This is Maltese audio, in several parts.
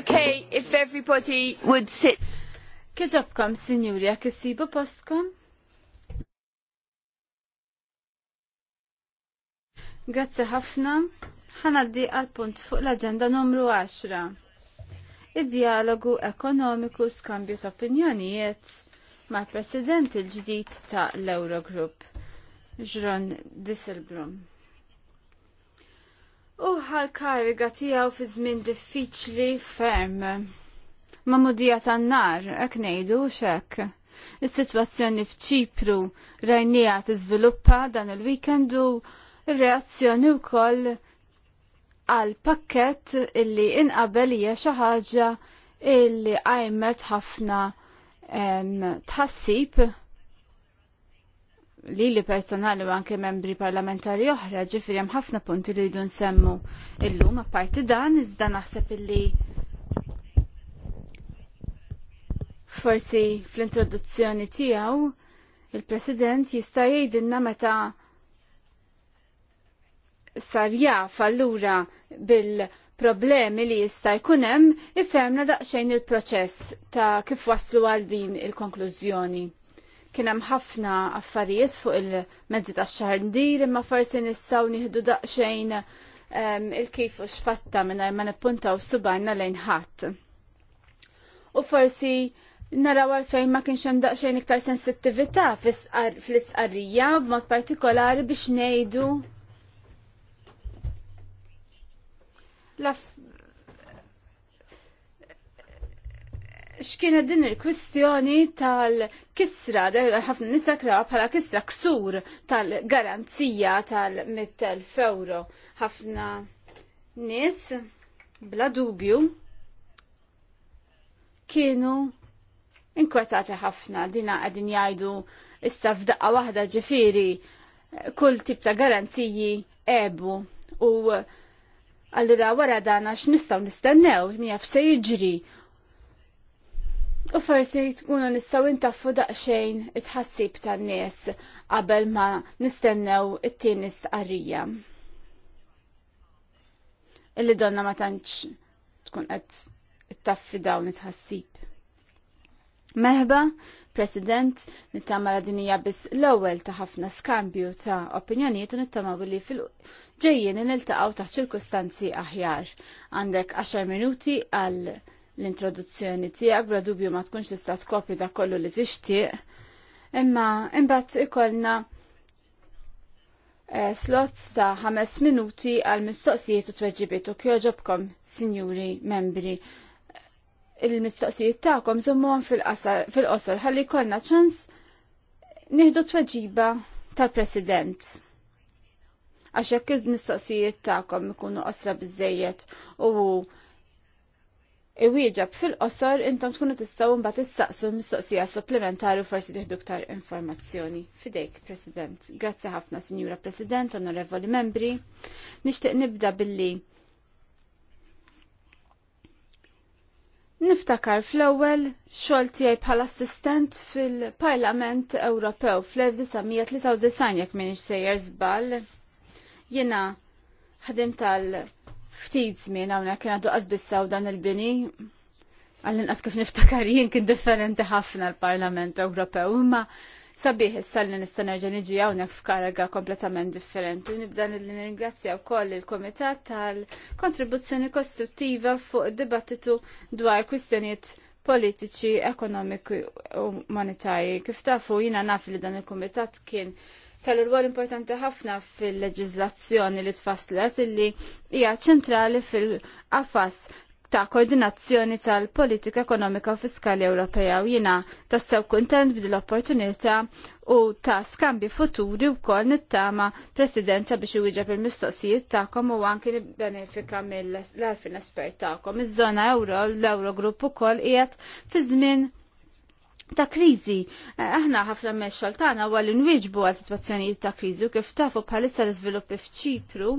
Okay, if everybody would sit. Kieġabkom, signori, jak jisibu postkom? Grazie ħafna. Ħanaddi għal-punt fuq l-agenda numru 10. Id-dialogu ekonomiku skambju ta' opinjonijiet mal-president il-ġdid ta' l-Eurogroup, Ġron Disselblom u ħal-kariga tiegħu fi żmien diffiċli ferm. Ma mudija tan-nar, hekk ngħidu xek. Is-sitwazzjoni f'Ċipru rajnija tiżviluppa dan il-weekend u reazzjoni wkoll għal pakket illi inqabel hija xi ħaġa illi qajmet ħafna tħassib li li personali u anke membri parlamentari oħra ġifri hemm ħafna punti li jridu nsemmu illum apparti dan iżda naħseb illi forsi fl-introduzzjoni tiegħu il-President jista' jgħidilna meta sar jaf allura bil- problemi li jista' jkun hemm ifhemna daqsxejn il-proċess ta' kif waslu għal din il-konklużjoni. Kien hemm ħafna affarijiet fuq il-mezzi tax xahar ndir imma forsi nistgħu nieħdu daqsxejn ehm, il-kif u x'fatta mingħajr ma nippuntaw subajna lejn ħadd. U forsi naraw għalfejn ma kienx hemm daqsxejn iktar sensittività fl-istqarrija b'mod partikolari biex ngħidu x'kienet din il-kwistjoni tal-kisra, ħafna nisa kraw bħala kisra ksur tal-garanzija tal mittel euro. ħafna nis bla dubju kienu inkwetati ħafna dina għadin jajdu issa f'daqqa waħda ġifiri kull tip ta' garanziji ebu u allura wara dana x'nistgħu nistennew mija f'se jiġri U forsi tkunu nistaw intaffu daqxejn it-ħassib tan-nies qabel ma nistennew it-tieni stqarrija. Illi donna ma tantx tkun qed ittaffi dawn it-ħassib. Merħba, President, nittama la dinija biss l-ewwel ta' ħafna skambju ta' opinjonijiet u nittama li fil-ġejjin niltaqgħu taħt ċirkustanzi aħjar. Għandek 10 minuti għal l-introduzzjoni tijak, bla dubju ma tkunx tista' tkopri dak kollu li tixtieq. Imma imbagħad ikollna eh, slots ta' ħames minuti għal mistoqsijiet u tweġibiet u kjoġobkom, sinjuri membri. Il-mistoqsijiet tagħkom żommhom fil-qosor ħalli jkollna ċans nieħdu tweġiba tal-President Għaxek jekk mistoqsijiet tagħkom ikunu qosra bizzejiet u iwieġab fil-qosor intom tkunu tistgħu mbagħad issaqsu mistoqsija supplementari u forsi tieħdu ktar informazzjoni. Fidejk, President. Grazzi ħafna, Sinjura President, Onorevoli Membri. Nixtieq nibda billi Niftakar fl-ewwel xogħol tiegħi bħala assistent fil-Parlament Ewropew fl-1993 jekk m'iniex sejjer żball. Jiena ħadim tal ftit żmien hawnhekk kien għadu qasbissaw dan il-bini għall-inqas kif niftakar jien kien differenti ħafna l-Parlament Ewropew, imma sabiħ issa li nista' nerġa' niġi hawnhekk f'karaga kompletament differenti. Nibda li ningrazzja wkoll il-Kumitat tal-kontribuzzjoni kostruttiva fuq id-dibattitu dwar kwistjonijiet politiċi, ekonomiku u monetarji. Kif tafu jiena naf li dan il-Kumitat kien kellu rwol importanti ħafna fil-leġizlazzjoni li tfasslet illi hija ċentrali fil-qafas ta' koordinazzjoni tal-politika ekonomika u fiskali Ewropea u jina tassew kuntent bid l-opportunità u ta' skambi futuri u kol nittama presidenza biex iwieġeb il-mistoqsijiet kom u anki benefika mill-arfin espert kom. Iż-żona euro, l-euro grupp u kol qiegħed fi żmien ta' kriżi. Eh, aħna ħafna me xoltana għal nwieġbu għal situazzjoni ta' kriżi u kif tafu bħalissa l-izviluppi f'ċipru.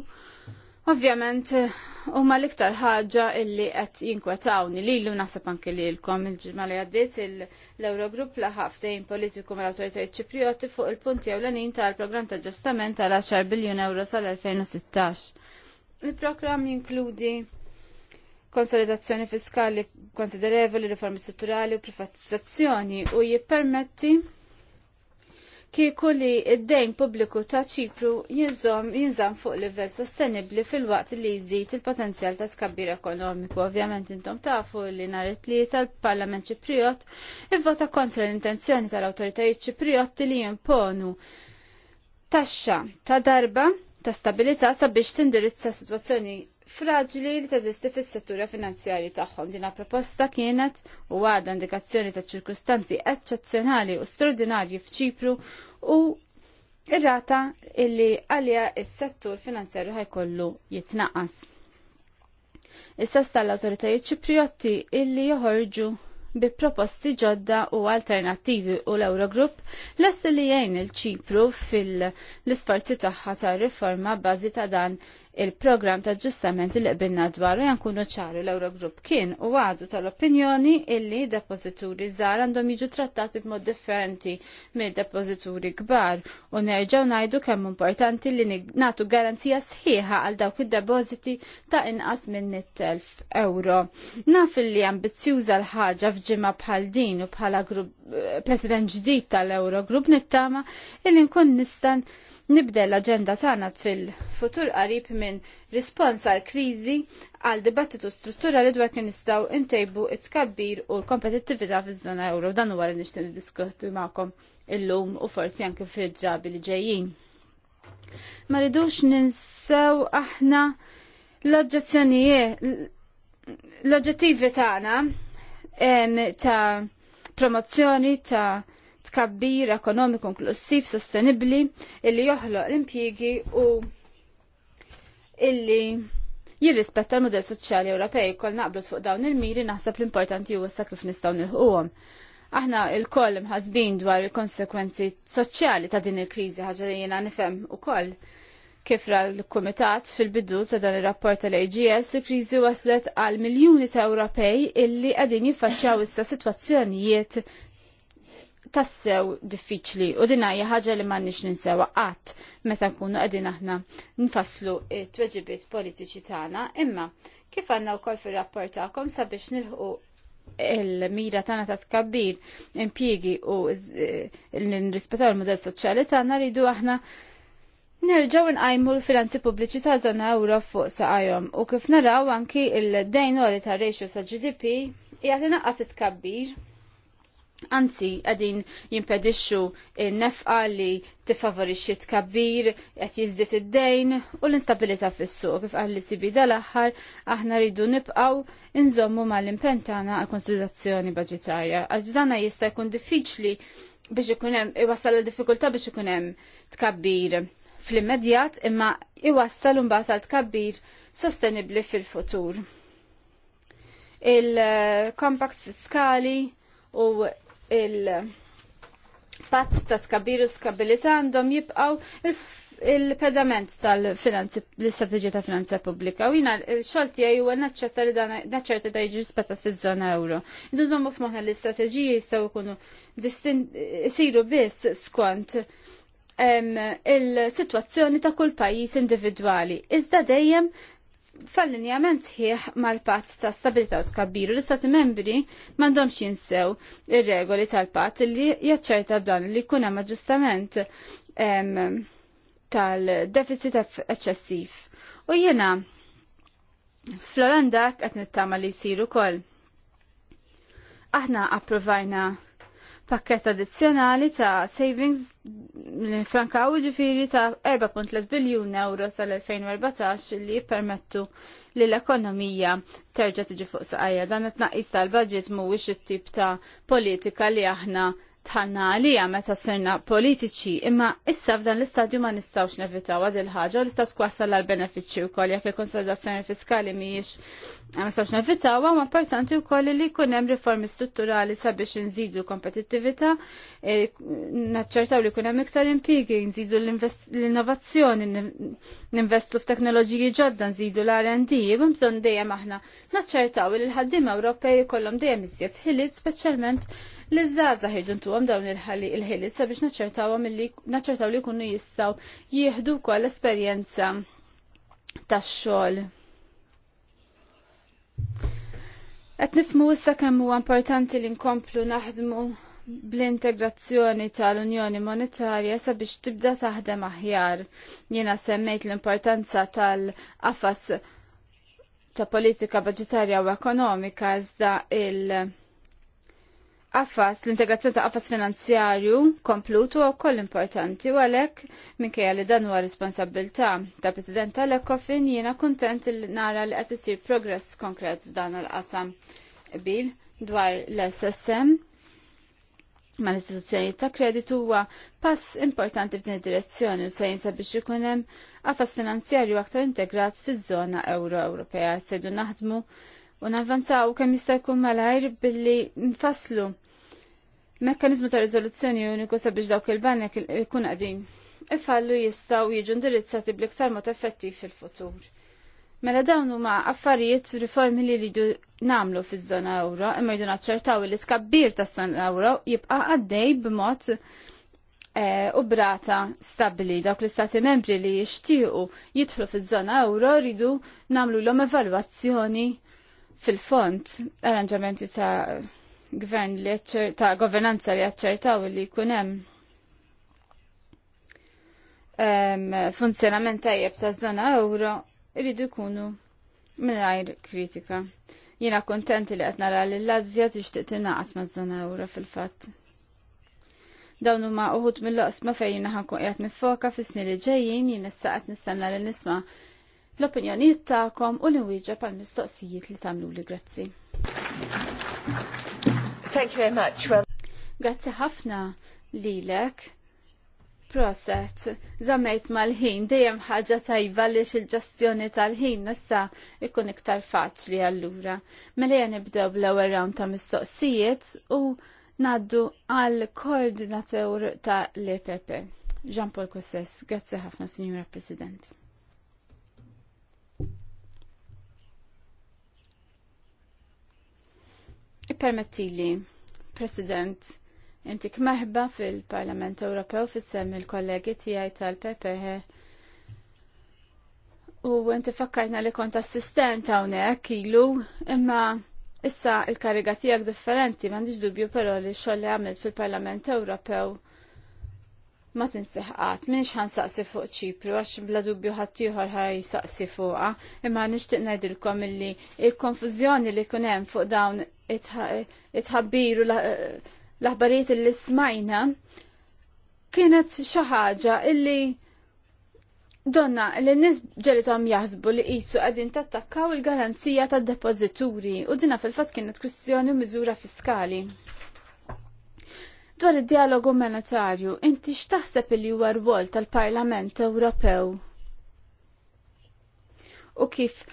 Ovvjament, eh, huma l-iktar ħaġa illi qed jinkwetawni li l naħseb anke li l-kom il-ġimma li għaddiet l-Eurogrupp laħaf dejn politiku mal awtoritajiet ċiprioti fuq il-punti ewlenin tal-programm ta' ġestament tal-10 biljun euro sal-2016. Il-programm jinkludi konsolidazzjoni fiskali konsiderevoli, riformi strutturali u privatizzazzjoni u jippermetti kieku li id-dejn pubbliku ta' ċipru jinżam fuq livell sostenibli fil-waqt li jżid il-potenzjal ta' skabbir ekonomiku. Ovvjament intom tafu li nhar it-tlieta l-Parlament Ċipriot ivvota kontra l-intenzjoni tal-awtoritajiet Ċipriotti li jimponu taxxa ta' darba ta' stabilità sabiex tindirizza situazzjoni fraġli li teżisti fis-settura finanzjarji tagħhom. Dina proposta kienet u għadha indikazzjoni ta' ċirkustanzi eċċezzjonali u straordinarji f'Ċipru u ir-rata illi għalija s settur finanzjarju ħajkollu jitnaqqas. Issa sta l-awtoritajiet ċipriotti illi joħorġu bi proposti ġodda u alternattivi u l-Eurogrupp lest li jgħin il-ċipru fil-isforzi tagħha ta' riforma bażi ta' dan il-programm ta' ġustament li qbilna dwar u jankunu ċaru l-Eurogrupp kien u għadu tal-opinjoni illi depozituri żgħar għandhom jiġu trattati b'mod differenti mill depozituri kbar u nerġgħu ngħidu kemm importanti li nagħtu garanzija sħiħa għal dawk id-depożiti ta' inqas minn 100,000 euro. Naf li ambizzjuża l-ħaġa f'ġimgħa bħal din u bħala eh, president ġdid tal-Eurogrupp nittama illi nkun nistan' nibdel l-agenda tagħna fil-futur qarib minn rispons għal kriżi għal dibattitu strutturali dwar kien nistgħu intejbu it-tkabbir u l-kompetittività fiż-żona euro. Dan huwa li nixtieq niddiskutu magħkom illum u forsi anke fil-drabi li ġejjin. Ma rridux ninsew aħna l-oġġezzjonijiet l-oġġettivi tagħna ta' promozzjoni ta' tkabbir ekonomiku inklusiv sostenibli illi joħloq l-impjiegi u illi jirrispetta l-modell soċjali Ewropej kol naqblu fuq dawn il-miri naħseb l-importanti huwa sa kif nistgħu nilħuhom. Aħna il-koll mħasbin dwar il-konsekwenzi soċjali ta' din il-kriżi ħaġa li jiena nifhem ukoll kif ra l-Kumitat fil-bidu ta' dan ir-rapport tal-AGS, il-kriżi waslet għal miljuni ta' Ewropej illi qegħdin jiffaċċjaw issa sitwazzjonijiet tassew diffiċli u din hija ħaġa li m'għandniex ninsewa qatt meta nkunu qegħdin aħna nfasslu t-tweġibiet politiċi tagħna, imma kif għandna wkoll fir-rapport tagħkom sabiex nilħu il-mira tagħna ta' tkabbir, impjiegi u eh, nirrispettaw il-modell soċjali tagħna ridu aħna Nerġaw nqajmu l-finanzi pubbliċi ta' zona euro fuq saqajhom u kif naraw anki il-dejn li ta' ratio sa' GDP jagħti naqqas it anzi għadin jimpedixxu n nefqa li tifavorixxi tkabbir, qed jiżdied id-dejn u l-instabilità fis-suq. Kif qal li sibi dal-aħħar aħna rridu nibqgħu inżommu mal impentana tagħna għal konsultazzjoni budġetarja. Għax jista' jkun diffiċli biex ikun hemm iwassal l-diffikultà biex ikun hemm tkabbir fl-immedjat imma iwassal imbagħad għal tkabbir sostenibbli fil-futur. il compact fiskali u il-patt ta' skabiru skabilita għandhom jibqaw il-pedament tal-finanzi, l-istrategġija ta' finanza pubblika. U jina xolti għaj u naċċerta li naċċerta da jġi rispettat fi zona euro. Ndużom u f'maħna l-istrategġiji jistaw kunu siru biss skont il-situazzjoni ta' kull pajis individwali. Iżda dejjem fallinjament ħieħ mal-patt ta' stabilità u tkabbiru li stati membri m'għandhomx jinsew il regoli tal-patt li jaċċerta dan li jkun hemm aġġustament tal-deficit eċċessiv. U jiena fl-Olanda qed nittama li jisiru kol. Aħna approvajna pakket addizzjonali ta' savings l u ġifiri ta' 4.3 biljun euro sal-2014 li jippermettu li l-ekonomija terġa tiġi fuq saqajja. Dan it-naqis tal-budget mhuwiex it-tip ta' politika li aħna tħanna għalija meta sirna politiċi, imma issa f'dan l-istadju ma nistawx nevitaw għad il-ħagġa u l-istat kwassal għal-benefiċi u koll, jek il-konsolidazzjoni fiskali miex ma nistawx nevitaw, ma importanti u koll li kunem riformi strutturali sabiex nżidu kompetittivita, e, naċċertaw li kunem iktar impigi, nżidu l-innovazzjoni, ninvestu f'teknoloġiji ġodda, nżidu l-R&D, bimżon dejjem aħna naċċertaw li l ħaddim Ewropej kollom dejjem iżjed ħiliet, speċjalment li żgħażagħ għam dawn il ħalli il-ħiliet sabiex naċċertawhom li naċċertaw li jkunu jistgħu jieħdu wkoll esperjenza tax-xogħol. Qed nifmu issa kemm huwa importanti li nkomplu naħdmu bl-integrazzjoni tal-Unjoni Monetarja sabiex tibda taħdem aħjar. Jiena semmejt l-importanza tal-qafas ta' politika budgetarja u ekonomika iżda il- Affas, l-integrazzjoni ta' affas finanzjarju komplutu u koll importanti u għalek minkejja li dan huwa responsabilta ta' President tal-Ekofin jiena kontent li nara li qed isir progress konkret f'dan il-qasam bil dwar l-SSM ma l-istituzzjoni ta' kreditu huwa pass importanti f'din id-direzzjoni u se jinsa biex ikun hemm affas finanzjarju aktar integrat fiż-żona Euro Ewropea sejdu naħdmu u navvanzaw kemm jista' jkun malajr billi nfasslu mekkanizmu ta' rizoluzzjoni uniku sabiex dawk il-banek ikun għadin. Ifallu jistaw jiġu ndirizzati bliktar mod effettiv fil-futur. Mela dawn huma affarijiet riformi li jridu namlu fiż-żona euro, imma jridu naċċertaw li tkabbir tas-żona euro jibqa' għaddej b'mod eh, u brata stabili dawk l-istati membri li jixtiequ jidħlu fiż-żona euro jridu namlu l-om evalwazzjoni fil-font arranġamenti ta' gvern li ta' governanza li jaċċertaw li jkun hemm funzjonament tajjeb ta' zona euro kunu jkunu mingħajr kritika. Jiena kontenti li qed nara li l-Latvja tixtieq tingħaqad maż żona euro fil-fatt. Dawn huma uħut mill-loqsma fejn jiena ħankun jgħat nifoka fis-snin li ġejjin jien issa qed nistenna li nisma' l-opinjonijiet tagħkom u l-inwieġeb għall mistoqsijiet li tamlu li grazzi. Thank you very much. Well... Grazzi ħafna lilek. Proset, zamejt mal-ħin, dejjem ħaġa tajba li il ġestjoni tal-ħin nissa ikun iktar faċli allura. Mela jen nibdew bl-ewwel round ta' mistoqsijiet u naddu għal koordinatur ta' l Jean-Paul Cossess, grazzi ħafna, Signora President. Ippermettili, President, intik meħba fil-Parlament Ewropew fissem il-kollegi tiegħi tal-PPH u inti fakkarna li kont assistent hawnhekk ilu imma Issa il-kariga tiegħek differenti, m'għandix dubju pero li xoll li għamilt fil-Parlament Ewropew ma tinseħqat, minix ħan saqsi fuq ċipru, għax bla dubju ħattijħor ħaj saqsi fuqa, imma nixtieq ngħidilkom illi il-konfuzjoni li kunem fuq dawn itħabbiru l-aħbarijiet li smajna kienet xi ħaġa illi donna li n-nies għam jaħsbu li qisu għadin tattakkaw il-garanzija tad-depożituri u dina fil-fatt kienet kwistjoni miżura fiskali. Dwar id-dialogu monetarju, inti x'taħseb li huwa rwol tal-Parlament Ewropew? U kif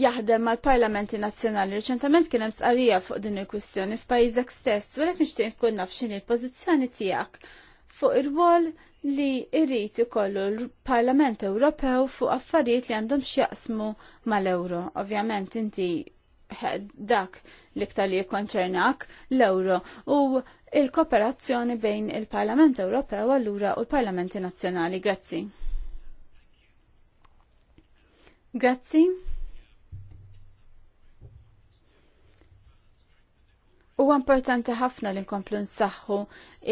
jaħdem mal-parlamenti nazzjonali. Reċentament kien hemm stqarrija fuq din il-kwistjoni f'pajjiżek stess, u għalhekk nixtieq nkun naf x'inhi l-pożizzjoni tiegħek fuq ir-wol li irrid ikollu l-Parlament Ewropew fuq affarijiet li għandhom x'jaqsmu mal ewro Ovvjament inti dak l-iktar li jikkonċernak l ewro u il-kooperazzjoni bejn il-Parlament Ewropew allura u l-Parlamenti Nazzjonali. Grazzi. Grazzi. U importanti ħafna li nkomplu nsaħħu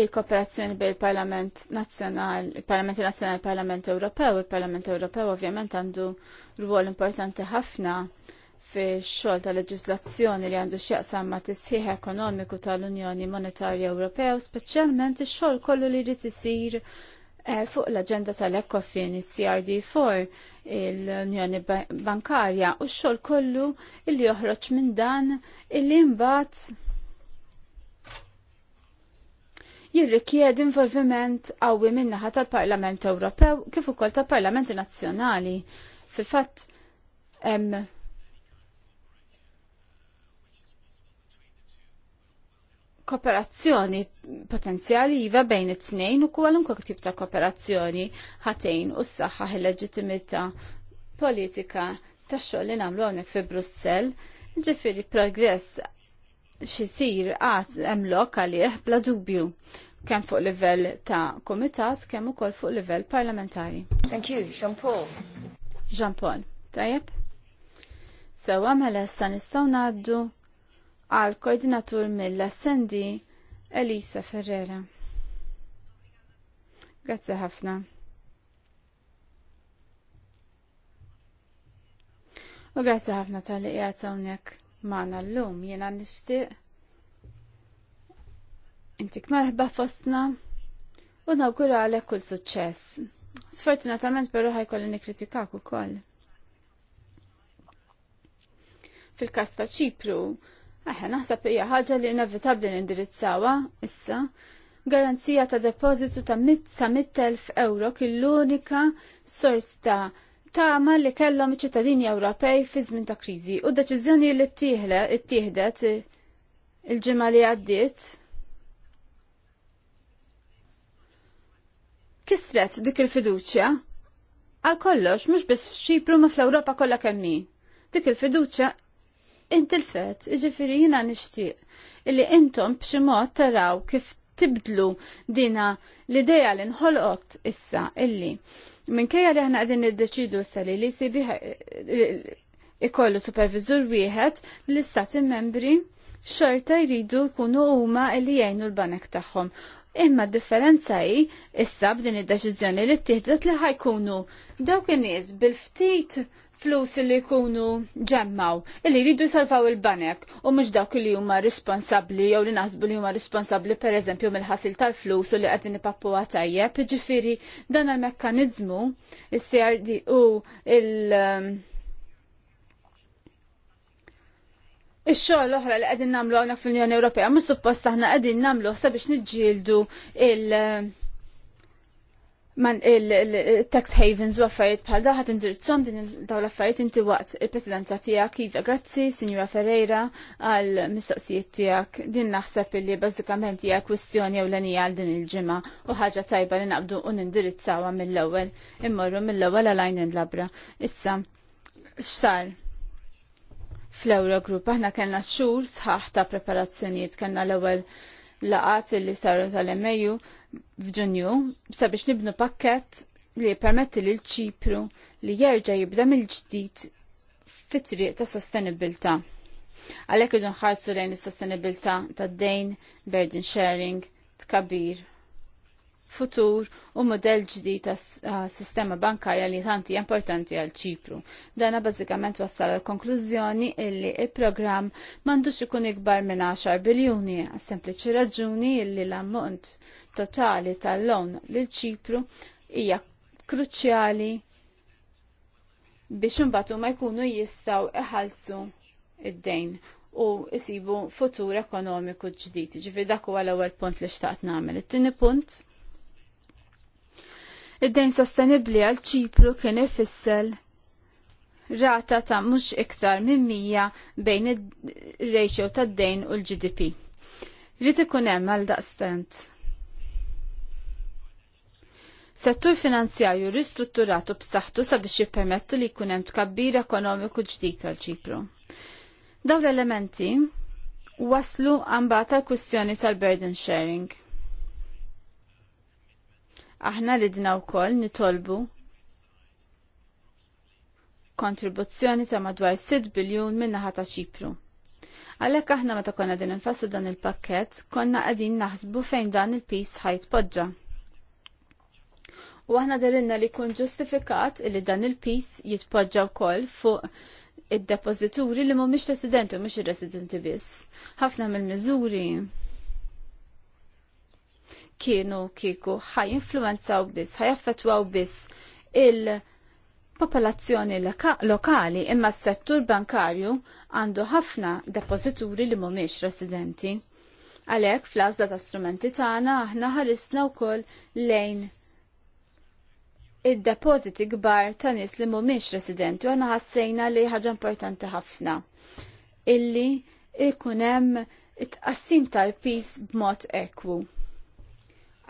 il-kooperazzjoni bejn il-Parlament Nazzjonal, il-Parlament Nazzjonal, il-Parlament Ewropew, il-Parlament Ewropew ovvjament għandu rwol importanti ħafna fi xogħol ta' leġislazzjoni li għandu x'jaqsam ma' tisħiħ ekonomiku tal-Unjoni Monetarja Ewropew, speċjalment ix-xogħol kollu li jrid isir eh, fuq l-agenda tal-ECOFIN, il-CRD4, l-Unjoni Bankarja u x-xogħol kollu illi joħroġ minn dan illi mbagħad jirrikjed involviment qawwi min-naħa tal-Parlament Ewropew kif ukoll tal-Parlamenti Nazzjonali. Fil-fatt kooperazzjoni potenzjali jiva bejn it-tnejn u kwalunkwe tip ta' kooperazzjoni ħatejn u s-saħħa il-leġittimità politika tax-xogħol li nagħmlu hawnhekk fi Brussell ġifiri progress xisir għat emlok għalieħ bla dubju kemm fuq livell ta' komitat kemm ukoll fuq livell parlamentari. Thank you, Jean Paul. Jean Paul, tajjeb? Sewa mela issa nistgħu ngħaddu għal koordinatur mill snd Elisa Ferrera. Grazzi ħafna. U grazie ħafna tal-li qiegħed hawnhekk maħna l-lum jena nishtiq intik marħba fostna u nawgura għalek kull suċċess. Sfortunatament però ħajkolli nikritikak ukoll. fil kasta ta' ċipru, aħna naħseb hija ħaġa li inevitabbli nindirizzawa issa. Garanzija ta' depożitu ta' mit sa' elf euro kien l-unika sors ta' tama li kellhom iċ-ċittadini Ewropej fi żmien ta' kriżi u deċiżjoni li ttieħdet il-ġimgħa li għaddiet kisret dik il-fiduċja għal kollox mhux biss f'Ċipru ma fl-Ewropa kollha kemm Dik il-fiduċja inti l intilfet, iġifieri jiena nixtieq illi intom b'xi mod taraw kif tibdlu dina l-idea li nħolqot issa illi minkejja li aħna qegħdin s issa li li sibi ikollu supervizur wieħed l-istati membri xorta jridu jkunu huma li jgħinu l-banek tagħhom. Imma d-differenza hi issa b'din id-deċiżjoni li ttieħdet li ħajkunu dawk in-nies bil-ftit flus li jkunu ġemmaw, illi jridu jsalvaw il-banek u mhux dawk li huma responsabbli jew li naħsbu li huma responsabbli pereżempju mill-ħasil tal-flus u li qegħdin ipappu tajjeb, ġifieri dan il-mekkaniżmu il crd u il- um, Ix-xogħol l-oħra li qegħdin nagħmlu hawnhekk fl-Unjoni Ewropea mhux suppost aħna qegħdin nagħmlu sabiex niġġieldu il- man il-tax havens u affarijiet bħal daħat indirizzom din daw l-affarijiet inti waqt il-presidenza tijak Iva Grazzi, Signora Ferreira għal mistoqsijiet tijak din naħseb li bazzikament hija kwistjoni ewlenija għal din il-ġimgħa u ħaġa tajba li naqbdu u nindirizzawha mill-ewwel immorru mill-ewwel għalajn labra. Issa, xtar fl-Eurogroup aħna kellna xhur sħaħ ta' preparazzjonijiet kellna l-ewwel laqat li saru tal emmeju f'Ġunju sabiex nibnu pakket li permetti lil ċipru li jerġa' jibda mill-ġdid fit-triq ta' sostenibilità. Għalhekk idu nħarsu lejn is-sostenibilità tad-dejn, burden sharing, tkabbir futur u modell ġdid ta' ah, sistema bankarja li tanti importanti għal ċipru. Dana bażikament wassal għal konklużjoni illi il-programm m'għandux ikun ikbar minn 10 biljuni għal sempliċi raġuni illi l-ammont totali tal lon lil ċipru hija kruċjali biex imbagħad ma jkunu jistgħu iħallsu id-dejn u jisibu futur ekonomiku ġdid. Ġifi dak huwa l-ewwel punt li xtaqt nagħmel. It-tieni punt Id-dejn sostenibli għal ċipru kien ifissel rata ta' mhux iktar minn mija bejn ir-ratio tad-dejn u l-GDP. Rrid ikun hemm għal daqstant. Settur finanzjarju ristrutturatu b'saħħtu sabiex jippermettu li jkun hemm tkabbir ekonomiku ġdid tal ċipru. Dawn l-elementi waslu għambata l-kwistjoni tal-burden sharing. Aħna ridna wkoll nitolbu kontribuzzjoni ta' madwar 6 biljun min-naħa ta' Ċipru. Għalhekk aħna meta konna din infassu dan il-pakkett, konna qegħdin naħsbu fejn dan il-pis ħajtpoġġa. U aħna dirinna li kun ġustifikat li dan il-pis jitpoġġa wkoll fuq id-depozituri li mhumiex residenti u mhux ir-residenti biss. Ħafna mill-miżuri kienu kieku ħaj influenzaw biss, ħaj affetwaw biss il-popolazzjoni lokali imma s-settur bankarju għandu ħafna depozituri li mhumiex residenti. Għalhekk fl-għażla ta' strumenti tagħna aħna ħarisna wkoll lejn id depoziti kbar ta' nies li mhumiex residenti u għana ħassejna li ħaġa importanti ħafna illi ikunem hemm it-qassim tal-pis b'mod ekwu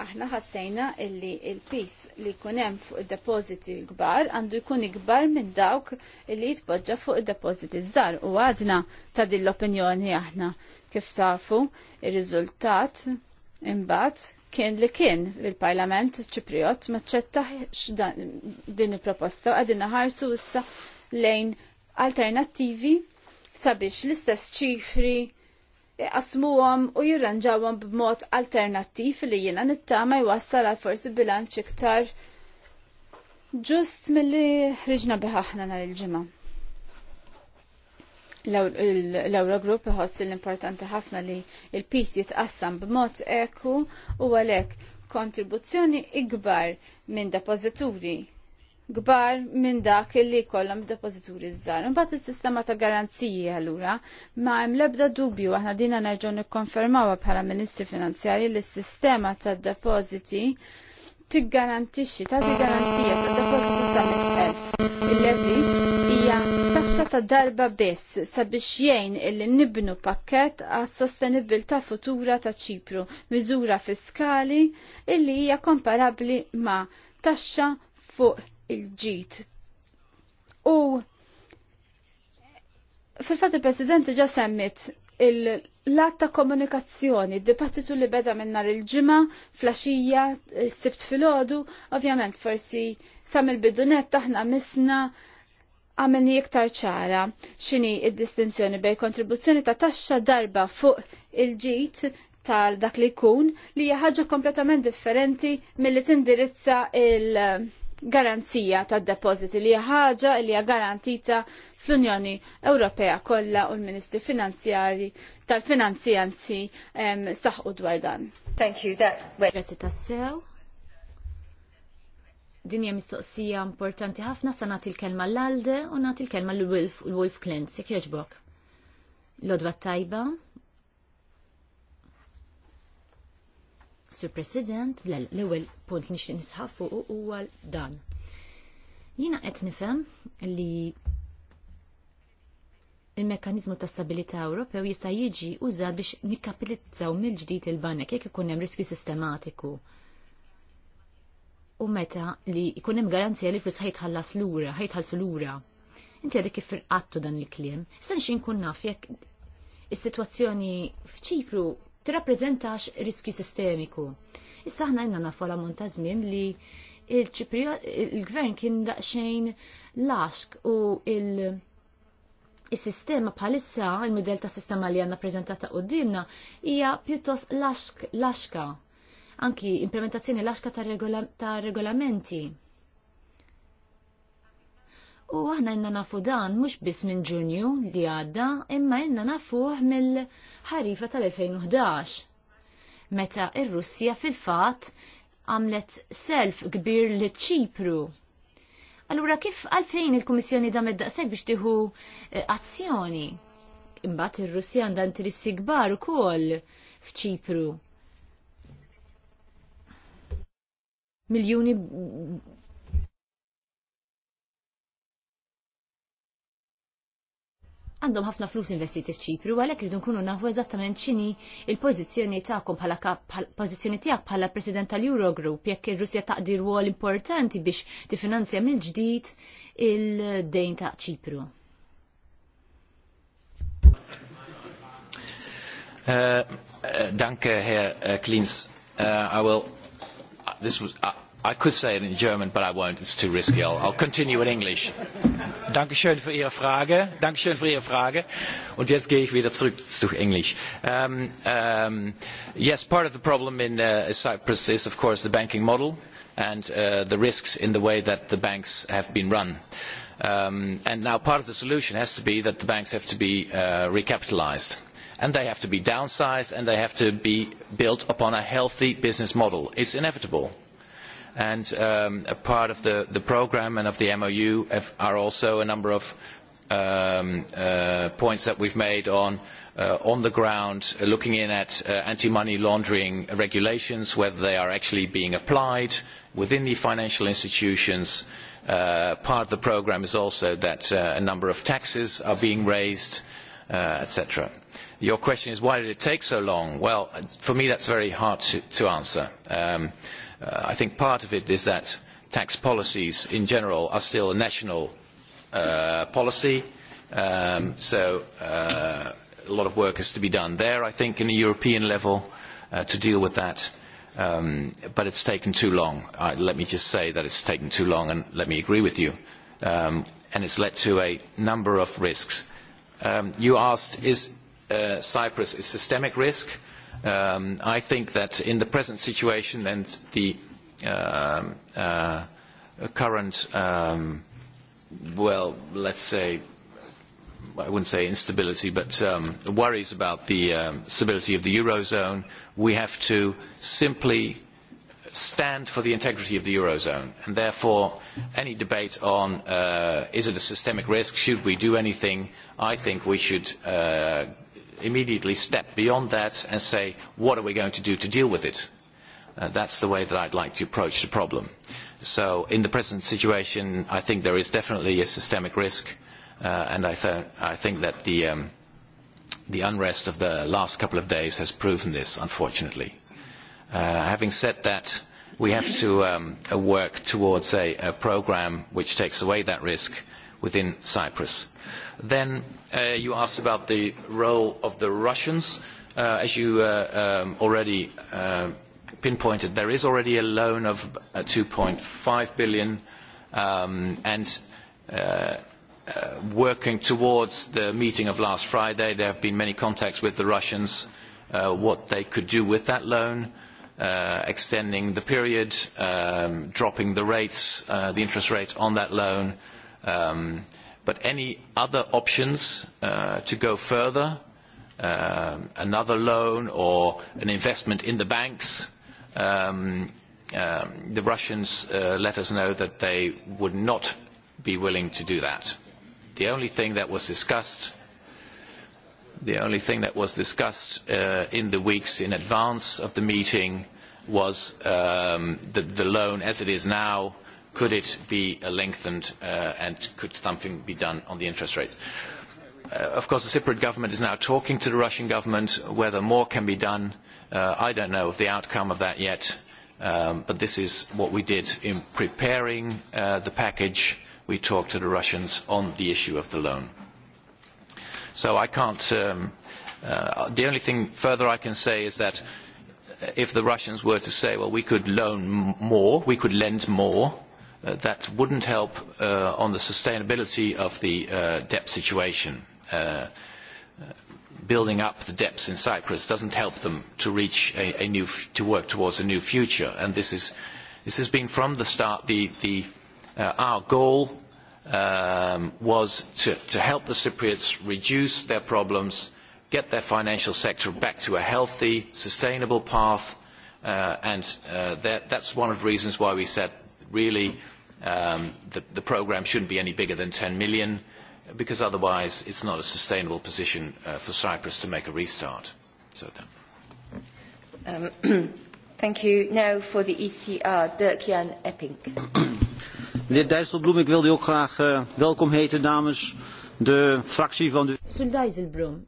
aħna ħassejna illi il-pis li kunem fuq il-depositi gbar għandu jkun ikbar minn dawk illi jitpoġġa fuq il-depositi zzar u għadna ta' din l-opinjoni aħna kif tafu il riżultat imbagħad kien li kien il-Parlament Ċipriot maċċetta din il-proposta u għadina ħarsu issa lejn alternattivi sabiex l-istess ċifri iqasmuhom u jirranġawhom b'mod alternattiv li jiena nittama jwassal għal forsi bilanċ iktar ġust milli riġna biħaħna nhar il-ġimgħa. l Grupp iħoss l-importanti ħafna li l-pis jitqassam b'mod eku u għalhekk kontribuzzjoni ikbar minn depożituri gbar minn dak illi kollhom depozituri żgħar. Imbagħad is-sistema ta' garanziji allura ma hemm l-ebda dubju aħna dina nerġgħu nikkonfermawha bħala Ministri Finanzjari li s-sistema tad-depożiti tiggarantixxi di garanzija sa depożiti sa elf. Il-levi hija taxxa ta' darba biss sabiex jgħin illi nibnu pakkett għas sostenibilità futura ta' Ċipru, miżura fiskali illi hija komparabbli ma' taxxa fuq il-ġit. U fil-fat il-President ġa semmit il-lat ta' komunikazzjoni, dibattitu li beda minnar il ġima flasġija, s-sibt fil-ħodu, ovvjament forsi sam il-bidunet taħna misna għamilni iktar ċara xini il distinzjoni bej kontribuzzjoni ta' taxxa darba fuq il-ġit tal dak li kun li ħaġa kompletament differenti mill-li tindirizza il- garanzija tad depositi li hija ħaġa li hija garantita fl-Unjoni Ewropea kollha u l-Ministri Finanzjari tal-Finanzjanzi saħqu dwar dan. Thank you. Grazzi tassew. Din hija mistoqsija importanti ħafna sa nagħti l-kelma l-Alde u nagħti l-kelma l-Wolf Clint, Se jogħġbok. Lodwa tajba. Sur President, l-ewwel punt li nixtieq nisħaf fuq huwa dan. Jiena qed nifhem li il-mekkanizmu ta' stabilità Ewropew jista' jiġi użat biex nikkapitalizzaw mill-ġdid il-banek jekk ikun hemm riskju sistematiku. U meta li jkun hemm garanzija li flus ħajtħallas lura, ħajtħallsu lura. Inti għadek kif irqattu dan il-kliem. Sanxin kun naf jekk is-sitwazzjoni f'Ċipru tirrappreżentax riskju sistemiku. Issa aħna jenna nafu la monta żmien li il-gvern kien daqsxejn laxk u il- Is-sistema bħalissa, il-modell ta' sistema li għanna prezentata qoddimna, hija pjuttost laxka, anki implementazzjoni laxka ta' regolamenti U aħna jenna nafu dan mhux biss minn ġunju li għadda, imma jenna nafuħ mill-ħarifa tal-2011. Meta ir-Russja fil-fatt għamlet self kbir li ċipru. Allura kif għalfejn il-Kummissjoni da id biex tieħu eh, azzjoni? Imbagħad ir-Russja għandha interessi kbar ukoll f'ċipru. Miljuni għandhom ħafna flus investiti f'Ċipru, għalhekk rridu nkunu nafu eżattament x'inhi il-pożizzjoni tagħkom bħala pożizzjoni tiegħek bħala President tal-Eurogroup jekk ir-Russja taqdi rwol importanti biex tifinanzja mill-ġdid il-dejn ta' Ċipru. uh, danke, Herr uh, Klins. Uh, I will. Uh, this was. Uh, I could say it in German, but I won't. It's too risky. I'll, I'll continue in English. Dankeschön für Ihre Frage. Dankeschön für Ihre Frage. Und jetzt gehe ich wieder zurück zu Englisch. Um, um, yes, part of the problem in uh, Cyprus is, of course, the banking model and uh, the risks in the way that the banks have been run. Um, and now part of the solution has to be that the banks have to be uh, recapitalized and they have to be downsized and they have to be built upon a healthy business model. It's inevitable. And um, a part of the, the programme and of the MOU are also a number of um, uh, points that we've made on uh, on the ground, uh, looking in at uh, anti-money laundering regulations, whether they are actually being applied within the financial institutions. Uh, part of the programme is also that uh, a number of taxes are being raised, uh, etc. Your question is, why did it take so long? Well, for me, that's very hard to, to answer. Um, Uh, I think part of it is that tax policies in general are still a national uh, policy, um, so uh, a lot of work has to be done there, I think, in a European level uh, to deal with that. Um, but it's taken too long. Uh, let me just say that it's taken too long, and let me agree with you. Um, and it's led to a number of risks. Um, you asked, is uh, Cyprus a systemic risk? Um, I think that in the present situation and the um, uh, current, um, well, let's say, I wouldn't say instability, but um, worries about the um, stability of the Eurozone, we have to simply stand for the integrity of the Eurozone. And therefore, any debate on uh, is it a systemic risk, should we do anything, I think we should uh, immediately step beyond that and say, what are we going to do to deal with it? Uh, that's the way that I'd like to approach the problem. So in the present situation, I think there is definitely a systemic risk, uh, and I, th I think that the, um, the unrest of the last couple of days has proven this, unfortunately. Uh, having said that, we have to um, uh, work towards a, a program which takes away that risk within Cyprus. Then Uh, you asked about the role of the Russians. Uh, as you uh, um, already uh, pinpointed, there is already a loan of uh, 2.5 billion um, and uh, uh, working towards the meeting of last Friday, there have been many contacts with the Russians, uh, what they could do with that loan, uh, extending the period, um, dropping the rates, uh, the interest rate on that loan, um, but any other options uh, to go further, uh, another loan or an investment in the banks, um, um, the Russians uh, let us know that they would not be willing to do that. The only thing that was discussed the only thing that was discussed uh, in the weeks in advance of the meeting was um, the, the loan as it is now could it be uh, lengthened uh, and could something be done on the interest rates? Uh, of course, the Cypriot government is now talking to the Russian government. Whether more can be done, uh, I don't know the outcome of that yet. Um, but this is what we did in preparing uh, the package. We talked to the Russians on the issue of the loan. So I can't. Um, uh, the only thing further I can say is that if the Russians were to say, well, we could loan more, we could lend more, that uh, that wouldn't help uh, on the sustainability of the uh, debt situation. Uh, uh, building up the debts in Cyprus doesn't help them to reach a, a new f to work towards a new future and this is this has been from the start the the uh, our goal um, was to, to help the Cypriots reduce their problems, get their financial sector back to a healthy, sustainable path, uh, and uh, that, that's one of the reasons why we said really um, the, the programme shouldn't be any bigger than 10 million because otherwise it's not a sustainable position uh, for Cyprus to make a restart. So then. Um, thank you. Now for the ECR, Dirk-Jan Epping. Meneer Dijsselbloem, ik wilde u ook graag uh, welkom heten namens de fractie van de... Sul Dijsselbloem.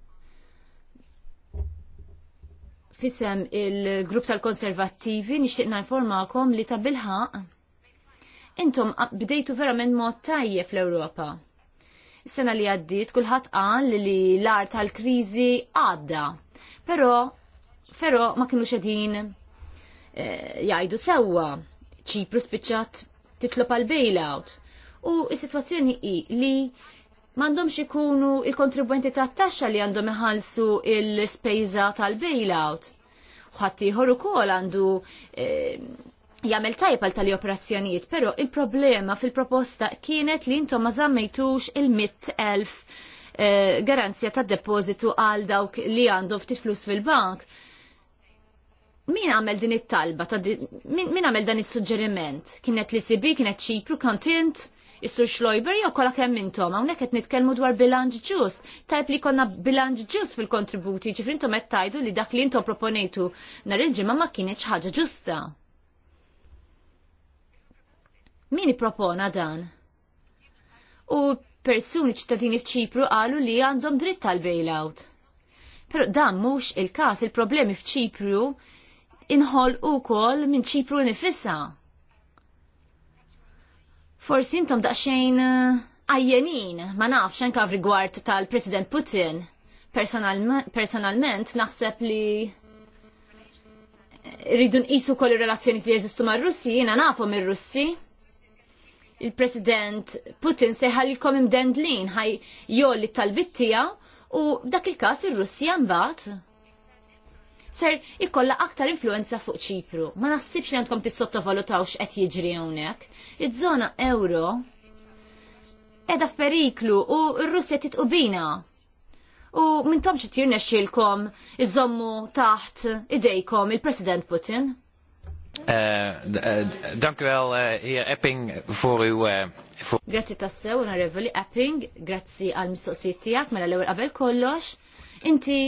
Fissem il-grupp tal-konservativi nixtieq informakom li ta' bilħaq Intom bdejtu verament mod tajjeb fl-Ewropa. Is-sena li għaddiet kulħadd qal li l art tal-kriżi għadda. Però pero ma kinux qegħdin eh, jgħidu sewwa. Ċipru spiċċat titlob għal bailout. U s-sitwazzjoni hi li mandom ikunu il-kontribwenti ta' taxxa li għandhom iħallsu il-spejza tal-bailout. horu ukoll għandu eh, jagħmel tajb għal tali operazzjonijiet, però il-problema fil-proposta kienet li intom ma żammejtux il-100,000 eh, garanzja ta' depożitu għal dawk li għandu ftit flus fil-bank. Min għamel din it-talba? Min, għamel dan is-suġġeriment? Kienet li sibi, kienet ċipru, kontent? Is-sur Schloiber jew kollha kemm intom hawnhekk qed nitkellmu dwar bilanċ ġust. Tajb li konna bilanċ ġust fil-kontributi, ġifri intom qed tajdu li dak li intom proponejtu nhar il-ġimgħa ma kienx ħaġa ġusta. Min propona dan? U persuni ċittadini f'Ċipru qalu li għandhom dritt tal bailout Pero dan mhux il-każ il-problemi f'Ċipru inħol kol minn Ċipru nifissa. Forsi intom daqsxejn eh, għajjenin, ma nafx anka rigward tal-President Putin. Personalment, personalment naħseb li rridu nqisu kol ir-relazzjoni li jeżistu mar-Russi, jiena nafhom ir-Russi il-President Putin se ħallikom imdendlin ħaj jolli talbit tiegħu u dak il-każ ir russija mbagħad ser ikolla aktar influenza fuq ċipru. Ma naħsibx li għandkom tissottovalutaw x'qed jiġri hawnhekk. Iż-żona euro edha f'periklu u r-Russja titqubina. U minn tomx tirnexxilkom iżommu taħt idejkom il-President Putin. Eh, eh, dank u wel, eh, heer Epping, voor uw... Grazie tassew, onorevoli Epping, grazie għal mistoqsijiet tiegħek mela l-ewwel qabel kollox. Inti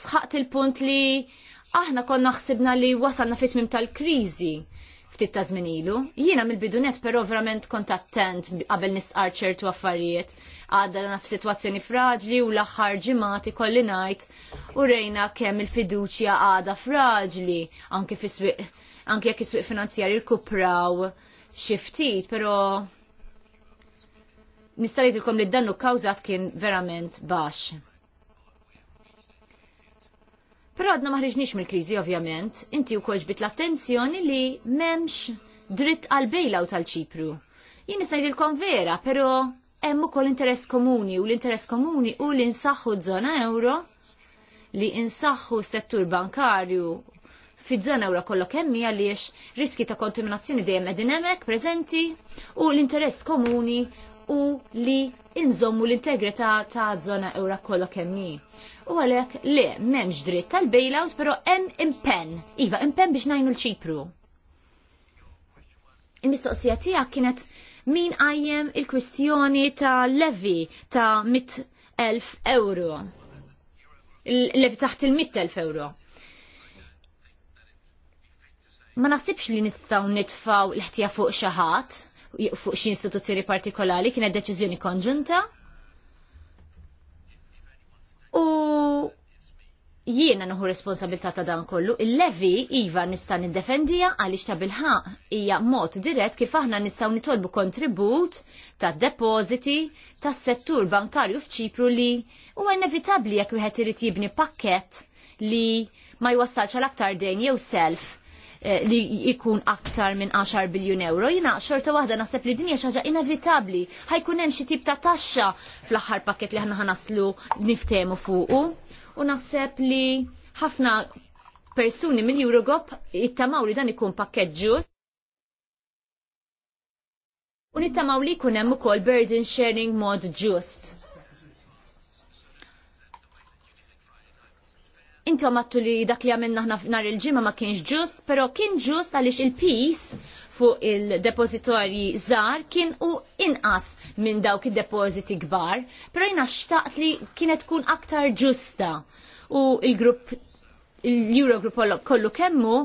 sħaqt il-punt li aħna konna ħsibna li wasalna fit mim tal-kriżi ftit ta' ilu. Jiena mill-bidunet però verament kont attent qabel nisqar ċertu affarijiet. Għadda f'sitwazzjoni fraġli u l-aħħar ġimati kolli ngħid u rejna kemm il-fiduċja għadha fraġli anke fis-swieq anke jekk is-swieq finanzjarji rkupraw xi ftit, però nista' ngħidilkom li d-dannu kkawżat kien verament baxx. Però għadna maħriġniex mill-kriżi ovvjament, inti wkoll ġbit l-attenzjoni li m'hemmx dritt għal bejlaw tal-Ċipru. Jien nista' ngħidilkom vera, però hemm ukoll interess komuni u l-interess komuni u li nsaħħu żona euro li insaħħu settur bankarju fiż-żona ewra kollok hemmi għaliex riski ta' kontaminazzjoni dejjem qegħdin hemmhekk preżenti u l-interess komuni u li inżommu l-integrità ta' żona ewra kollok hemmi. U għalhekk le m'hemmx dritt tal-bailout però hemm impenn, iva impenn biex ngħinu l-Ċipru. Il-mistoqsija tiegħek kienet min għajjem il-kwistjoni ta' levi ta' 100.000 euro. Levi taħt il-100.000 euro ma naħsibx li nistgħu nitfaw l-ħtija fuq xi ħadd fuq xi istituzzjoni partikolari kienet deċiżjoni konġunta. U jiena nuhu responsabilità ta' dan kollu, il-levi iva nista' niddefendija għaliex ta' bilħaq hija mod dirett kif aħna nistgħu nitolbu kontribut ta' depoziti tas settur bankarju f'Ċipru li huwa inevitabbli jekk wieħed irid jibni pakkett li ma jwassalx għal aktar dejn jew self Eh, li jkun aktar minn 10 biljun euro. Jina xorta waħda naħseb li din hija xi ħaġa inevitabbli. Ħajkun hemm xi tip ta' taxxa fl-aħħar pakket li aħna ħanaslu niftemu fuqu. U naħseb li ħafna persuni mill-Eurogop jittamaw li dan ikun pakket ġust. U nittamaw li jkun hemm ukoll burden sharing mod ġust inti għamattu li dak li għamilna nar il-ġimma ma kienx ġust, pero kien ġust għaliex il-pis fuq il-depozitorji zar kien u inqas minn dawk id-depoziti kbar, pero jina xtaqt li kienet tkun aktar ġusta u il-grupp l-Eurogroup kollu kemmu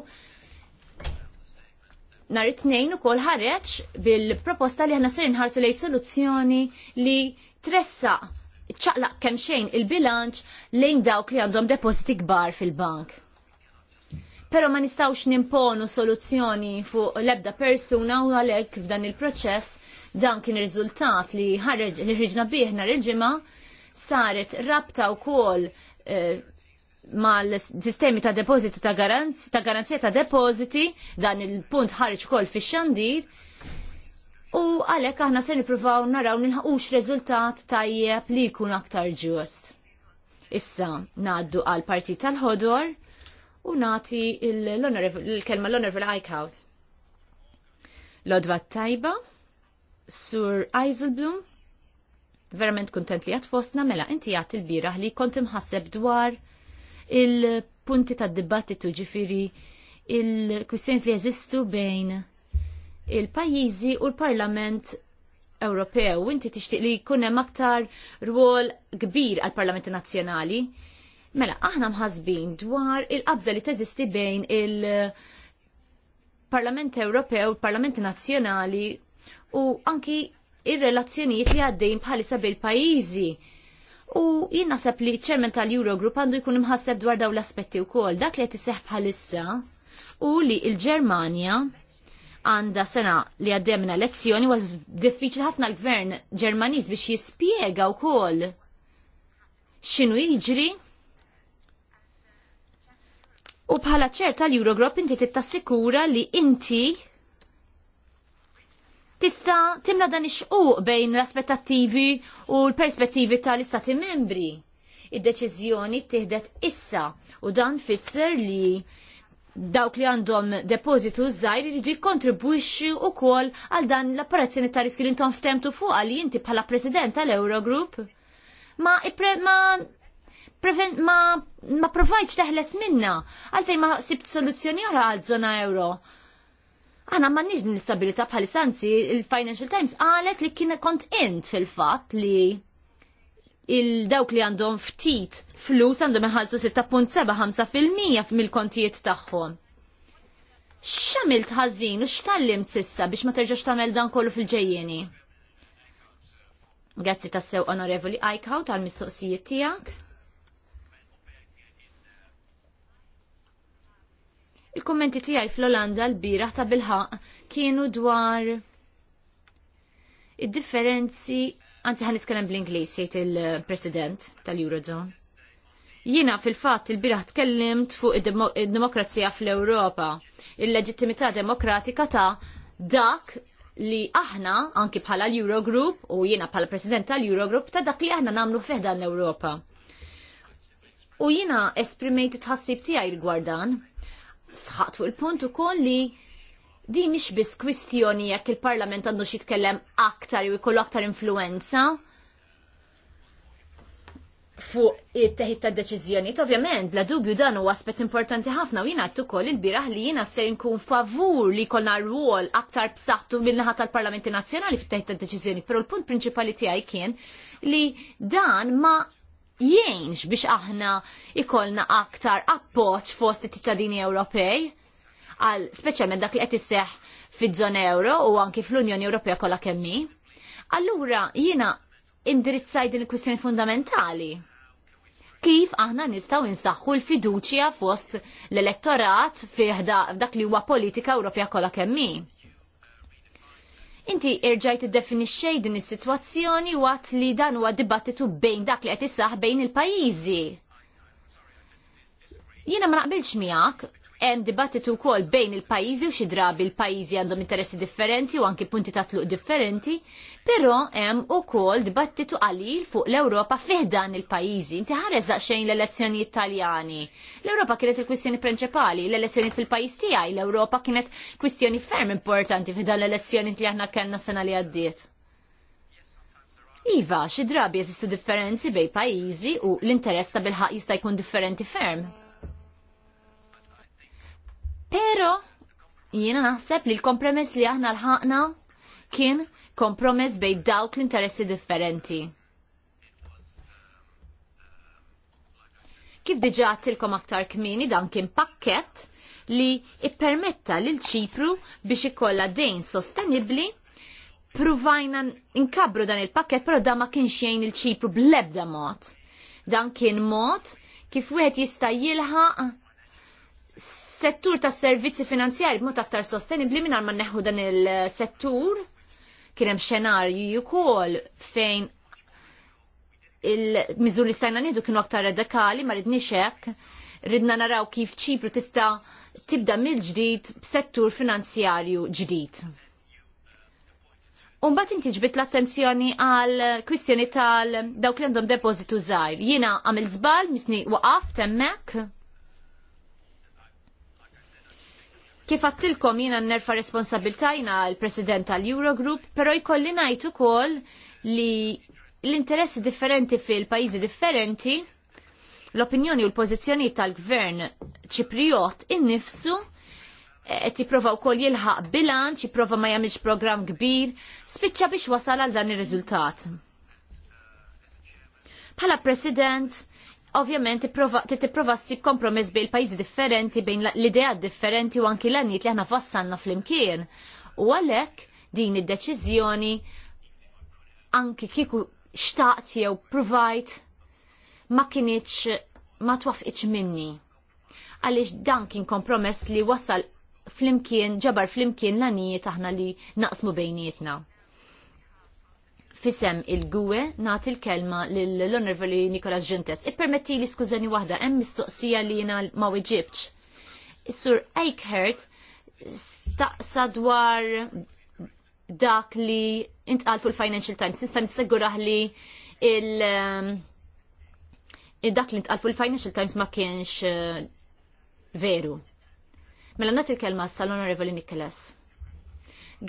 nar it-tnejn ukoll ħareġ bil-proposta li aħna ser nħarsu lej soluzzjoni li tressa ċaqlaq kemm xejn il-bilanċ lejn dawk li għandhom depositi kbar fil-bank. Pero ma nistawx nimponu soluzzjoni fuq l-ebda persuna u għalhekk f'dan il-proċess dan kien ir-riżultat li ħareġ li ħriġna bih il-ġimgħa saret rabta wkoll ma eh, mal-sistemi ta' depositi ta' garanzija ta' garanzija ta' depositi dan il-punt ħarġ kol fix-xandir U għalek aħna se nipruvaw naraw nilħaqux rezultat tajjeb li jkun aktar ġust. Issa naddu għal parti tal-ħodor u nati l kelma l-Honorable Eichhout. Lodva tajba, Sur Eiselblum, verament kontent li għatfosna mela inti għat il-biraħ li kont ħasseb dwar il-punti ta' dibattitu ġifiri il-kwissjoni li jeżistu bejn il-pajjiżi u l-Parlament Ewropew. Inti tixtieq li jkun hemm aktar rwol kbir għall-Parlamenti Nazzjonali. Mela, aħna mħasbin dwar il-qabża li teżisti bejn il-Parlament Ewropew, il parlament Nazzjonali u anki ir-relazzjonijiet li għaddejn bħalissa bil-pajjiżi. U jien naħseb li ċermen tal-Eurogroup għandu jkun imħasseb dwar dawn l-aspetti wkoll dak li qed bħalissa u li l-Ġermanja għanda sena li għaddemna lezzjoni għaz diffiċli ħafna l-gvern ġermaniż biex jispiega u kol xinu jiġri u bħala ċerta l Eurogrop inti tittassikura li inti tista timla dan ix-xquq bejn l-aspettattivi u l-perspettivi tal-istati membri. Id-deċiżjoni tiħdet issa u dan fisser li dawk li għandhom depożitu żgħir iridu jikkontribwixxi wkoll għal dan l-apparazzjoni ta' riskju li intom ftemtu fuq għal inti bħala President tal-Eurogroup. Ma, ipre, ma preven, ma, ma provajċ teħles minna, għalfej ma sibt soluzzjoni oħra għal zona euro. Aħna ma nix din l-istabilita bħal sanzi, il-Financial Times għalet li kien kont int fil-fat li il-dawk li għandhom ftit flus għandhom iħallsu 6.75% mill-kontijiet tagħhom. X'għamilt ħażin u x'tallimt sissa biex ma terġax tagħmel dan kollu fil-ġejjeni? Grazzi tassew onorevoli Eichhout tal-mistoqsijiet tiegħek. Il-kommenti tiegħi fl-Olanda l bieraħ ta' bilħaq kienu dwar id-differenzi Anzi għan nitkellem bl-Ingliż jiet il-President tal-Eurozone. Jiena fil-fatt il-biraħ tkellimt fuq id-demokrazija fl-Ewropa, il-leġittimità demokratika ta' dak li aħna anki bħala l-Eurogroup u jiena bħala President tal-Eurogroup ta' dak li aħna nagħmlu fiħdan l-Ewropa. U jiena esprimejt tħassib tijaj tiegħi rigward dan. Sħat fuq il-punt ukoll li di mhix biss kwistjoni jekk il-Parlament għandu xi jitkellem aktar jew jkollu aktar influenza fuq it-teħid ta' deċiżjonijiet. Ovvjament, bla dubju dan huwa aspett importanti ħafna u jiena għattu ukoll il-biraħ li jiena ser nkun favur li jkollna rwol aktar b'saħħtu mill-naħa tal-Parlamenti Nazzjonali fit-teħid ta' deċiżjonijiet, però l-punt prinċipali tiegħi kien li dan ma jgħinx biex aħna ikollna aktar appoġġ fost it-tittadini Ewropej għal speċjalment dak li qed isseħ fiż-żona euro u anki fl-Unjoni Ewropea kollha kemmi. Allura jiena indirizzaj din il-kwistjoni fundamentali. Kif aħna nistgħu nsaħħu l-fiduċja fost l-elettorat fiħda dak li huwa politika Ewropea kollha kemmi. Inti irġajt iddefinixxej din is-sitwazzjoni waqt li dan huwa dibattitu bejn dak li qed issaħ bejn il-pajjiżi. Jiena ma naqbilx miegħek hemm dibattitu wkoll bejn il-pajjiżi u xi drabi il-pajjiżi għandhom interessi differenti u anki punti ta' tluq differenti, però hemm ukoll dibattitu qalil fuq l-Ewropa fih dan il-pajjiżi. Inti ħares daqsxejn l-elezzjoni Italjani. L-Ewropa kienet il-kwistjoni prinċipali, l-elezzjoni fil-pajjiż tiegħi, l-Ewropa kienet kwistjoni ferm importanti fih dan l-elezzjoni li aħna kellna sena li għaddiet. Iva, xi drabi jeżistu differenzi bej pajjiżi u l-interess ta' bilħaq jista' jkun differenti ferm. Pero jiena naħseb li l-kompromess li aħna l ħakna kien kompromess bej dawk l-interessi differenti. Kif diġa għattilkom aktar kmini dan kien pakket li ippermetta l ċipru biex ikolla dejn sostenibli pruvajna inkabru dan il-pakket, pero da ma kienx jgħin il-ċipru bl-ebda mod. Dan kien mod kif wieħed jista' jilħaq settur ta' servizzi finanzjari b'mod aktar sostenibli minn ma neħu dan il-settur kien hemm xenarju wkoll fejn il-miżur li stajna nidu kienu aktar radikali ma ridniex hekk, ridna naraw kif ċipru tista' tibda mill-ġdid b'settur finanzjarju ġdid. Umbat inti ġbit l-attenzjoni għal kwistjoni tal dawk li għandhom depozitu zaħir. Jiena għamil żball misni waqaf temmek Kif għattilkom jina nerfa responsabiltajna l-president tal-Eurogroup, pero jkolli najtu kol li l-interessi differenti fil-pajizi differenti, l-opinjoni u l-pozizjoni tal-gvern ċipriot innifsu qed jipprova wkoll jilħaq bilanċ, jipprova ma jagħmilx programm kbir, spiċċa biex wasal għal dan ir-riżultat. Bħala President, ovvjament tipprova ssib kompromess bejn pajjiżi differenti, bejn l-idea differenti u anki l-għanniet li aħna fassanna fl-imkien. U għalhekk din id-deċiżjoni anki kieku xtaqt jew provajt ma kienieċ ma twafqiċ minni. Għaliex dan kien kompromess li wasal flimkien ġabar flimkien l-anijiet aħna li naqsmu bejnietna. Fisem il-gwe nagħti l-kelma lill-Onorevoli Nikolas Gentes. Ippermetti li skużani waħda hemm mistoqsija li jena ma weġibċ. Is-sur Eichert staqsa dwar dak li intqal fuq il-Financial Times, nista' nisseguraħ li il- um, dak li intqal fuq il-Financial Times ma kienx uh, veru. Mela nagħti l-kelma sal-Onorevoli Nicholas.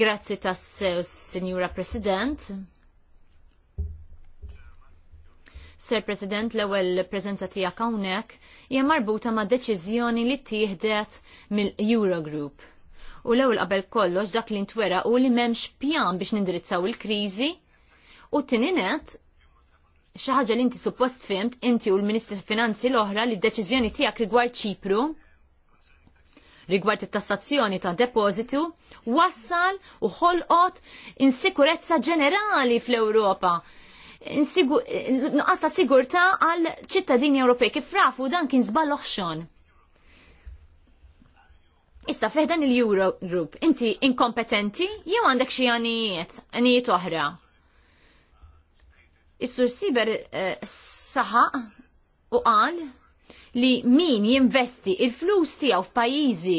Grazzi tas Signora President ser President, l-ewwel preżenza tiegħek hawnhekk hija marbuta ma' deċiżjoni li tieħdet mill-Eurogroup. U l-ewwel qabel kollox dak li ntwera u li m'hemmx pjan biex nindirizzaw il-kriżi u tininet xi ħaġa li inti suppost fimt inti u l-Ministri Finanzi l-oħra li d-deċiżjoni tiegħek rigward Ċipru rigward it-tassazzjoni ta' depożitu wassal u ħolqot insikurezza ġenerali fl-Ewropa nuqqas ta' sigurtà għal ċittadini Ewropej kif rafu dan kien żball oħxon. Issa feħdan il-Euro Group, inti inkompetenti jew għandek xi għanijiet, għanijiet oħra. Is-sur Siber eh, saħaq u qal li min jinvesti il-flus tiegħu f'pajjiżi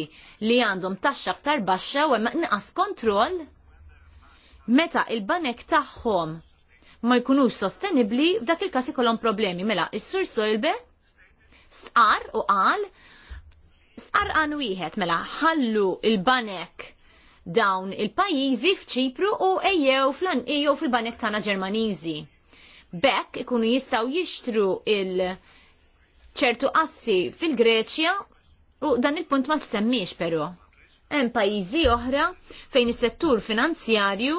li għandhom taxxa aktar baxxa u hemm kontroll meta il-banek tagħhom ma jkunux sostenibli, f'dak il-każ ikollhom problemi. Mela, is-Sur Solbe stqar u qal stqar għan wieħed mela ħallu il-banek dawn il-pajjiżi f'Ċipru u ejjew ejjew fil-banek tagħna Ġermaniżi. Bekk ikunu jistgħu jixtru il- ċertu assi fil-Greċja u dan il-punt ma tsemmiex però. Hemm pajjiżi oħra fejn is-settur finanzjarju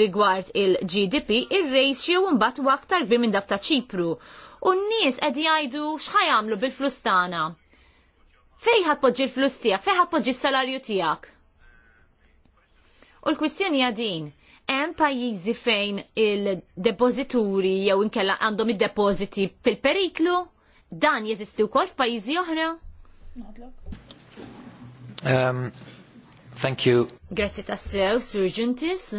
rigward il-GDP ir-ratio mbagħad huwa aktar kbir minn dak ta' Ċipru. U n-nies qed jgħidu x'ħajamlu bil-flus tagħna. Fejn ħadpoġġi l-flus tiegħek, fejn ħadpoġġi s-salarju tiegħek? U l-kwistjoni hija din: hemm pajjiżi fejn il-depożituri jew inkella għandhom id-depożiti fil-periklu, dan jeżisti wkoll f'pajjiżi oħra? Thank you. Grazie tassew, Sir Gentis.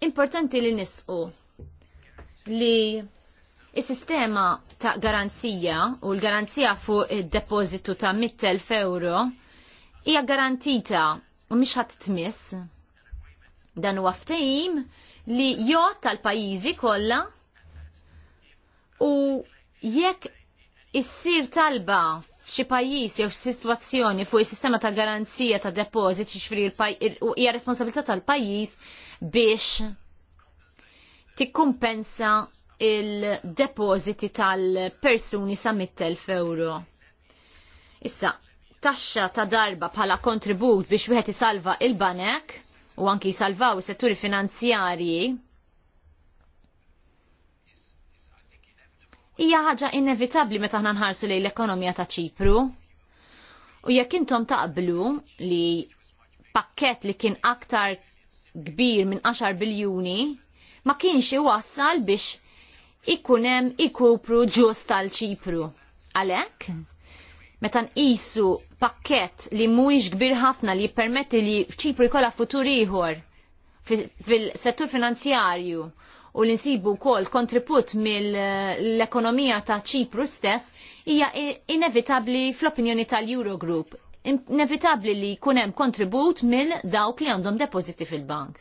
Importanti li nisqu li il-sistema ta' garanzija u l-garanzija fuq il-depozitu ta' Mittel euro hija garantita u mhix ħadd tmiss. Dan huwa ftehim li jo tal-pajjiżi kollha U jekk issir talba f'xi pajjiż jew f'sitwazzjoni fuq is-sistema ta' garanzija ta' depożit xiġri hija responsabilità tal-pajjiż biex tikkumpensa il-depożiti tal-persuni sa' mit-telf euro. Issa, taxxa ta' darba bħala kontribut biex wieħed isalva il-banek u anki jisalvaw is-setturi finanzjarji hija ħaġa inevitabbli meta aħna nħarsu lejn l-ekonomija ta' Ċipru. U jekk intom taqblu li pakket li kien aktar kbir minn 10 biljuni ma kienx iwassal biex ikunem ikupru ġust tal-ċipru. Għalek, meta nqisu pakket li mhuwiex kbir ħafna li jippermetti li ċipru jkollha futur ieħor fil-settur finanzjarju u li nsibu wkoll kontribut mill-ekonomija ta' Ċipru stess hija inevitabbli fl-opinjoni tal-Eurogroup. Inevitabbli li jkun hemm kontribut mill dawk li għandhom depositi fil-bank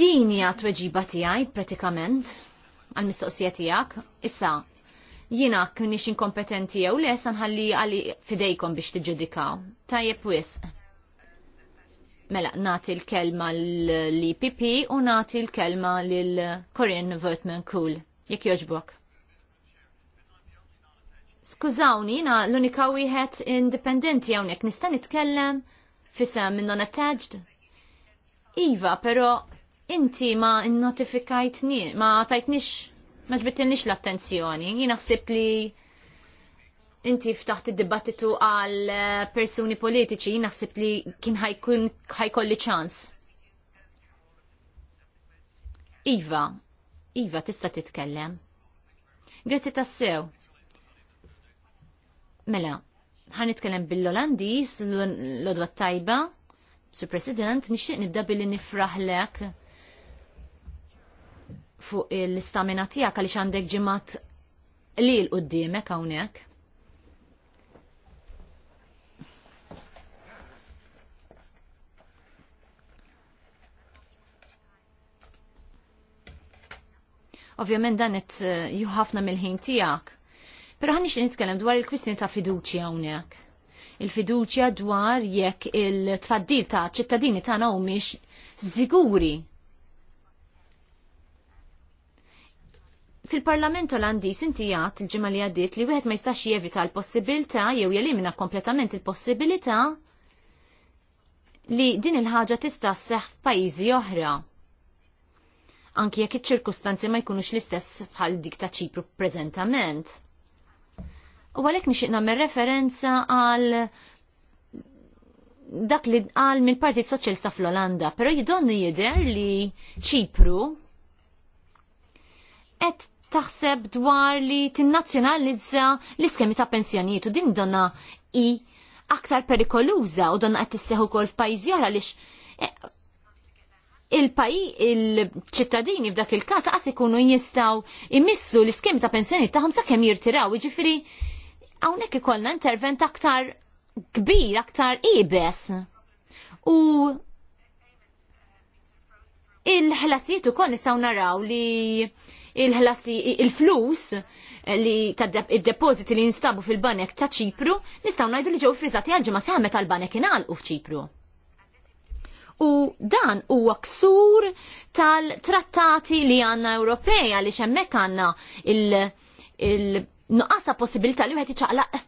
din hija tweġiba tiegħi pratikament għall mistoqsija tiegħek. Issa jiena kienx inkompetenti jew le sanħalli għali fidejkom biex tiġġudikaw. Tajjeb wisq. Mela, nati l-kelma l-IPP u nati l-kelma l-Korean Vertman Cool. Jek joġbok. Skużawni, na l-unika wieħed indipendenti hawnhekk nista' nitkellem fisem minn non attached. Iva, però inti ma notifikajtni, ma tajtnix, ma ġbittilnix l-attenzjoni. Jina ħsibt li inti ftaħt id-dibattitu għal eh, persuni politiċi, naħseb li kien ħajkun ħajkolli ċans. Iva, Iva, tista titkellem. Grazzi tassew. Mela, ħan nitkellem bil-Olandis, l-odwa tajba, Sur President, nixtieq nibda billi nifraħlek fuq l-istamina tiegħek għaliex għandek ġimgħat li l-qoddimek hawnhekk Ovvjament dan qed eh, juħafna mill-ħin tiegħek. Però ħanix nitkellem dwar il-kwistjoni ta' fiduċja hawnhekk. Il-fiduċja dwar jekk il-tfaddil ta' ċittadini tagħna humiex żiguri Fil-Parlament Olandis inti jgħat il-ġimgħa li għaddiet li wieħed ma jistax jevita l-possibilità jew jelimina kompletament il-possibilità li din il-ħaġa tista' sseħħ f'pajjiżi oħra anki jekk iċ-ċirkustanzi ma jkunux l-istess bħal dik ta' ċipru preżentament. U għalhekk nixtieq nagħmel referenza għal dak li qal mill-Partit Soċjalista fl-Olanda, però jidonni jidher li ċipru qed taħseb dwar li tinnazzjonalizza l-iskemi ta' pensjonijiet u din donna i aktar perikoluża u donna qed tisseħu kol f'pajjiż oħra għaliex eh, il-paji il-ċittadini f'dak il-kas għas ikunu jistaw imissu l-iskem ta' pensjoni tagħhom sakemm jirtiraw, jiġifieri hawnhekk ikollna intervent aktar kbir, aktar ibes. U il-ħlasijiet ukoll nistgħu naraw li il-ħlasi il-flus li tad-depożiti li jinstabu fil-banek ta' ċipru nistgħu ngħidu li ġew friżati għal ġimgħa seħamet tal-banek ingħalqu f'ċipru u dan huwa ksur tal-trattati li għanna Ewropej għaliex hemmhekk għandna il-nuqqasa possibilita possibilità li wieħed iċaqlaq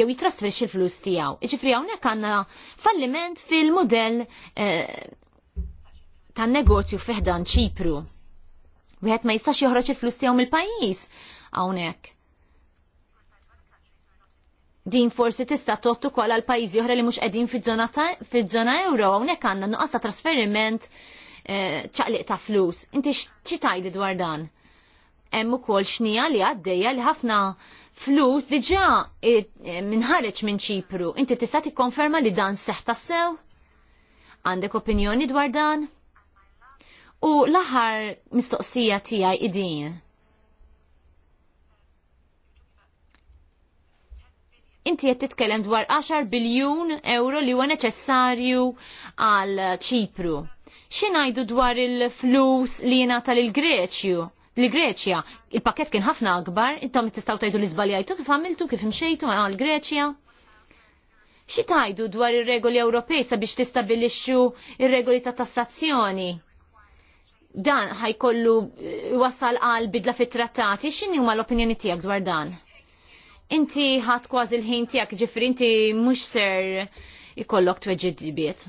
jew jitrasferixxi l-flus tiegħu. Iċifri hawnhekk għandna falliment fil-mudell eh, tan-negozju fiħdan ċipru. Wieħed ma jistax joħroġ il-flus tiegħu mill-pajjiż hawnhekk din forsi tista' tott ukoll għal pajjiżi oħra li mhux qegħdin fiż-żona euro hawnhekk għandna nuqqas ta' trasferiment eh, ċaqliq ta' flus. Inti xi tajli dwar dan? Hemm ukoll xnija li għaddejja li ħafna flus diġà eh, eh, minħareġ minn Ċipru. Inti tista' tikkonferma li dan seħ tassew? Għandek opinjoni dwar dan? U l-aħħar mistoqsija tiegħi idin inti qed titkellem dwar 10 biljun euro li huwa neċessarju għal Ċipru. Xinajdu dwar il-flus li jena tal-Greċju? L-Greċja, il-pakket kien ħafna akbar, intom tistaw tajdu l-izbaljajtu kif għamiltu, kif imxejtu għal-Greċja. Xi tajdu dwar ir-regoli Ewropej sabiex tistabilixxu ir-regoli ta' tassazzjoni? Dan ħajkollu wasal għal bidla fit-trattati, x'inhi huma l-opinjoni tiegħek dwar dan? inti ħadd kważi l-ħin tiegħek ġifri inti mhux ser ikollok tweġġibiet.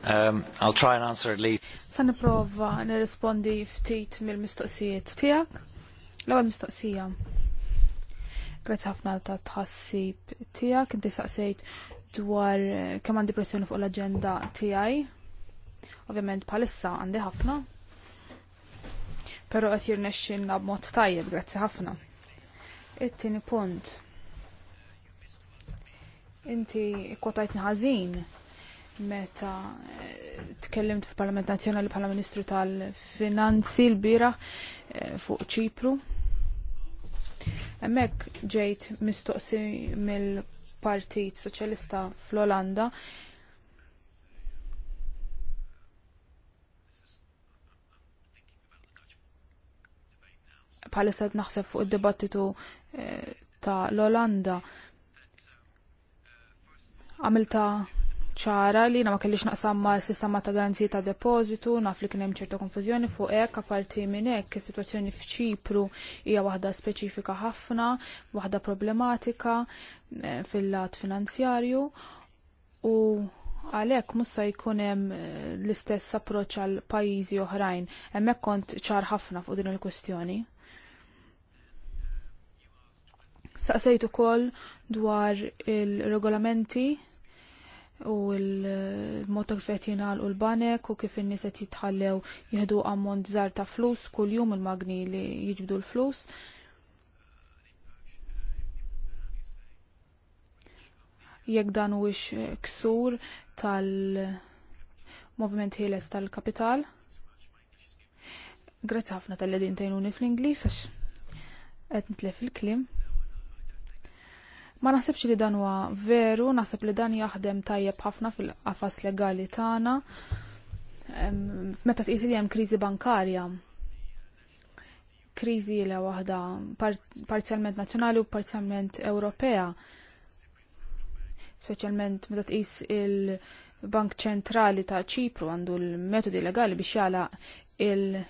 Um, I'll try and answer it later. Sa niprofa nirrispondi ftit mill-mistoqsijiet tiegħek. L-ewwel mistoqsija. Grazzi ħafna ta' tħassib tiegħek, inti saqsejt dwar eh, kemm għandi pressjoni fuq l-aġenda tiegħi. Ovvjament bħalissa għandi ħafna. Però qed jirnexxilna b'mod tajjeb, grazzi ħafna. It-tieni punt. Inti kwotajt ħażin meta eh, tkellimt fil-Parlament Nazzjonali bħala Ministru tal-Finanzi l-bira eh, fuq Ċipru. Hemmhekk ġejt mistoqsi mill-Partit Soċjalista fl-Olanda palissa naħseb fuq id-dibattitu eh, ta' l-Olanda. Għamilta ċara li na ma kellix naqsam ma' sistema ta' garanzija ta' depozitu, naf li kien hemm ċerta konfużjoni fuq hekk apparti minn hekk is-sitwazzjoni f'Ċipru hija waħda speċifika ħafna, waħda problematika eh, fil-lat finanzjarju u għalek mussa jkunem eh, l-istess approċ għal pajizi oħrajn. Emmek kont ċar ħafna fuq din il-kustjoni. Saqsejtu kol dwar il-regolamenti u l-mod kif qed jingħalqu l-banek u kif in-nies qed jitħallew jieħdu ammont żgħar ta' flus kuljum il-magni li jġbdu l-flus. Jekk dan huwiex ksur tal-movement ħieles tal-kapital. Grazzi ħafna tal-ledin tajnuni fl-Ingliż għax qed nitlef il-klim. Ma nasibx li dan huwa veru, naħseb li dan jaħdem tajjeb ħafna fil-qafas legali tagħna. Meta tqis li hemm kriżi bankarja, kriżi li waħda parzjalment nazzjonali u parzjalment Ewropea. Speċjalment meta tqis il-Bank Ċentrali ta' Ċipru għandu l-metodi legali biex jala il-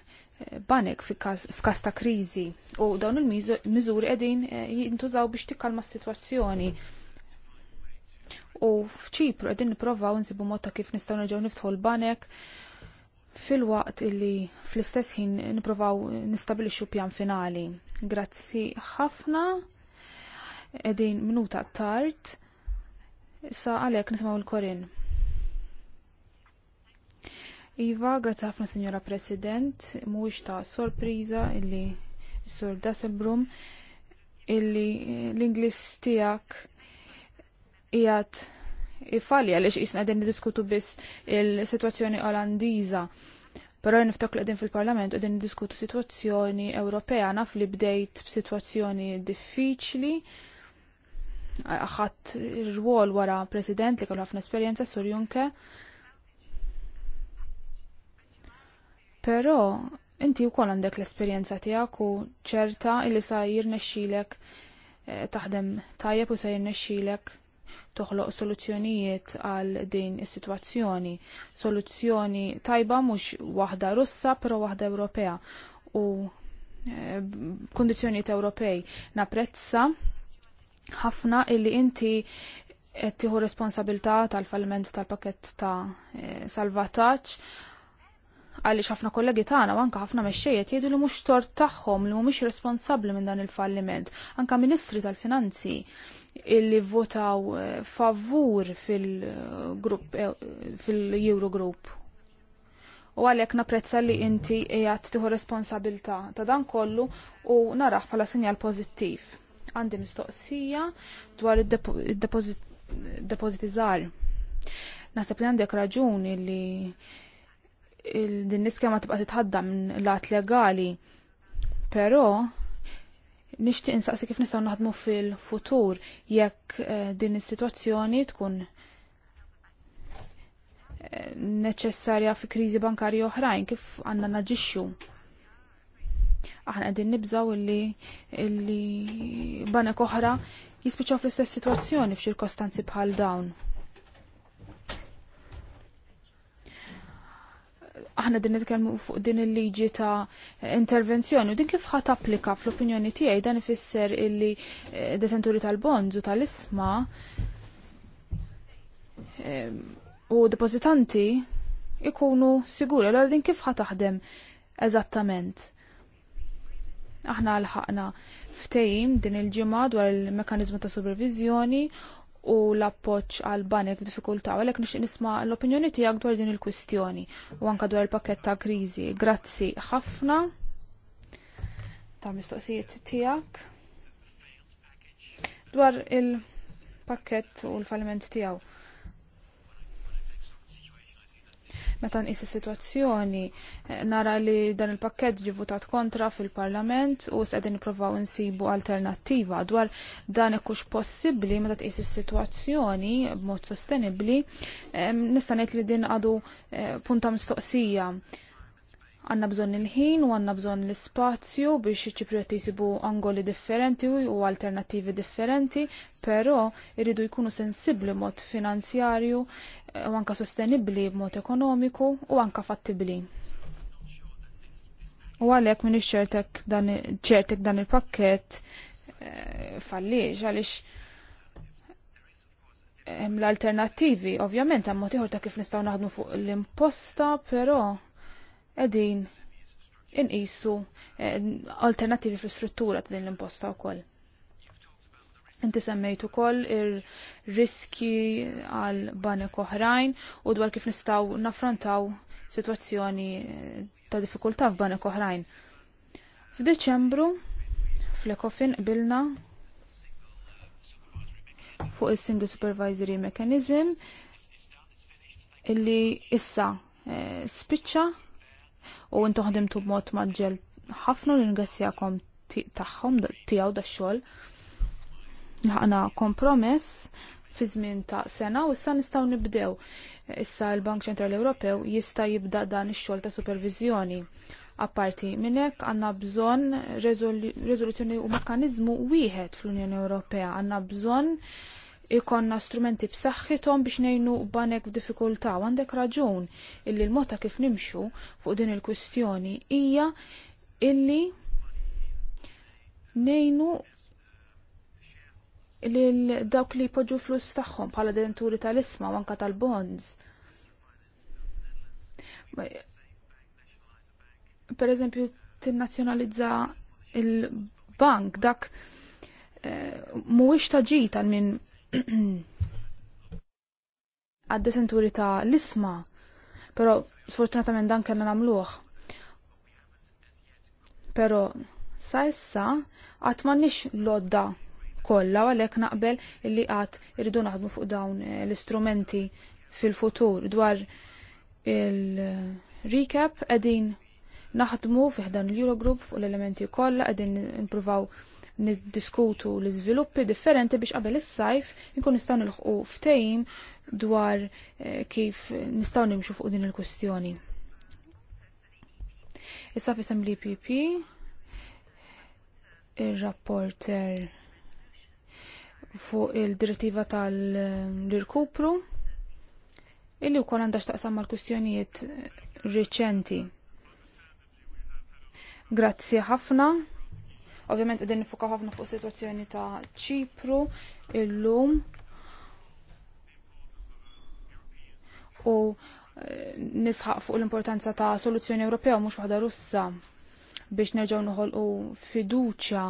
banek f'każ ta' kriżi u dawn il-miżuri qegħdin eh, jintużaw biex tikkalma s-sitwazzjoni. U f'Ċipru qegħdin nipprovaw nsibu mod ta' kif nistgħu nerġgħu niftħu l-banek fil-waqt illi fl-istess ħin nipprovaw nistabilixxu pjan finali. Grazzi ħafna Edin minuta tard. sa għalhekk nismaw l-Korin. Iva, grazie ħafna Signora President, mhuwiex ta' sorpriża illi Sur Dasselbrum illi l-Ingliż tiegħek qiegħed ifalli għaliex qisna qegħdin niddiskutu biss il-sitwazzjoni Olandiża. Però niftak li fil-Parlament u qegħdin niddiskutu sitwazzjoni Ewropea naf li bdejt b'sitwazzjoni diffiċli ħadd ir-rwol wara President li kellu ħafna esperjenza Sur Juncker Però inti wkoll għandek l-esperjenza tiegħek u ċerta li sa jirnexxilek eh, taħdem tajjeb u se jirnexxilek toħloq soluzzjonijiet għal din is-sitwazzjoni. Soluzzjoni tajba mhux waħda Russa, però waħda Ewropea u eh, kundizzjonijiet Ewropej. Napprezza ħafna illi inti qed tieħu responsabilità tal falment tal-pakett ta' eh, salvataġġ għaliex ħafna kollegi tagħna u anke ħafna mexxejjed jgħidu li mhux tort tagħhom li mhumiex responsabbli minn dan il-falliment. Anka Ministri tal-Finanzi illi votaw eh, favur fil-grupp eh, fil-Eurogroup. U għalhekk napprezza li inti qiegħed tieħu responsabilità ta' dan kollu u narah bħala sinjal pożittiv. Għandi mistoqsija dwar id żgħar. Naħseb li għandek raġuni li din niskema tibqa' titħadda minn lat legali. Però nixtieq insaqsi kif nistgħu naħdmu fil-futur jekk eh, din is-sitwazzjoni tkun eh, neċessarja fi kriżi bankarji oħrajn kif għandna naġixxu. Aħna qegħdin nibżgħu illi illi banek oħra jispiċċaw fl-istess sitwazzjoni f'ċirkostanzi bħal dawn. aħna din nitkellmu fuq din il-liġi ta' intervenzjoni u din kif ħat applika fl-opinjoni tiegħi dan ifisser illi eh, detenturi tal-bonds u tal-isma eh, u depozitanti ikunu siguri. Allora din kif ħat taħdem eżattament? Aħna l-ħakna ftejim din il-ġimgħa dwar il-mekanizmu ta' supervizjoni u l-appoċ għal banek f'difikultà, għalhekk nixtieq nisma' l-opinjoni tiegħek dwar din il-kwistjoni u anke dwar il pakket ta' kriżi. Grazzi ħafna ta' mistoqsijiet tiegħek dwar il-pakett u l-falliment tiegħu. Meta nqis is-sitwazzjoni eh, nara li dan il-pakkett ġi votat kontra fil-Parlament u s-qegħdin nippruvaw insibu alternattiva dwar dan ikkux possibbli meta tqis is-sitwazzjoni b'mod sostenibbli nista' ngħid li din għadu eh, punta mistoqsija Għanna bżon il-ħin u għanna bżon l-spazju biex iċiprioti jisibu angoli differenti u alternativi differenti, pero irridu jkunu sensibli mod finanzjarju eh, u anka sostenibli mod ekonomiku u anka fattibli. U għalek minn ċertek dan il-pakket eh, fallix, għalix hemm l-alternattivi, ovvjament hemm mod ieħor ta' kif nistgħu naħdmu fuq l-imposta, però qegħdin inqisu eh, alternattivi fl struttura ta' din l-imposta wkoll. Inti semmejt ukoll ir-riski għal banek oħrajn u dwar kif nistgħu naffrontaw sitwazzjoni eh, ta' diffikultà f'banek oħrajn. F'Deċembru fl-Ekofin qbilna fuq il-Single Supervisory Mechanism illi issa eh, spiċċa u intu ħdimtu b'mod maġġel ħafna l-ingrazzjakom tagħhom tiegħu da xogħol Laħna kompromess fi żmien ta' sena u issa nistgħu nibdew. Issa l-Bank Ċentrali Ewropew jista' jibda dan ix-xogħol ta' supervizjoni. Apparti minn hekk għandna bżonn riżoluzzjoni u mekkaniżmu wieħed fl-Unjoni Ewropea. Għandna bżonn ikonna strumenti b'saħħithom biex ngħinu banek f'diffikultà u għandek raġun illi l-mota kif nimxu fuq din il-kwistjoni hija illi ngħinu lil dawk li jpoġġu flus tagħhom bħala denturi tal-isma u anke tal-bonds. Per eżempju, tinnazzjonalizza il-bank dak eh, mhuwiex taġi tal minn għad senturi ta' l-isma, pero sfortunatament dan kellna nagħmluh. Pero sa issa qatt m'għandniex lodda kollha għalhekk naqbel illi qatt irridu naħdmu fuq dawn eh, l-istrumenti fil-futur dwar il-recap qegħdin naħdmu fiħdan l-Eurogroup fuq l-elementi kollha qegħdin nippruvaw niddiskutu l-iżviluppi differenti biex qabel is-sajf nkun nistgħu nilħqu ftehim dwar eh, kif nistgħu nimxu fuq din il-kwestjoni. Issa fisem PP ir-rapporter fuq il-direttiva tal-irkupru illi wkoll għandha x'taqsam mal-kwistjonijiet riċenti. Grazzi ħafna. Ovvjament qegħdin nifuka ħafna fuq situazzjoni ta' Ċipru illum. U eh, nisħaq fuq l-importanza ta' soluzzjoni Ewropea mhux waħda Russa biex nerġgħu noħolqu fiduċja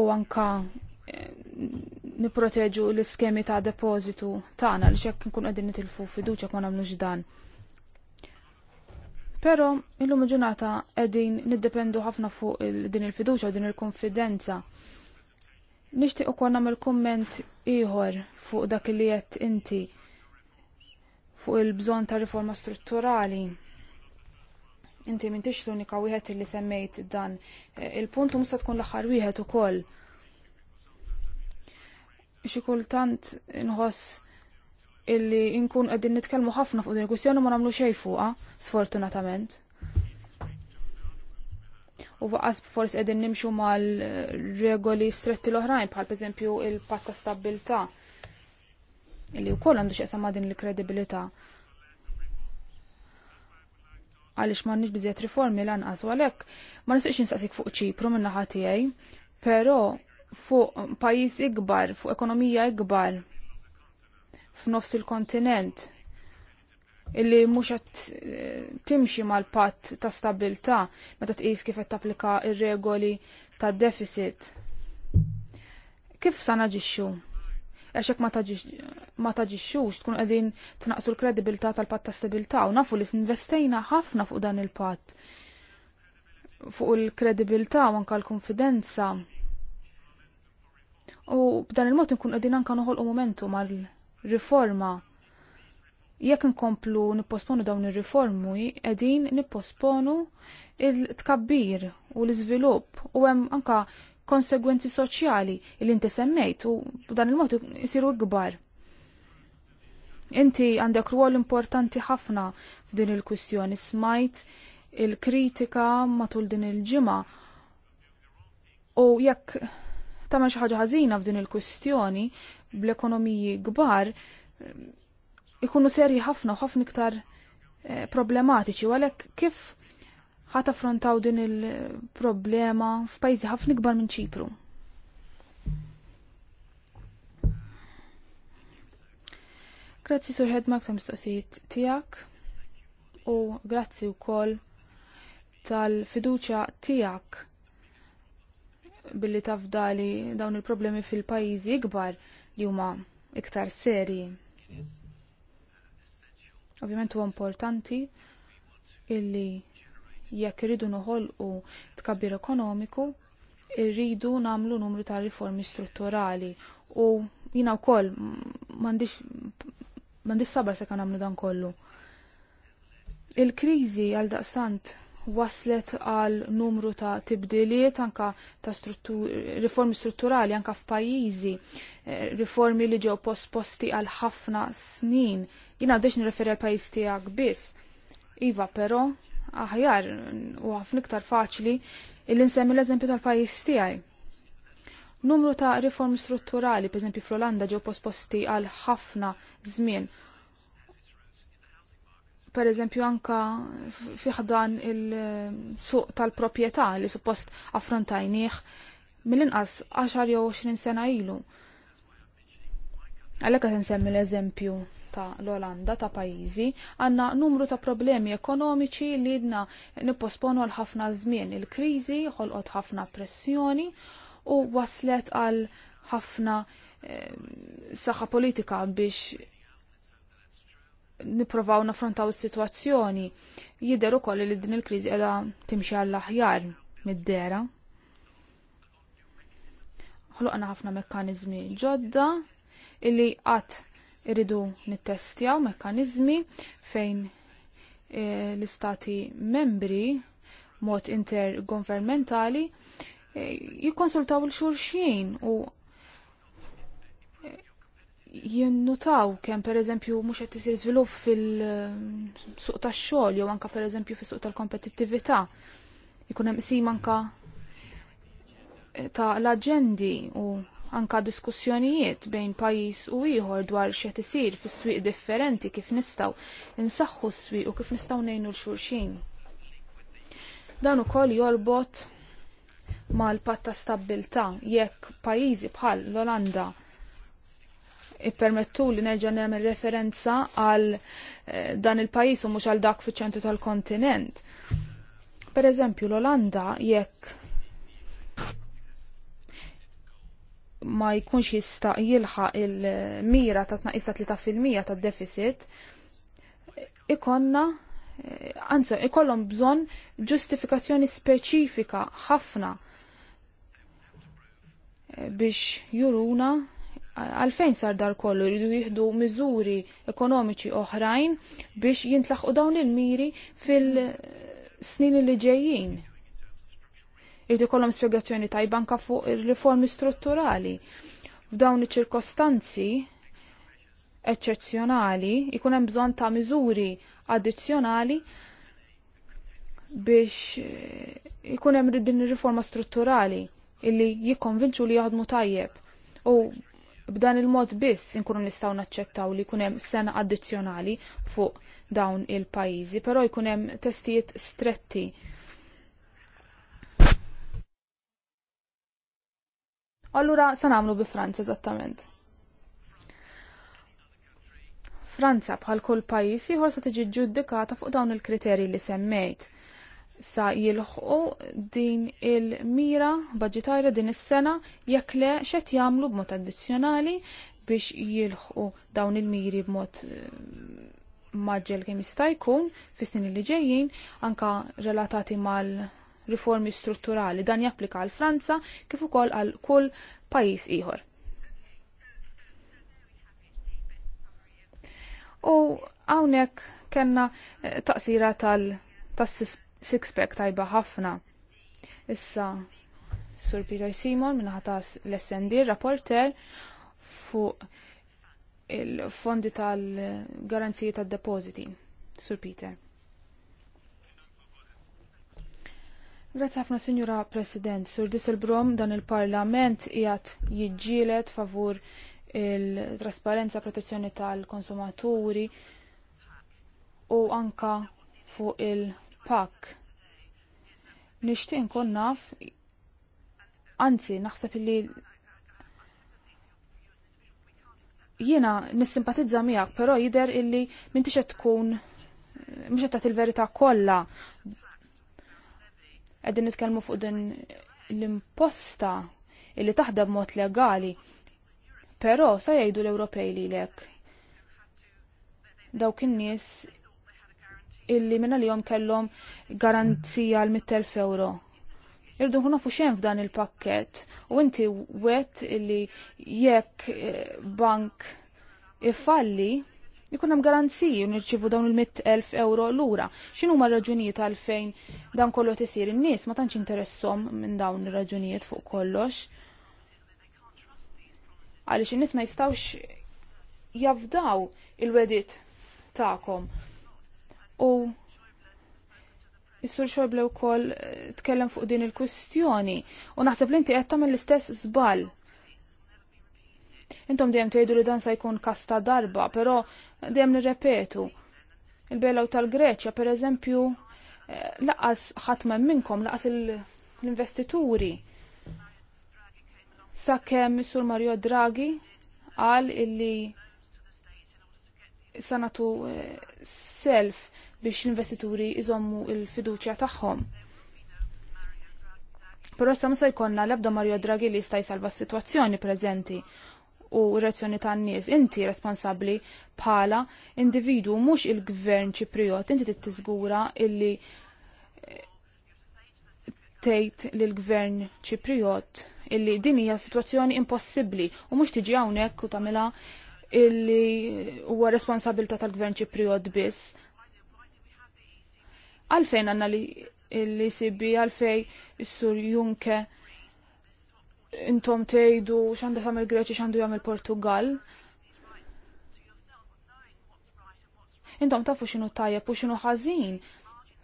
u anka eh, niproteġu l-iskemi ta' depożitu tagħna li xekk nkun qegħdin nitilfu fiduċja ma nagħmlux dan. Pero illum ġurnata qegħdin niddependu ħafna fuq din il-fiduċa u din il-konfidenza. Nixtieq ukoll nagħmel komment ieħor fuq dak li jett inti fuq il-bżonn ta' riforma strutturali. Inti m'intix l-unika wieħed li semmejt dan. Il-punt musta tkun l-aħħar wieħed ukoll. Xi kultant inħoss illi nkun qegħdin nitkellmu ħafna fuq din il-kwistjoni ma nagħmlu xej fuqha, sfortunatament. U waqas forsi qegħdin nimxu mal-regoli stretti l-oħrajn bħal pereżempju il-patt ta' stabilità illi wkoll għandu x'jaqsam ma' din il-kredibilità. Għaliex m'għandniex biżejjed riformi lanqas u għalhekk ma nistax nistaqsik fuq Ċipru minna naħa tiegħi, però fuq pajjiż ikbar, fuq ekonomija ikbar, f'nofs il-kontinent illi mhux qed eh, timxi mal-patt ta' stabilità meta tqis kif qed tapplika ir-regoli tad-deficit. Kif sa naġixxu? Għax hekk ma taġixxux tkun qegħdin tnaqsu l-kredibilità tal-patt ta' stabilità u nafu li investejna ħafna fuq dan il-patt fuq il-kredibilità u anke l-konfidenza. U b'dan il-mod nkun qegħdin anke noħolqu momentu mal- riforma. Jekk inkomplu nipposponu dawn ir-riformi, qegħdin nipposponu il-tkabbir u l-iżvilupp u hemm anka konsegwenzi soċjali li inti semmejt u dan il-mod isiru kbar. Inti għandek rwol importanti ħafna f'din il-kwistjoni smajt il-kritika matul din il-ġimgħa u jekk tagħmel xi ħaġa ħażina f'din il-kwistjoni, bl-ekonomiji kbar ikunu serji ħafna u ħafna iktar eh, problematiċi u għalhekk kif ħat affrontaw din il-problema f'pajjiżi ħafna gbar minn Ċipru. Grazzi Surħed Hedmark mistoqsijiet tiegħek u grazzi wkoll tal-fiduċja tiegħek billi tafdali dawn il-problemi fil-pajjiżi gbar li huma iktar seri Ovvjament huwa importanti illi jekk irridu noħolqu tkabbir ekonomiku, irridu nagħmlu numru ta' riformi strutturali u jiena wkoll m'għandix sabar se kan nagħmlu dan kollu. Il-kriżi għal daqstant waslet għal numru ta' tibdiliet anka ta' struttur, riformi strutturali anka f'pajjiżi, eh, riformi li ġew posposti għal ħafna snin. Jina għadix nirreferi għal pajjiż tiegħek biss. Iva, però aħjar u ħafna iktar faċli il nsemmi l-eżempju tal-pajjiż tiegħi. Numru ta' riformi strutturali, per fl-Olanda ġew posposti għal ħafna żmien per eżempju anka fiħdan il-suq tal-propieta li suppost affrontajniħ mill-inqas 10 jew 20 sena ilu. Għalhekk qed nsemmi l-eżempju ta' l-Olanda ta' pajjiżi għandna numru ta' problemi ekonomiċi li għidna nipposponu għal ħafna żmien. Il-kriżi ħolqot ħafna pressjoni u waslet għal ħafna eh, saħħa politika biex niprovaw nafrontaw is-sitwazzjoni. Jidher ukoll li din il-kriżi qiegħda timxi għall-aħjar mid-dera. Ħloqna ħafna mekkanizmi ġodda illi qatt iridu nittestjaw mekkaniżmi fejn e, l-istati membri mod intergovernmentali e, jikkonsultaw l-xurxin u jinnutaw kemm pereżempju mhux qed isir żvilupp fil-suq eh, tax-xogħol jew anke pereżempju fis-suq tal-kompetittività. Ikun hemm qsim anke eh, ta' l-aġendi u anka diskussjonijiet bejn pajis u ieħor dwar x'qed isir fis-swieq differenti kif nistgħu insaħħu s-swieq u kif nistgħu nejnu l-xulxin. Dan ukoll jorbot mal-patt ta' stabbiltà jekk pajjiżi bħal l-Olanda ippermettu li nerġa' nagħmel referenza għal eh, dan il-pajjiż u mhux għal dak fiċ-ċentru tal-kontinent. Per eżempju, l-Olanda jekk ma jkunx jista' jilħaq il-mira ta' tnaqis ta' fil-mija tad-deficit, ikonna eh, anzi, ikollhom bżonn ġustifikazzjoni speċifika ħafna eh, biex juruna għalfejn sar dar kollu jridu jieħdu miżuri ekonomiċi oħrajn biex jintlaħqu dawn il-miri fil-snin li ġejjin. Irdu kollhom spjegazzjoni tajbanka fuq ir-riformi strutturali. F'dawn iċ-ċirkostanzi eċċezzjonali ikun hemm bżonn ta' miżuri addizzjonali biex eh, ikun hemm din ir-riforma strutturali illi jikkonvinċu li jaħdmu tajjeb. U B'dan il-mod biss inkunu nistgħu naċċettaw li jkun hemm sena addizzjonali fuq dawn il-pajjiżi, però jkun hemm testijiet stretti. Allura se nagħmlu bi Franza eżattament. Franza bħal kull pajjiż ieħor se tiġi ġuddikata fuq dawn il-kriterji li semmejt sa jilħqu din il-mira budgetarja din is-sena jekk le xed jagħmlu b'mod addizzjonali biex jilħqu dawn il-miri b'mod eh, maġġel kemm jista' jkun fis-snin li ġejjin anka relatati mal riformi strutturali dan japplika għal Franza kif ukoll għal kull pajjiż ieħor. U hawnhekk kellna eh, taqsira tal-sis six-pack tajba ħafna. Issa, Sur Peter Simon ħatas l-SND, rapporter fuq il-fondi tal garanzija tad-depositi. Sur Peter. Grazie ħafna Sinjura President, Sur Disselbrom dan il-Parlament jgħat jiġġielet favur il-trasparenza protezzjoni tal-konsumaturi u anka fuq il- pak Nixtieq nkun naf anzi naħseb li jiena nissimpatizza miegħek, però jidher illi m'intix qed tkun mhux qed tagħti il-verità kollha. Qegħdin nitkellmu fuq din l-imposta illi taħdem b'mod legali. Però sa jgħidu l-Ewropej lilek dawk in-nies illi minna li jom kellom garanzija l-100.000 euro. Irdu nkunu fuxen f'dan il-pakket u inti wet illi jekk eh, bank ifalli jikun hemm garanziji u nirċivu dawn il-100.000 euro lura. X'inhu ma raġunijiet għalfejn dan kollu tisir in-nies ma tantx interessom minn dawn il raġunijiet fuq kollox. Għaliex in-nies ma jistgħux jafdaw il-wedit tagħkom u jissur sur Xorble wkoll eh, tkellem fuq din il kustjoni u naħseb li inti qed tagħmel l-istess żball. Intom dejjem tgħidu li dan sa jkun kasta darba, però dejjem nirrepetu. Il-belaw tal-Greċja pereżempju eh, laqas ħadd hemm minnkom laqas l-investituri. Sakemm is-sur Mario Draghi qal illi sanatu eh, self biex l-investituri iżommu il-fiduċja tagħhom. Però sa ma jkollna l-ebda Mario Draghi li jista' jsalva s-sitwazzjoni preżenti u reazzjoni tan-nies. Inti responsabbli bħala individu mhux il-gvern Ċipriot, inti tittiżgura illi eh, tgħid lill gvern Ċipriot illi din hija sitwazzjoni impossibbli u mhux tiġi hawnhekk u tagħmilha illi huwa responsabilità tal-gvern Ċipriot biss Għalfejn għanna li l-ECB, għalfej s-sur Junke, intom tejdu xandu il Greċi, xandu il Portugal. Intom tafu xinu tajjeb u xinu ħażin,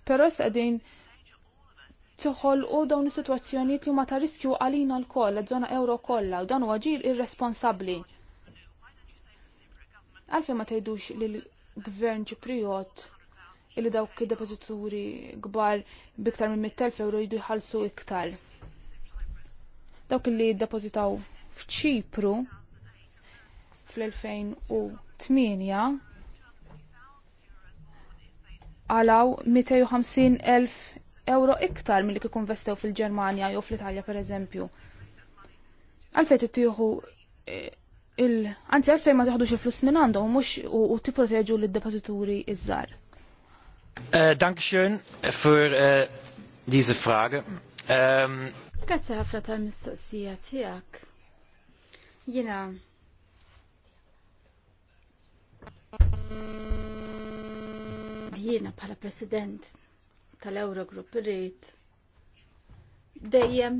pero s-għedin toħol u dawn is-sitwazzjonijiet li ma ta' riskju għalina l-koll, zona euro kollha, u dan huwa ġir irresponsabbli. Għalfejn ma tgħidux lill gvern Ċipriot illi dawk depozituri kbar biktar minn 100.000 euro jdu jħallsu iktar. Dawk illi depozitaw f'Ċipru fl-2008 għalaw 250.000 euro iktar mill-li kikun vestew fil ġermania jew fl-Italja per eżempju. Għalfejn tittieħu eh, il anzi għalfejn ma taħdux il-flus minn għandhom mhux u tipproteġu lid depozituri iż-żgħar. Eh, dankeschön für uh, eh, diese Frage. Ehm, Grazie ħafna tal-mistoqsija tiegħek. Jiena jiena bħala president tal-Eurogroup irrid dejjem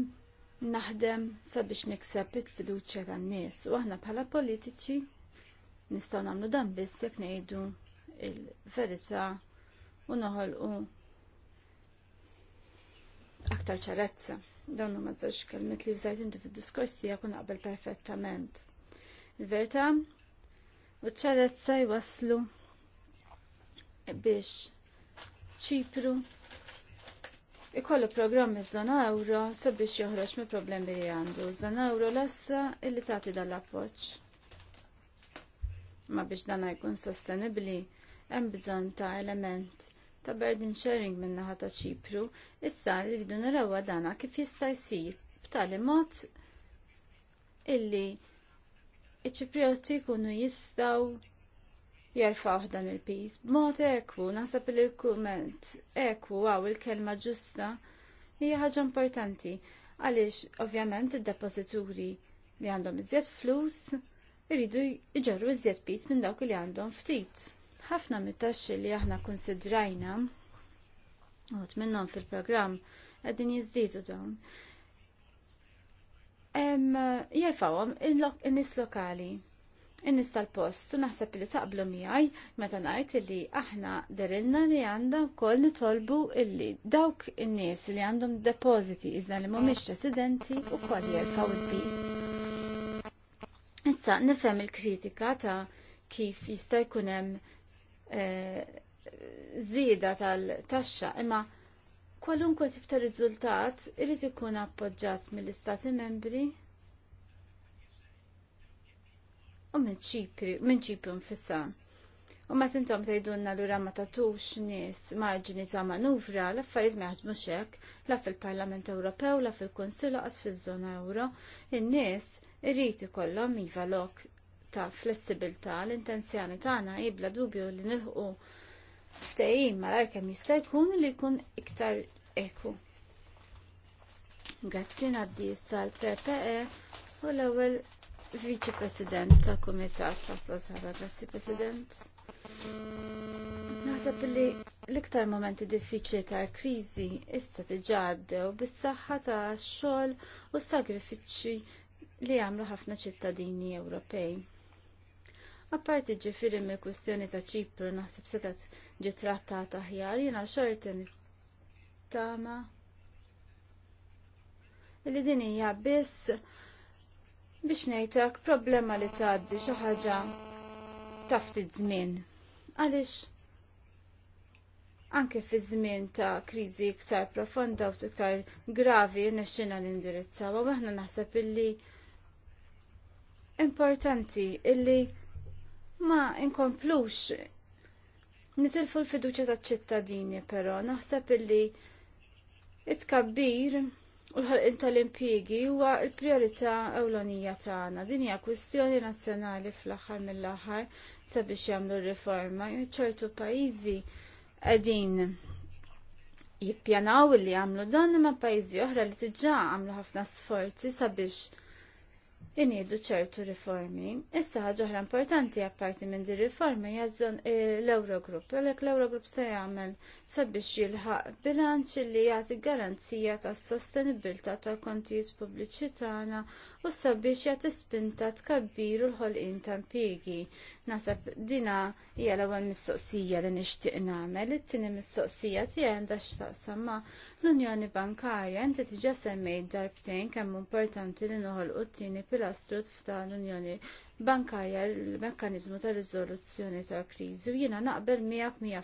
naħdem sabiex nikseb il-fiduċja tan-nies u aħna bħala politiċi nistgħu nagħmlu dan biss jekk ngħidu il-verità u noħolqu aktar ċarezza. Dawn huma żewġ li fżajt inti fid-diskors tiegħek u naqbel perfettament. Il-verità u ċarezza jwaslu biex ċipru ikollu programmi żona euro sabiex joħroġ mill problemi li għandu. Żona euro lassa illi tagħti dan l appoġġ Ma biex dan jkun sostenibbli hemm bżonn ta' element ta' burden sharing min-naħa ta' Ċipru, issa li rridu narawha dana kif jista' jsir b'tali mod illi iċiprioti jkunu jistgħu jarfaw dan il piż B'mod ekwu, naħseb li l-kumment ekwu għaw il-kelma ġusta hija ħaġa importanti għaliex ovvjament id depożituri li għandhom iżjed flus iridu iġerru iżjed piż minn dawk li għandhom ftit. Ħafna mit-taxxi li aħna konsidrajna uħt minnom fil-programm għedin jizdidu dawn. Jirfawom in-nis lokali in-nis tal-post u naħseb li taqblu miħaj meta ngħid li aħna derilna li għandna wkoll nitolbu illi dawk in-nies li għandhom depositi iżda li mhumiex residenti wkoll jerfgħu il-pis. Issa nifhem il-kritika ta' kif jista' jkun hemm E, zida tal-taxxa imma kwalunkwe tip ta' riżultat irid ikun appoġġjat mill-Istati Membri u minn ċipri, minn ċipri nfissa. U ma tintom tajdunna l ma tatux nis marġini ta' manuvra l-affarijiet ma jaħdmux hekk, la fil-Parlament Ewropew, la fil-Kunsill qas fiż-żona Ewro, in-nies irrid ikollhom iva lok ta' flessibilità l-intenzjoni tagħna jibla dubju li nilħu ftehim malar kemm jista' jkun li jkun iktar eku. Grazzi ngħaddi issa l-PPE u l-ewwel Viċi President ta' Kumitat ta' Prosara. Grazzi President. Naħseb li l-iktar momenti diffiċli tal kriżi issa diġà għaddew bis-saħħa tax xogħol u s sagrifiċċji li għamlu ħafna ċittadini Ewropej. Apparti ġifiri mill kustjoni ta' ċipru naħseb setat ġitratta trattata ħjar jiena xortin tama li din hija biss biex ngħidlek problema li tgħaddi xi ħaġa ta' ftit żmien. Għaliex anke fi żmien ta' kriżi iktar profonda u iktar gravi nexxina l-indirizzaw, u aħna naħseb illi importanti illi ma inkomplux nitilfu l-fiduċa ta' ċittadini però naħseb illi it-kabbir u l ħalqin tal-impjiegi huwa l-priorità ewlonija tagħna. Din hija kwistjoni nazzjonali fl-aħħar mill-aħħar sabiex jagħmlu riforma. ċertu pajjiżi qegħdin jippjanaw li jagħmlu dan imma pajjiżi oħra li tiġà għamlu ħafna sforzi sabiex iniedu ċertu riformi. Issa ħagħuħra importanti apparti minn di riformi jazzon eh, l-Eurogrupp, għalek l-Eurogrupp se jgħamil sabiex jilħaq bilanċ li jgħati garanzija ta' sostenibilta ta' kontijiet publiċi tagħna u sabiex jgħati spinta u l-ħolqin ta' impjiegi. Nasab dina hija l-ewwel mistoqsija li nixtieq nagħmel, it-tieni mistoqsija tiegħi għandha x'taqsam ma' l-Unjoni Bankarja inti tiġa semmejt darbtejn kemm importanti li noħolqu t-tieni pil pilastru tal-Unjoni Bankarja l-mekkanizmu ta' Rizoluzzjoni ta' kriżi u jiena naqbel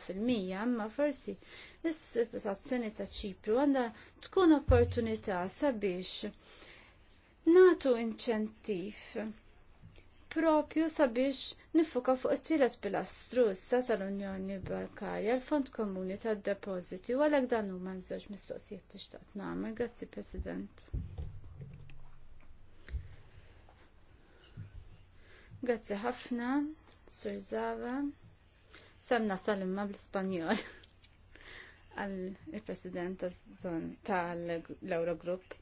fil-mija, imma forsi is-sitwazzjoni ta' Ċipru għandha tkun opportunità sabiex natu inċentiv propju sabiex nifuka fuq it-tielet pilastru issa tal-Unjoni Bankarja l-Fond Komuni tad-Depożiti u għalhekk dan huma żewġ mistoqsijiet li xtaqt nagħmel. Grazzi President. Grazzi ħafna, Sur Zava. Samna salimma bl-Ispanjol għal il-President tal-Eurogrupp.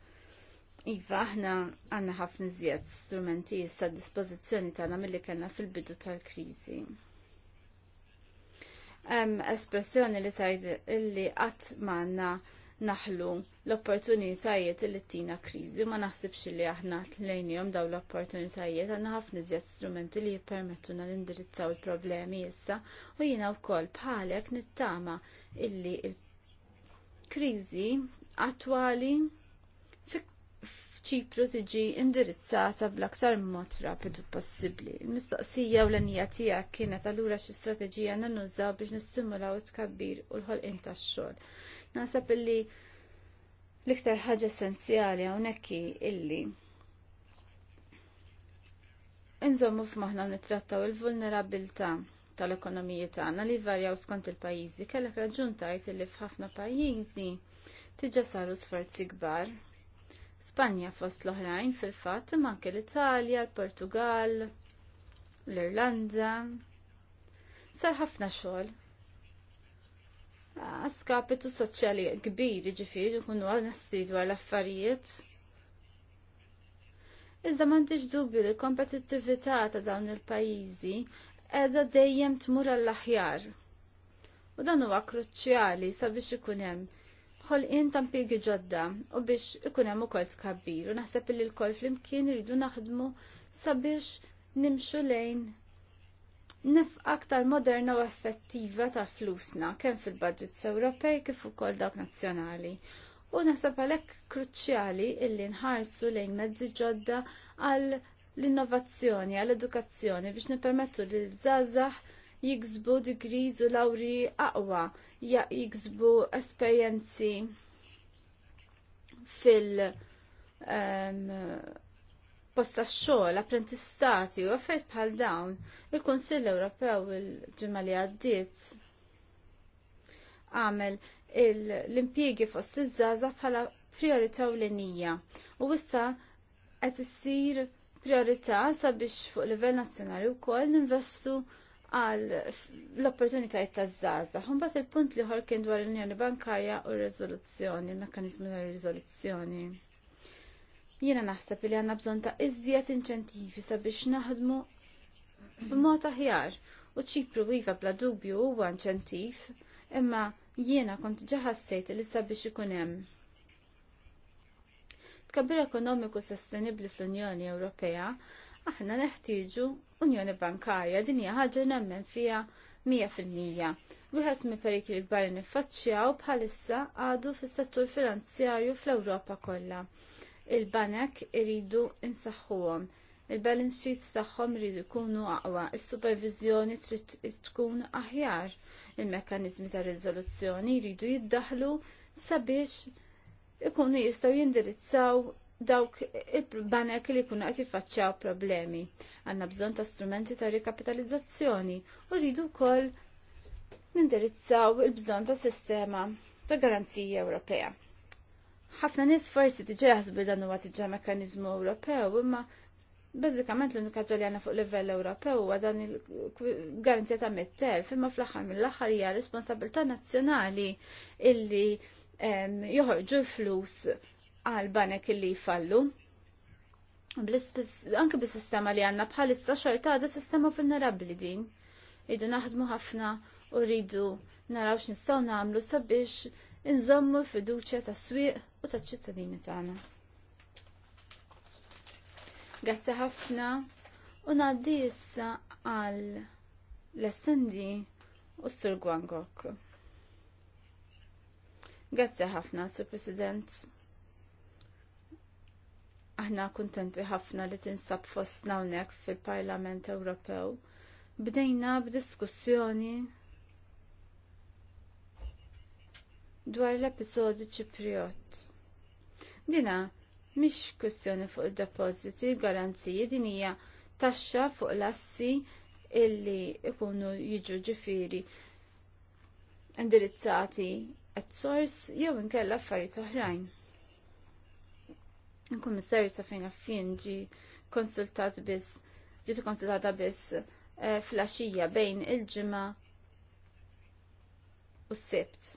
Iva, aħna għanna ħafna zjed strumenti issa dispożizzjoni tagħna milli kellna fil-bidu tal-kriżi. Espressjoni li sajd li qatt m'għandna naħlu l-opportunitajiet li tina kriżi ma naħsibx li aħna tlejnijom daw l-opportunitajiet għanna ħafna iżjed strumenti li jippermettuna l-indirizzaw il-problemi issa u jina wkoll bħalek nittama illi il krizi attwali f'ċipru tiġi indirizzata bl-aktar mod rapidu possibbli. Mistoqsija u l-anija tiegħek kienet allura xi strateġija nanużaw biex nistimulaw it-kabbir u l-ħolqien tax-xogħol. Naħseb illi l-iktar ħaġa essenzjali hawnhekk illi Inżommu f'maħna nittrattaw il-vulnerabilità tal-ekonomiji tagħna li varjaw skont il-pajjiżi kellek raġun tajt li f'ħafna pajjiżi tiġa saru sforzi kbar Spanja fost l-oħrajn fil-fatt imma anke l-Italja, l-Portugal, l-Irlanda. Sar ħafna xogħol. Ah, skapitu soċjali kbir jiġifieri kunu onesti dwar l-affarijiet. Iżda m'għandix dubju li l-kompetittività ta' dawn il-pajjiżi qiegħda dejjem tmur għall-aħjar. U dan huwa kruċjali sabiex ikun hemm ħolqien ta' impjiegi ġodda u biex ikun hemm ukoll tkabbir u naħseb li l-kol flimkien iridu naħdmu sabiex nimxu lejn nif aktar moderna u effettiva ta' flusna kemm fil-budgets Ewropej kif ukoll dawk nazzjonali. U naħseb għalhekk kruċjali illi nħarsu lejn mezzi ġodda għal l-innovazzjoni, għall edukazzjoni biex nippermettu li l-żazax jiksbu degrees u lawri aqwa, ja jiksbu esperjenzi fil- um, ehm, posta xogħol, apprentistati u affett bħal dawn, il-Kunsill Ewropew il-ġimgħa li għaddiet għamel l-impjiegi fost iż-żgħażagħ bħala priorità ewlenija u issa qed issir priorità sabiex fuq livell nazzjonali wkoll ninvestu għal l-opportunitajiet ta' zaza. Humbat il-punt li ħor kien dwar l-Unjoni Bankarja u r-rezoluzzjoni, il mekanizmu ta' rizoluzzjoni. Jiena naħseb li għanna bżon ta' iżjed inċentivi sabiex naħdmu b'mod aħjar u ċipru iva bla dubju huwa inċentiv, imma jiena kont ġaħassejt li sabiex ikun hemm. Tkabbir ekonomiku sostenibbli fl-Unjoni Ewropea aħna neħtieġu Unjoni Bankarja din hija ħaġa nemmen fiha 100%. Wieħed mill perikli kbar li niffaċċjaw bħalissa għadu fis-settur finanzjarju fl-Ewropa kollha. Il-banek iridu insaħħuhom. Il-balance sheets tagħhom iridu jkunu aqwa, is-supervizjoni trid tkun aħjar. Il-mekkaniżmi ta' riżoluzzjoni jridu jiddaħħlu sabiex ikunu jistgħu jindirizzaw dawk il-banek li kuna għati faċċaw problemi. Għanna bżon ta' strumenti ta' rikapitalizzazzjoni u rridu kol nindirizzaw il-bżon ta' sistema ta' garanzija Ewropea. ħafna nis forsi tiġi jaħsbu dan huwa tiġa mekanizmu Ewropew, imma bażikament l-unika li għanna fuq livell Ewropew huwa dan il-garanzija ta' mittel, imma fl-aħħar mill-aħħar hija responsabilità nazzjonali illi ehm, joħorġu l-flus għal banek illi jfallu. Anke bis-sistema li għanna bħalissa xorta għada sistema vulnerabli din. Idu naħdmu ħafna u rridu naraw x'nistgħu nagħmlu sabiex inżommu l-fiduċja tas-swieq u taċ-ċittadini tagħna. Grazzi ħafna u ngħaddi issa għal l-essendi u s-sur Gwangok. Grazzi ħafna, Sur President. Aħna kuntenti ħafna li tinsab fostna hawnhekk fil-Parlament Ewropew. Bdejna b'diskussjoni dwar l-episodju Ċipriot. Dina, mhix kwestjoni fuq id-depożiti, garanziji, din hija taxxa fuq l-assi illi ikunu jiġu ġifiri indirizzati at source jew inkella affarijiet oħrajn. Il-Kummissarju sa fejn affin ġi konsultat biss, ġiet konsultata biss eh, flaxija bejn il-ġimgħa u s-sibt.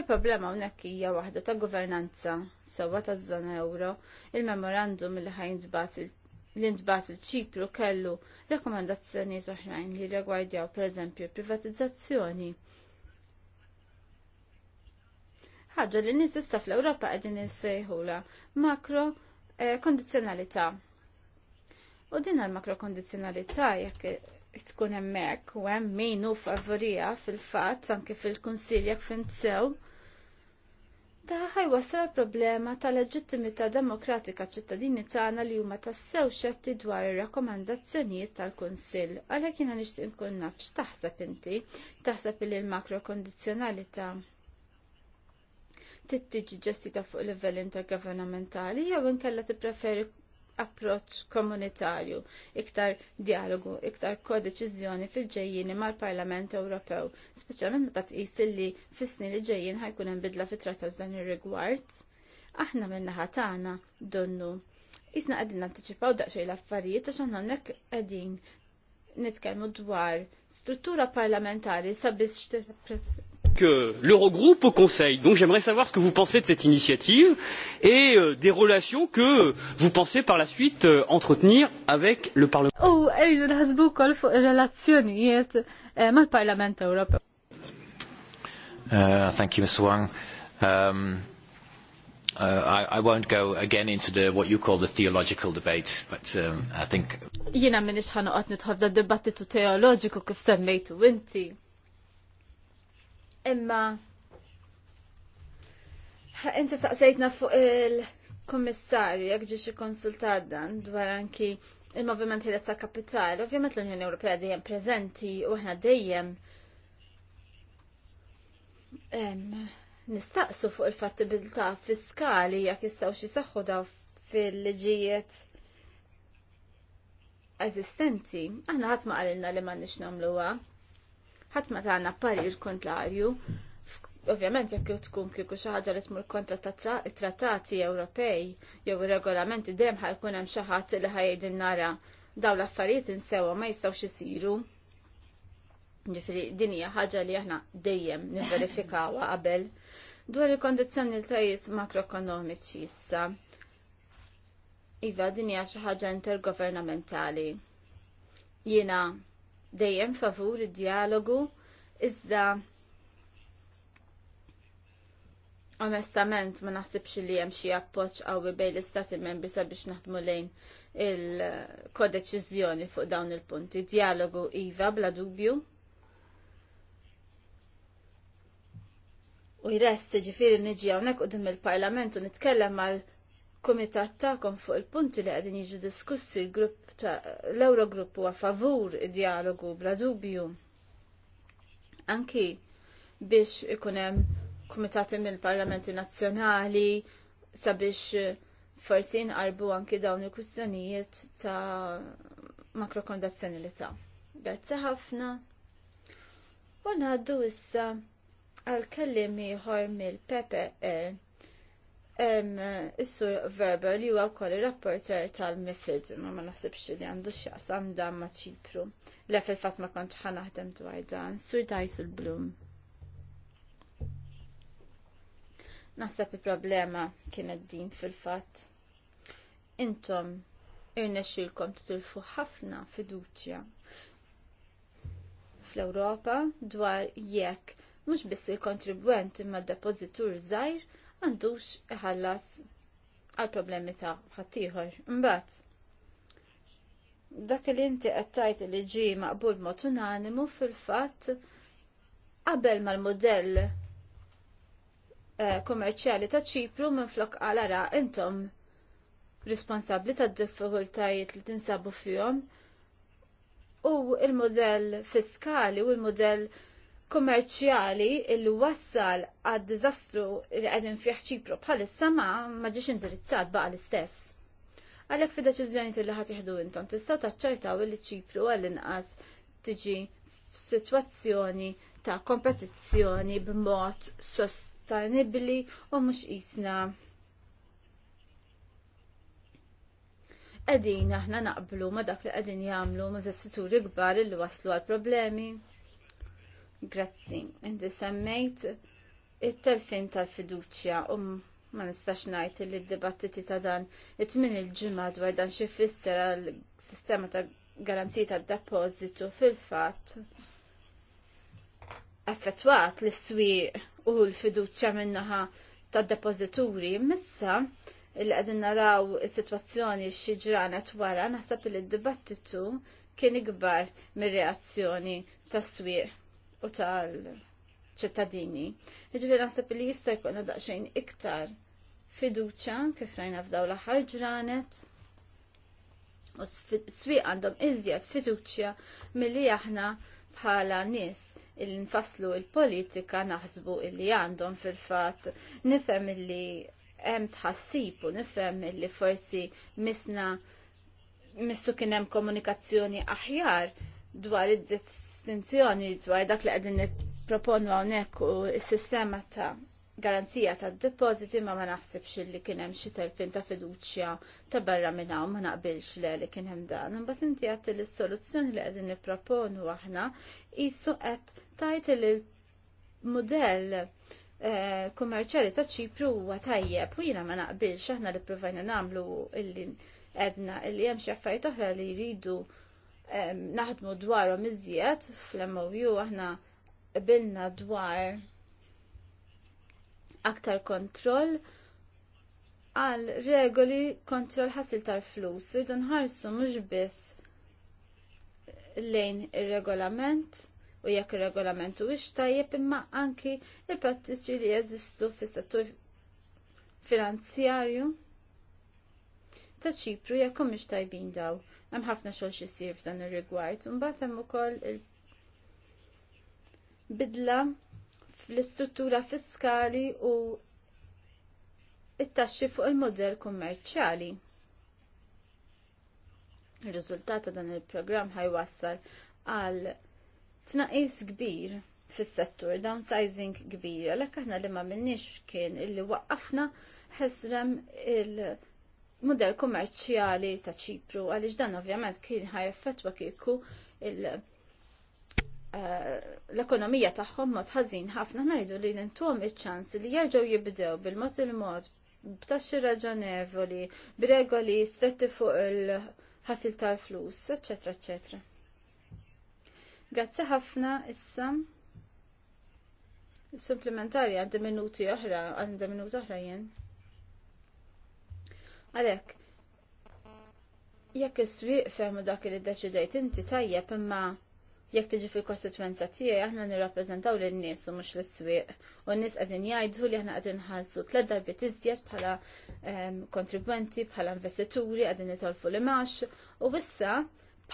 Il-problema hawnhekk hija waħda ta' governanza sewa taż-żona euro, il-memorandum il ħajntbagħat l-intbagħat il-ċipru kellu rekomandazzjonijiet oħrajn li per pereżempju privatizzazzjoni ħaġa li nis issa fl-Ewropa qegħdin issejħula makro eh, kondizzjonalità. U din għal-makro kondizzjonalità jekk tkun hemmhekk u hemm min hu favorija fil-fatt anke fil-kunsilj jekk fim sew. Da ħajwassal problema tal-leġittimità demokratika ċittadini tagħna li huma tassew xetti dwar ir-rakkomandazzjonijiet tal-Kunsill. Għalhekk jiena nixtieq nkun naf x'taħseb inti, taħseb il makro kondizzjonalità tittiġi ġestita fuq livell intergovernamentali jew inkella tippreferi approċċ komunitarju, iktar dialogu, iktar kodeċiżjoni fil-ġejjini mal-Parlament Ewropew, speċjalment meta tqis li fis-snin li ġejjin ħajkun hemm bidla fit-trattat dan ir-rigward. Aħna min-naħa tagħna donnu. Isna qegħdin nantiċipaw daqsxejn l-affarijiet għax aħna hawnhekk qegħdin nitkellmu dwar struttura parlamentari sabiex que l'Eurogroupe au Conseil. Donc j'aimerais savoir ce que vous pensez de cette initiative et euh, des relations que vous pensez par la suite euh, entretenir avec le Parlement. U oh, ejdu nħasbu kol fuq relazzjonijiet eh, mal-Parlament Ewropew. Uh, thank you, Mr. Wang. Um, uh, I, I won't go again into the what you call the theological debate, but um, I think. Jina minix ħanoqot nitħob da debattitu teologiku kif semmejtu inti Imma inti saqsejtna fuq il-Kummissarju jekk ġiex ikkonsultat dan dwar anki il-moviment li sa kapital, ovvjament l-Unjoni Ewropea dejjem preżenti u aħna dejjem nistaqsu fuq il-fattibilità fiskali jekk jistgħu xi saħħu daw fil-liġijiet eżistenti. Aħna ħadd ma qalilna li m'għandniex nagħmluha ħadd ma tagħna l kontrarju. Ovvjament jekk tkun kieku xi ħaġa li tmur kontra trattati Ewropej jew ir-regolamenti dejjem ħajkun hemm xi ħadd li ħajdin nara dawn l-affarijiet insewwa ma jistgħux isiru. Ġifieri din hija ħaġa li aħna dejjem nivverifikawha qabel dwar il-kondizzjoniltajiet makroekonomiċi issa. Iva, din hija xi ħaġa intergovernamentali. Jiena dejjem favur id-dialogu iżda onestament ma naħsibx li hemm xi appoġġ qawwi bejn l-istati membri sabiex naħdmu lejn il-kodeċiżjoni fuq dawn il-punti. Dialogu iva bla dubju. U jrest ġifiri niġi hawnhekk qudiem il-Parlament u nitkellem mal- kumitat tagħkom fuq il-punti li qegħdin jiġu diskussi grupp ta' l eurogruppu huwa favur id-dialogu bla dubju. Anki biex ikun hemm kumitati mill-Parlamenti Nazzjonali sabiex forsi nqarbu anki dawn il-kwistjonijiet ta' makrokondazzjonalità. Grazzi ħafna. U ngħaddu issa għal kellim ieħor mill-PPE Is-sur Verber li huwa wkoll ir-rapporter tal-Mifid, ma ma naħsibx li għandu x'jaqsam dan ma' Ċipru. Le fil-fatt ma kontx naħdem dwar dan, sur Dysel Bloom. Naħseb il-problema kienet din fil-fatt. Intom irnexxilkom titilfu ħafna fiduċja fl-Ewropa dwar jekk mhux biss il kontribwenti mad depożitur żgħir għandux iħallas għal problemi ta' ħaddieħor. Imbagħad dak li inti qed li ġie maqbul mot unanimu fil-fatt qabel mal-modell eh, kummerċjali ta' ċipru minflok għal għalara intom responsabbli tad diffikultajiet li tinsabu fihom u l-modell fiskali u l-modell kommerċjali illi wassal għad diżastru li qegħdin fih ċipru bħal sama ma indirizzat baqa l-istess. Għalhekk fi deċiżjoni li ħadd jieħdu intom taċċarta taċċertaw li ċipru għall-inqas tiġi f'sitwazzjoni ta' kompetizzjoni b'mod sostenibbli u mux jisna. Qegħdin aħna naqblu ma dak li qegħdin jagħmlu ma' s-situri kbar il waslu għal problemi. Grazzi. Inti semmejt it-telfin tal-fiduċja u um, ma nistax ngħid li d-dibattiti ta' dan it-tmin il-ġimgħa dwar dan xi fisser għall sistema ta' garanzija tad-depożitu fil-fatt effettwat l-swieq u l-fiduċja minnaħa tad-depożituri missa il qegħdin naraw is-sitwazzjoni ġranet wara naħseb li d-dibattitu kien ikbar mir-reazzjoni tas-swieq u tal-ċittadini. Ġifiri naħseb li jista' jkollna daqsxejn iktar fiduċja kif rajna f'daw l-aħħar ġranet. U s-swieq għandhom iżjed fiduċja milli aħna bħala nies illi nfasslu il-politika naħsbu illi għandhom fil-fatt nifhem illi hemm tħassib u nifhem illi forsi misna mistu kien hemm komunikazzjoni aħjar dwar id dizz distinzjoni dwar dak li qegħdin nipproponu hawnhekk u s-sistema ta' garanzija ta' depositi ma ma naħsibx li kien hemm xi telfin ta' fiduċja ta' barra minn hawn ma naqbilx le li kien hemm dan. Imbagħad inti jagħti l soluzzjoni li qegħdin nipproponu aħna qisu qed tajt li l-mudell eh, kummerċjali ta' ċipru huwa tajjeb u jiena ma naqbilx aħna li provajna nagħmlu illi edna illi hemm xi affarijiet oħra li jridu naħdmu dwarhom iżjed fl-MOU aħna bilna dwar aktar kontroll għal regoli kontroll ħassil ħasil tal-flus. Irdu nħarsu mhux biss lejn ir-regolament u jekk ir-regolament u tajjeb imma anki l-prattiċi li jeżistu fis-settur finanzjarju ta' Ċipru jekk mhux tajbin daw. Hemm ħafna xogħol xisir f'dan ir-rigward. Mbagħad hemm ukoll il-bidla fl-istruttura fiskali u it-taxxi fuq il-modell kummerċjali. Ir-riżultat ta' dan il-programm ħajwassal għal tnaqis kbir fis-settur, downsizing kbir, għalhekk aħna li ma kien illi waqqafna ħesrem il- model kommerċjali ta' ċipru, għaliex dan ovvjament kien ħaj effettwa kieku eh, l-ekonomija tagħhom mod ħażin ħafna ngħidu li nintuhom iċ-ċans li jerġgħu jibdew bil-mod il-mod b'taxxi raġonevoli, b'regoli stretti fuq il-ħasil tal-flus, eċetera, eċetera. Grazzi ħafna issa supplementari għandha minuti oħra, għandi minuti oħra jien. Għalhekk jekk is-swieq fehmu dak li ddeċidejt inti tajjeb imma jekk tiġi fil-kostituenza tiegħi aħna nirrappreżentaw lin-nies u mhux lis-swieq u n-nies qegħdin jgħidu li aħna qegħdin nħallsu tliet darbiet iżjed bħala kontribwenti, bħala investituri qegħdin nitolfu li max u issa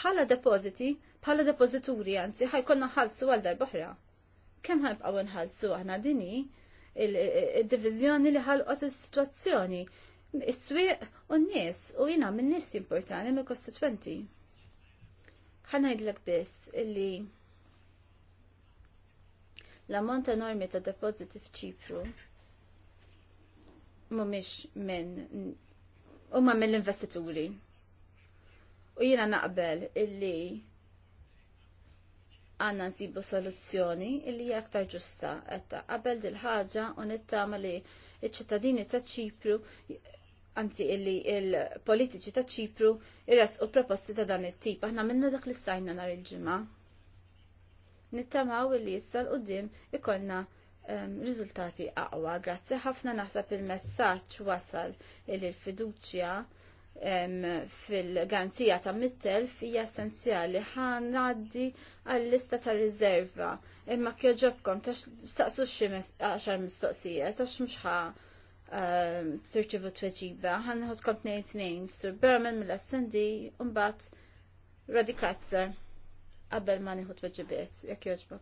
bħala depożiti, bħala depożituri anzi ħajkonna nħallsu għal darba oħra. Kemm ħajbqgħu nħallsu aħna dini id-diviżjoni li ħalqot is-sitwazzjoni is-swieq u n-nies u jina minn nies importani mill kostituenti ngħidlek biss illi l-ammont enormi ta' depositi f'Ċipru mhumiex minn huma mill-investituri. U jiena naqbel illi għanna nsibu soluzzjoni illi hija aktar ġusta qed qabel dil ħaġa u nittama li ċ-ċittadini ta' Ċipru anzi illi il-politiċi ta' ċipru irres u proposti ta' dan it-tip. Aħna minna dak li stajna nar il-ġimgħa. Nittamaw illi issa l-qudiem ikollna ehm, riżultati aqwa. Grazzi ħafna naħseb il-messaġġ wasal illi l-fiduċja ehm, fil-garanzija ta' mittel hija essenzjali ħan ngħaddi għall-lista ta' riserva imma kjoġobkom ta' staqsu xi għaxar mistoqsija għax mhux Um, tirċivu tweġiba. Ħanħod kont nejt nejn Sur Berman mill un-bat unbat Kratzer, qabel ma nieħu tweġibiet, jekk jogħġbok.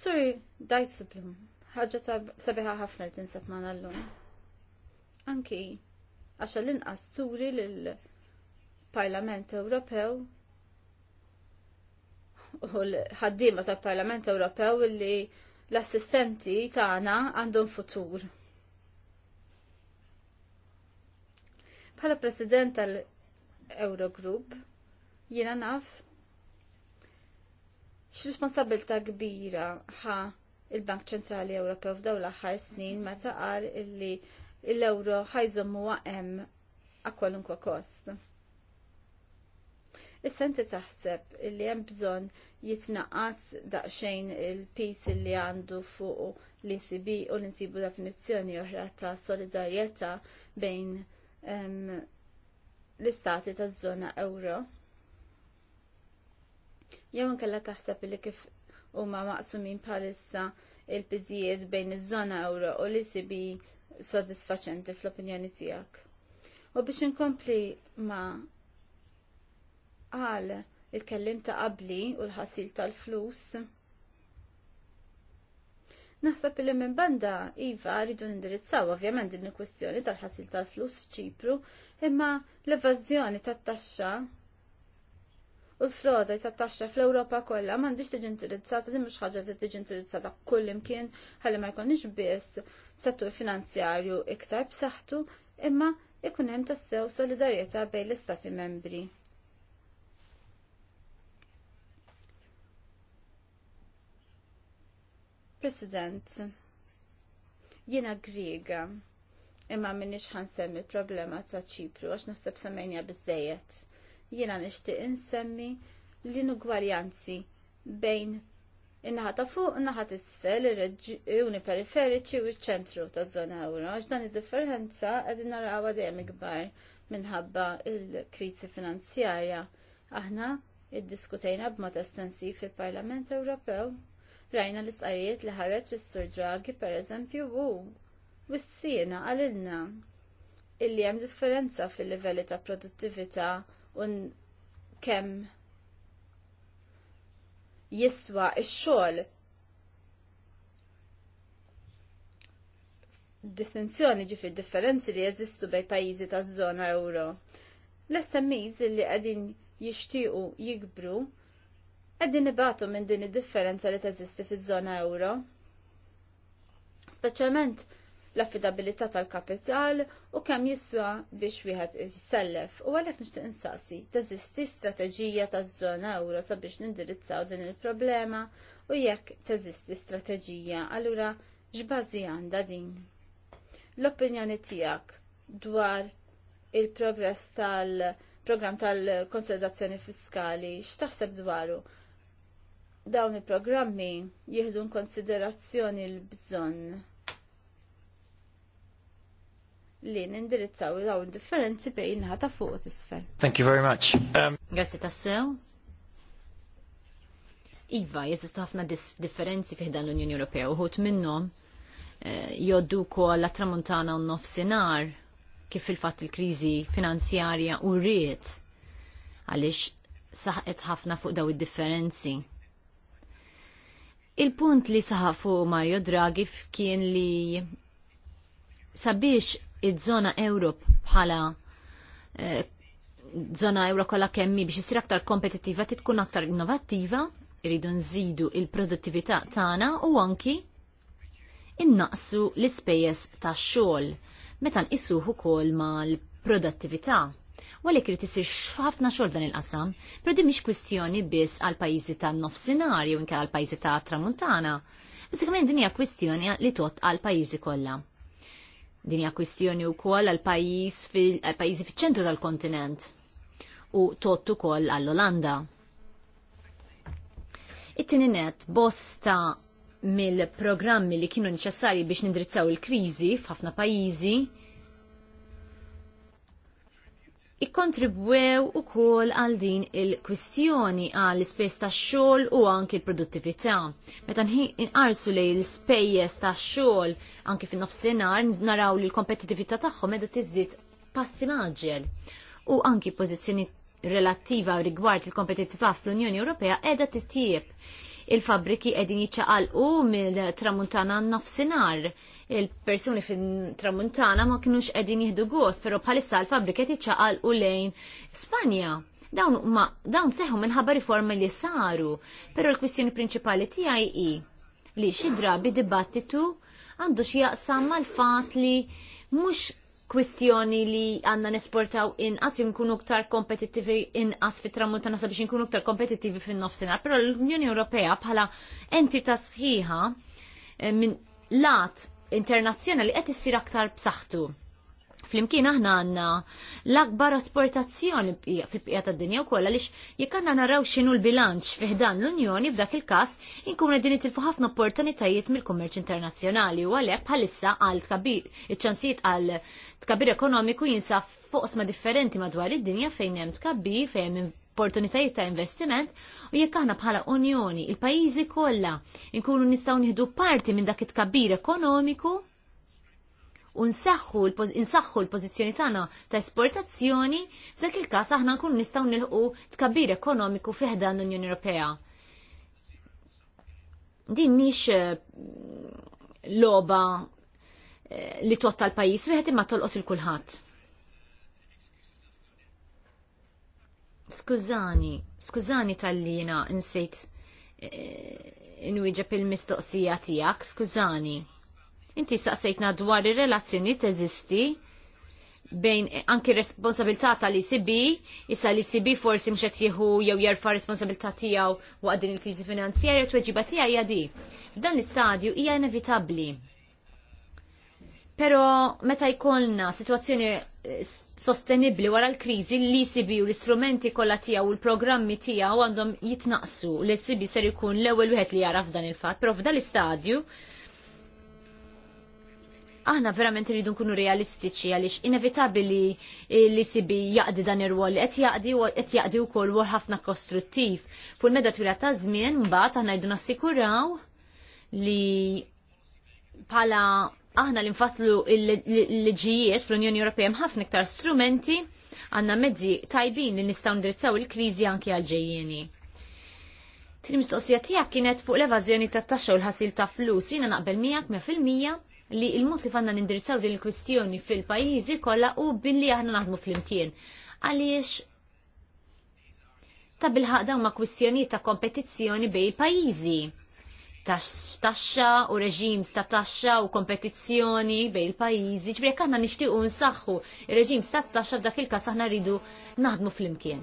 Sur Dijsselblum, ħagġa ta' sabiħa ħafna li tinsab ma' nallum. Anki, għaxa l-inqas turi l-Parlament Ewropew u l-ħaddima tal-Parlament Ewropew li l-assistenti tagħna għandhom futur. Bħala President tal-Eurogroup, jiena naf x'responsabilta kbira ħa il-Bank Ċentrali Ewropew f'dawn l-aħħar snin meta qal illi l-euro ħajżommu hemm a kwalunkwe kost. Issa inti taħseb li hemm bżonn jitnaqqas daqsxejn il peace li għandu fuq l-ICB u l-insibu definizzjoni oħra ta' solidarjetà bejn l-istati taż-żona Ewro. Jew inkella taħseb li kif huma maqsumin bħalissa il-biżijiet bejn iż-żona Ewro u l-ICB sodisfaċenti fl-opinjoni tiegħek. U biex inkompli ma' qal il-kellim ta' qabli u l-ħasil tal-flus. Naħseb li minn banda Iva rridu nindirizzaw ovvjament din il-kwestjoni tal-ħasil tal-flus f'Ċipru, imma l-evażjoni tat-taxxa u l-froda tat-taxxa fl-Ewropa kollha m'għandix tiġi indirizzata din mhux ħaġa li tiġi indirizzata kull imkien ħalli ma jkunx biss settur finanzjarju iktar b'saħħtu imma ikun hemm tassew solidarjetà bejn l-istati membri. President, jiena Griega, imma minnix semmi problema ta' ċipru għax naħseb semmejnija bizzejet. Jiena nixtieq insemmi l-inugwaljanzi bejn in-naħa ta' fuq, in-naħa ta' isfel, ir-reġjuni periferiċi u ċ-ċentru ta' żona euro. Għax dan id-differenza qegħdin narawha dejjem ikbar minħabba l-kriżi finanzjarja. Aħna iddiskutejna b'mod estensiv fil-Parlament Ewropew Rajna l-isqarijiet li ħareġ is-sur Draghi pereżempju hu. wissiena għalilna illi hemm differenza fil-livelli ta' produttività u kemm jiswa x-xogħol distinzjoni ġifir differenzi li jeżistu bej pajjiżi taż żona euro. L-SMEs li qegħdin jixtiequ jikbru Qegħdin nibatu minn din id-differenza li teżisti fiż-żona euro. Speċjalment l-affidabilità tal-kapital u kemm jiswa biex wieħed jissellef. U għalhekk nixtieq insaqsi, teżisti strateġija taż-żona euro sabiex nindirizzaw din il-problema u jekk teżisti strateġija, allura x'bażi għandha din? L-opinjoni tiegħek dwar il-progress tal-programm tal-konsolidazzjoni fiskali, x'taħseb dwaru? dawn il-programmi jieħdu konsiderazzjoni l-bżonn li nindirizzaw dawn differenzi bejn ta' fuq u tisfel. Thank you very much. Um... Grazie tassew. Iva, jesistu ħafna differenzi fiħda l-Unjoni Ewropea uħut minnom eh, joddu kol la tramuntana u nofsinar kif il-fat il-krizi finanzjarja u rrit għalix saħqet ħafna fuq daw id-differenzi Il-punt li saħafu Mario Draghi kien li sabiex id-żona Ewrop bħala eh, zona euro kolla kemmi biex jisir aktar kompetitiva titkun aktar innovattiva, iridu nżidu il-produttività tagħna u anki innaqsu l-ispejjeż tax-xogħol meta nqisuh ukoll mal-produttività u għalhekk tisir isir ħafna xogħol dan il-qasam, pero din mhix kwistjoni biss għal pajjiżi tan-nofsinhar u inkar għal pajjiżi tat-Tramuntana. Basikament din hija kwistjoni li tot għal pajjiżi kollha. Din hija kwistjoni wkoll għal pajjiż pajjiżi fiċ-ċentru tal-kontinent u tot ukoll għall-Olanda. It-tieni net bosta mill-programmi li kienu neċessarji biex nindrizzaw il-kriżi f'ħafna pajjiżi ikkontribwew ukoll għal din il-kwistjoni għal ispejs tax-xogħol u anki l-produttività. Meta inqarsu lej l-ispejjeż tax-xogħol anke fin-nofsinhar naraw li l-kompetittività tagħhom qiegħda tiżdied passi maġġel u anki pożizzjoni relattiva rigward il-kompetittività fl-Unjoni Ewropea qiegħda titjieb il-fabriki qegħdin jiċċaqalqu mill-tramuntana nofsinhar. Il-persuni fin-tramuntana ma kinux qegħdin jieħdu gost, però bħalissa l-fabriki qed jiċċaqalqu lejn Spanja. Dawn ma dawn seħħu minħabba riformi li saru, però l-kwistjoni prinċipali tiegħi hi li xi drabi dibattitu għandu xi jaqsam mal-fat li mhux kwistjoni li għanna nesportaw inqas nkunu ktar kompetittivi inqas fit tramuntana sabiex nkunu ktar kompetittivi fin nofsinhar però l-Unjoni Ewropea bħala entita sħiħa eh, minn lat internazzjonali qed issir aktar b'saħħtu. Flimkien aħna għanna l-akbar esportazzjoni fil-bqija tad dinja u kolla lix jekk naraw xinu l-bilanċ fiħdan l-Unjoni f'dak il-kas inkun għedin itilfu ħafna opportunitajiet mill-kummerċ internazzjonali u għalek bħalissa għal tkabir, iċ-ċansijiet għal tkabir ekonomiku jinsaf fuqsma differenti madwar id-dinja fejn hemm tkabir, fejn hemm opportunitajiet ta' investiment u jekk aħna bħala Unjoni, il-pajjiżi kollha Inkunu nistgħu nieħdu parti minn dak it-tkabbir ekonomiku, u nsaħħu l-pożizzjoni tagħna ta' esportazzjoni, f'dak il-każ aħna nkunu nistgħu nilħu tkabbir ekonomiku fiħda l-Unjoni Ewropea. Din mhix eh, loba eh, li totta tal pajjiż wieħed imma tolqot il kulħadd. Skużani, skużani tal-lina nsejt eh, inwieġeb il-mistoqsija tiegħek, skużani. Inti saqsejtna dwar ir-relazzjoni teżisti bejn anki responsabilità tal-ICB, issa l-ICB forsi mhux qed jieħu jew jerfa' responsabilità tiegħu waqt din il-kriżi finanzjarja tweġiba tiegħi hija di. F'dan l-istadju hija inevitabbli. Pero meta jkollna situazzjoni eh, sostenibbli wara l-kriżi l-ICB u l-istrumenti kollha tiegħu u l-programmi tiegħu għandhom jitnaqsu l-ICB ser ikun l-ewwel wieħed li jara f'dan il-fatt, però f'dan l-istadju aħna verament rridu nkunu realistiċi għaliex inevitabili li sibi jaqdi dan ir-rwol qed jaqdi u qed jaqdi wkoll wol ħafna kostruttiv. Fuq medda meda twila ta' żmien mbagħad aħna rridu nassikuraw li bħala aħna li nfasslu l-liġijiet fl-Unjoni Ewropea hemm ħafna iktar strumenti għandna mezzi tajbin li nistgħu ndrizzaw il-kriżi anke għal ġejjieni. Trim mistoqsija tiegħek kienet fuq l-evażjoni tat-taxxa u l-ħasil ta' flus. Jiena naqbel miegħek mija li il-mod kif għandna nindirizzaw din il-kwistjoni fil-pajjiżi kollha u billi aħna naħdmu flimkien imkien Għaliex ta' bil-ħaq dawn ma' kwistjonijiet ta' kompetizzjoni bej il-pajjiżi. Taxxa u reġims ta' taxxa u kompetizzjoni bej il-pajjiżi, ġbri aħna nixtiequ nsaħħu ir-reġims ta' taxxa f'dak il-każ aħna rridu naħdmu flimkien. imkien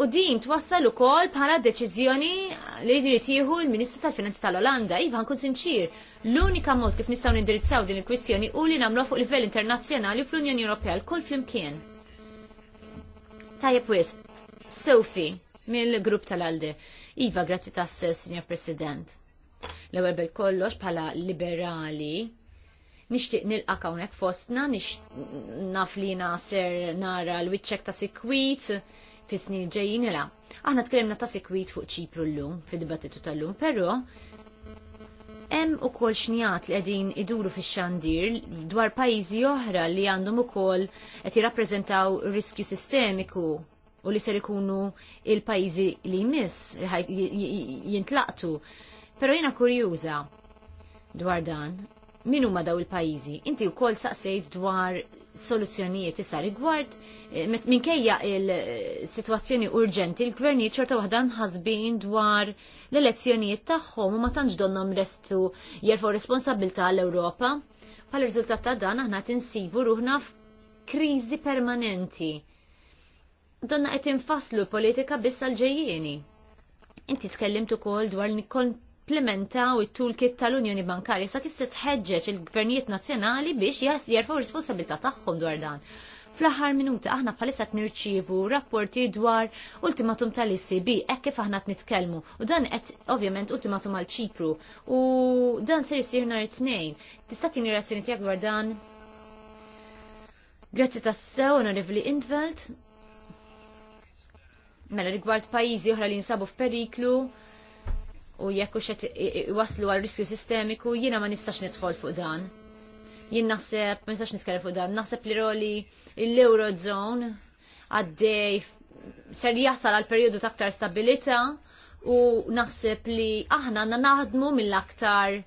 U din twassal ukoll bħala deċiżjoni li jrid jieħu l-Ministru tal-Finanzi tal-Olanda. Iva nkun sinċir, l-unika mod kif nistgħu nindirizzaw din il-kwistjoni u li nagħmluha fuq livell internazzjonali fl-Unjoni Ewropea l-kull flimkien. Tajjeb wis, Sophie mill-grupp tal-Alde. Iva, grazzi tas, Signor President. L-ewwel bel kollox bħala liberali nixtieq nilqa' hawnhekk fostna, nix naf li ser nara l-wiċċek ta' sikwit, fis-snin ġejjin ila. Mela. Aħna tkellimna ta' sekwit fuq ċipru llum fid-dibattitu tal-lum, però hemm ukoll xnijat li qegħdin iduru fix-xandir dwar pajjiżi oħra li għandhom ukoll qed jirrappreżentaw riskju sistemiku u li ser ikunu il-pajjiżi li jmiss jintlaqtu. Però jiena kurjuża dwar dan. Min huma daw il-pajjiżi? Inti wkoll saqsejt dwar soluzzjonijiet issa rigward eh, minkejja il-sitwazzjoni urġenti l-gvernijiet xorta waħda nħasbin dwar l-elezzjonijiet tagħhom u ma tantx donhom restu jerfgħu responsabilità l-Ewropa. Pal riżultat ta' dan aħna tinsibu ruħna f'kriżi permanenti. Donna qed infaslu l-politika biss għal ġejjieni. Inti tkellimt ukoll dwar jimplementaw it-toolkit tal-Unjoni Bankarja sa kif se tħeġġeġ il-gvernijiet nazzjonali biex jerfgħu responsabilità tagħhom dwar dan. Fl-aħħar minuta aħna bħalissa nirċievu rapporti dwar ultimatum tal-ECB hekk kif aħna nitkellmu u dan qed ovvjament ultimatum għal Ċipru u dan ser isir nhar it-tnejn. Tista' tieni reazzjoni tiegħek dwar dan? Grazzi tassew, onorevli Intveld. Mela rigward pajjiżi oħra li nsabu f'periklu, u jekk u waslu għal riskju sistemiku jiena ma nistax nidħol fuq dan. Jien naħseb, ma nistax nitkellem fuq dan, naħseb li roli l-Eurozone għaddej ser jasal għal periodu ta' aktar stabilita u naħseb li aħna għandna naħdmu mill-aktar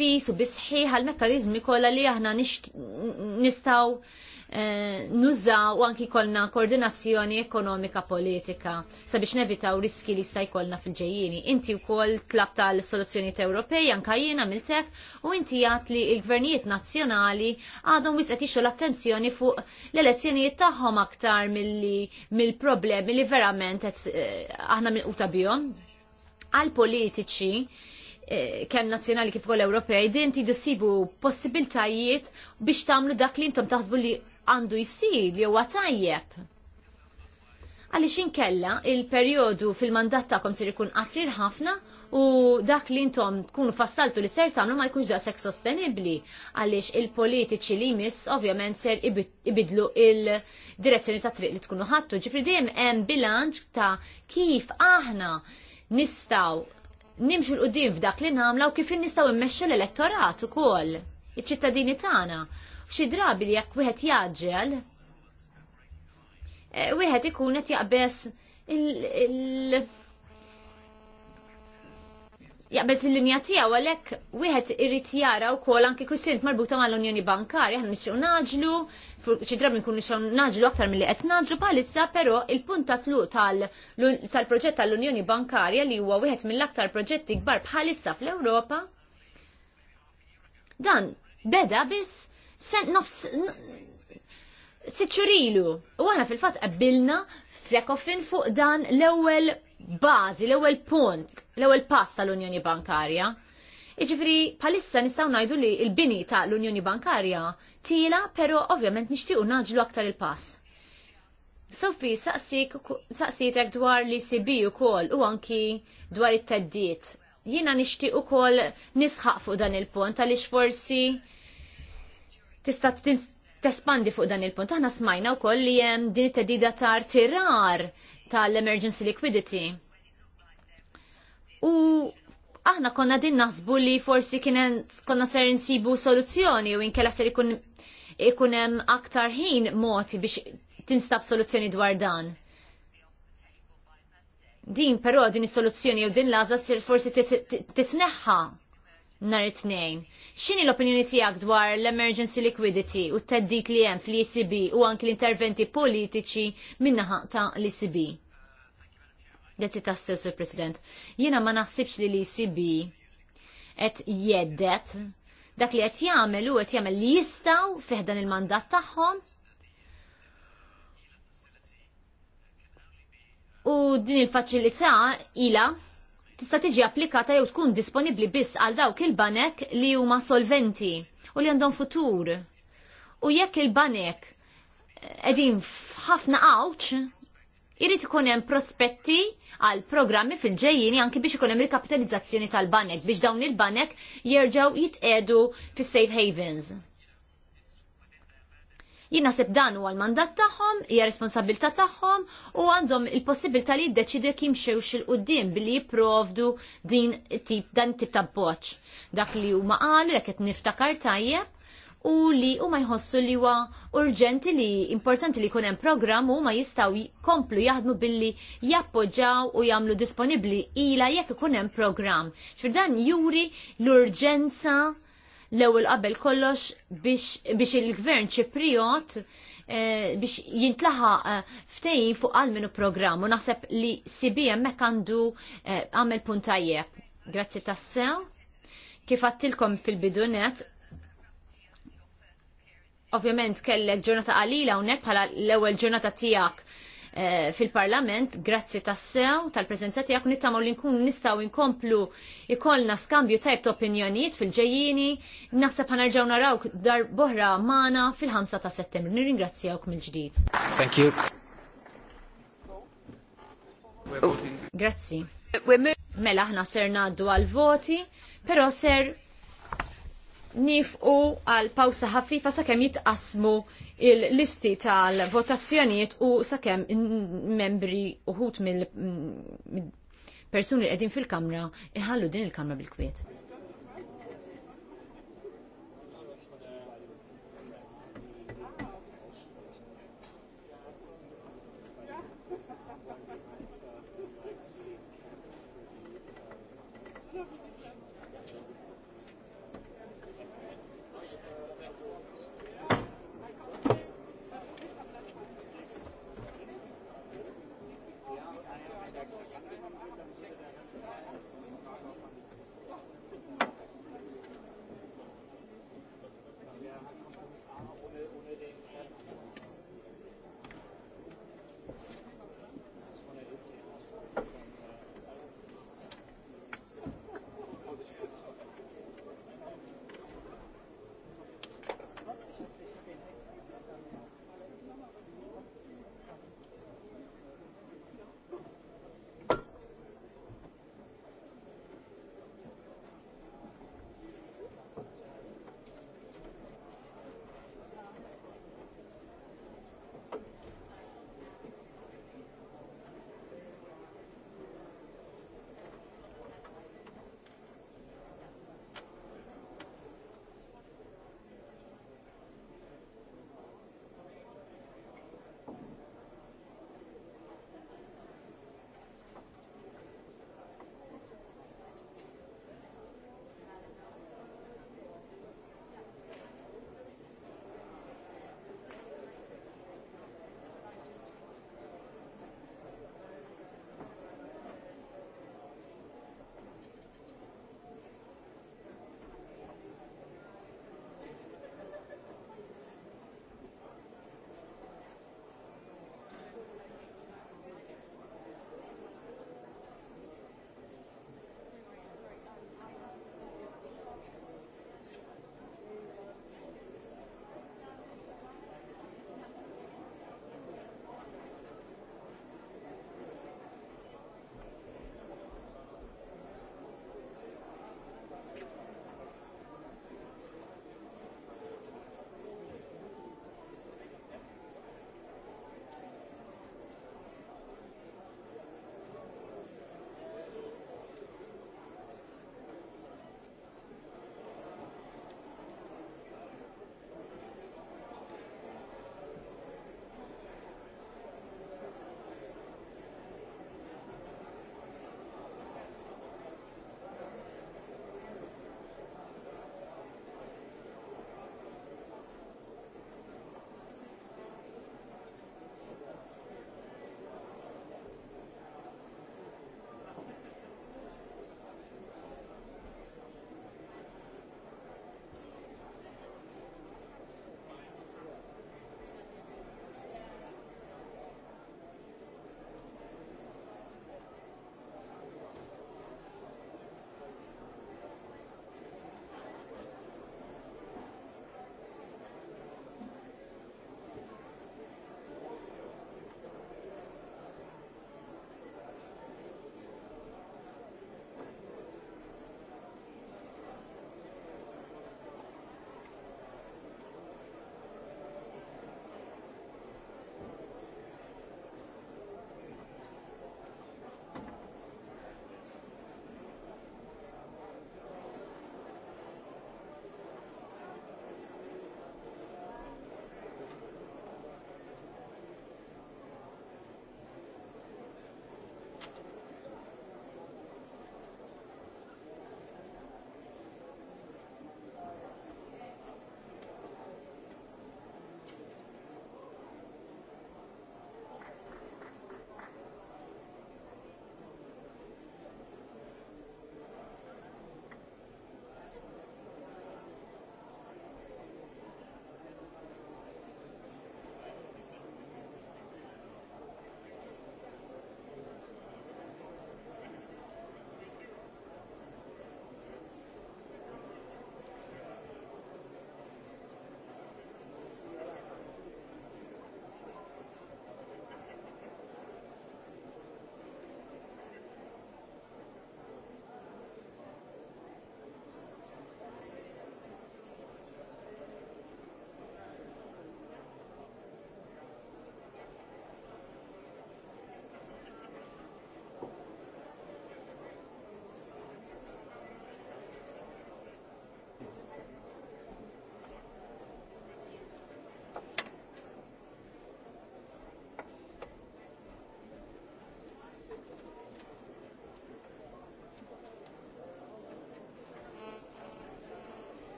fis u bisħiħ għal-mekkanizmi kollha li aħna nistgħu eh, nużaw u anki kolna koordinazzjoni ekonomika politika sabiex nevitaw riski li sta' jkollna fil-ġejjini. Inti wkoll tlab tal-soluzzjonijiet Ewropej anka jiena miltek u inti għat li l-gvernijiet nazzjonali għadhom wisqet jixu l-attenzjoni fuq l-elezzjonijiet tagħhom aktar mill-problemi li verament eh, aħna milquta bihom għal politiċi Eh, kemm nazzjonali kif ukoll Ewropej, din tidu sibu possibiltajiet biex tagħmlu dak li intom taħsbu li għandu jsir li huwa tajjeb xin inkella il-periodu fil-mandat ta'kom ser ikun qasir ħafna u dak li intom tkunu fassaltu li ser tagħmlu ma jkunx daqshekk sostenibbli għaliex il-politiċi li jmiss ovvjament ser ibidlu il-direzzjoni ta' triq li tkunu ħattu. Ġifri dejjem hemm bilanċ ta' kif aħna nistaw nimxu l-qudiem f'dak li nagħmlu u kif nistgħu immexxu l-elettorat ukoll, iċ-ċittadini tagħna. Xi drabi li jekk wieħed jaġġel, eh, wieħed ikun qed jaqbes il-, il bez il-linja tiegħu għalhekk wieħed irid jara wkoll anki kustint marbuta mal-Unjoni Bankarja għan nixtiequ naġlu, xi drabi nkunu nixtiequ naġlu aktar milli qed naġlu bħalissa però il-punt ta' tluq tal-proġett tal-Unjoni Bankarja li huwa wieħed mill-aktar proġetti kbar bħalissa fl-Ewropa. Dan beda biss sen nofs siċurilu. U għana fil-fat qabbilna fl fuq dan l-ewwel bażi, l-ewwel punt, l-ewwel pass tal-Unjoni Bankarja. Iġifri, palissa nistaw najdu li il-bini ta' l-Unjoni Bankarja tila, pero ovvjament nixtiequ naġlu aktar il-pass. Sofi, saqsitek dwar li sibi u kol u anki dwar it teddit Jina nixtieq u kol nisħaq fuq dan il-punt, għalix forsi tista' tespandi fuq dan il-punt. Aħna smajna wkoll li hemm din it teddida tar artirar tal-emergency liquidity. U aħna konna din naħsbu li forsi kienen konna ser insibu soluzzjoni u inkella ser ikun ikunem aktar ħin moti biex tinstab soluzzjoni dwar dan. Din però din is-soluzzjoni u din laza sir forsi titneħħa nhar it-tnejn. X'inhi l-opinjoni tiegħek dwar l-emergency liquidity u t-teddit li hemm fl-ECB u anki l-interventi politiċi min-naħa ta' l-ECB? Grazzi ta' stessu, President. Jiena ma naħsibx li l-ECB qed jeddet dak li qed jagħmel u qed jagħmel li jistgħu fih dan il-mandat tagħhom U din il-faċilità ila tista' tiġi applikata jew tkun disponibbli biss għal dawk il-banek li huma solventi u li għandhom futur. U jekk il-banek qegħdin eh, f'ħafna għawċ, irrit ikun hemm prospetti għal programmi fil-ġejjini anki biex ikun hemm rikapitalizzazzjoni tal-banek biex dawn il-banek jerġgħu jitqedu fis-safe havens. Jinnaħseb dan huwa l-mandat tagħhom, hija responsabilità tagħhom u għandhom il-possibilità li jiddeċidu jekk jimxewx il qudiem billi jipprovdu din tip dan tip ta' boċ. Dak li huma qalu jekk qed niftakar tajjeb u li huma jħossu li huwa urġenti li importanti li jkun hemm programm u ma jistgħu jkomplu jaħdmu billi jappoġġaw u jagħmlu disponibbli ila jekk ikun hemm programm. dan juri l-urġenza l-ewwel qabel kollox biex il-gvern ċipriot eh, biex jintlaħa eh, ftejn fuq għal-minu programm u naħseb li sibija mek għandu eh, għamel puntajjeb. Grazzi tassew. Kif għattilkom fil-bidunet, ovvjament kellek ġurnata qalila unek bħala l-ewwel ġurnata tiegħek Eh, fil-Parlament, grazzi tassew tal-prezenza tiegħek nittamaw li nkun nistgħu nkomplu ikollna skambju tajb ta' opinjonijiet fil-ġejjini, naħseb ħanerġgħu naraw dar boħra magħna fil-5 ta' Settembru. Nirringrazzjawk mill-ġdid. Thank you. Grazzi. Mela aħna ser ngħaddu għal voti, però ser nifqu għal pawsa ħafifa sakemm jitqasmu il-listi tal-votazzjonijiet u sakemm membri uħut mill-persuni li qegħdin fil-kamra iħallu din il-kamra bil-kwiet.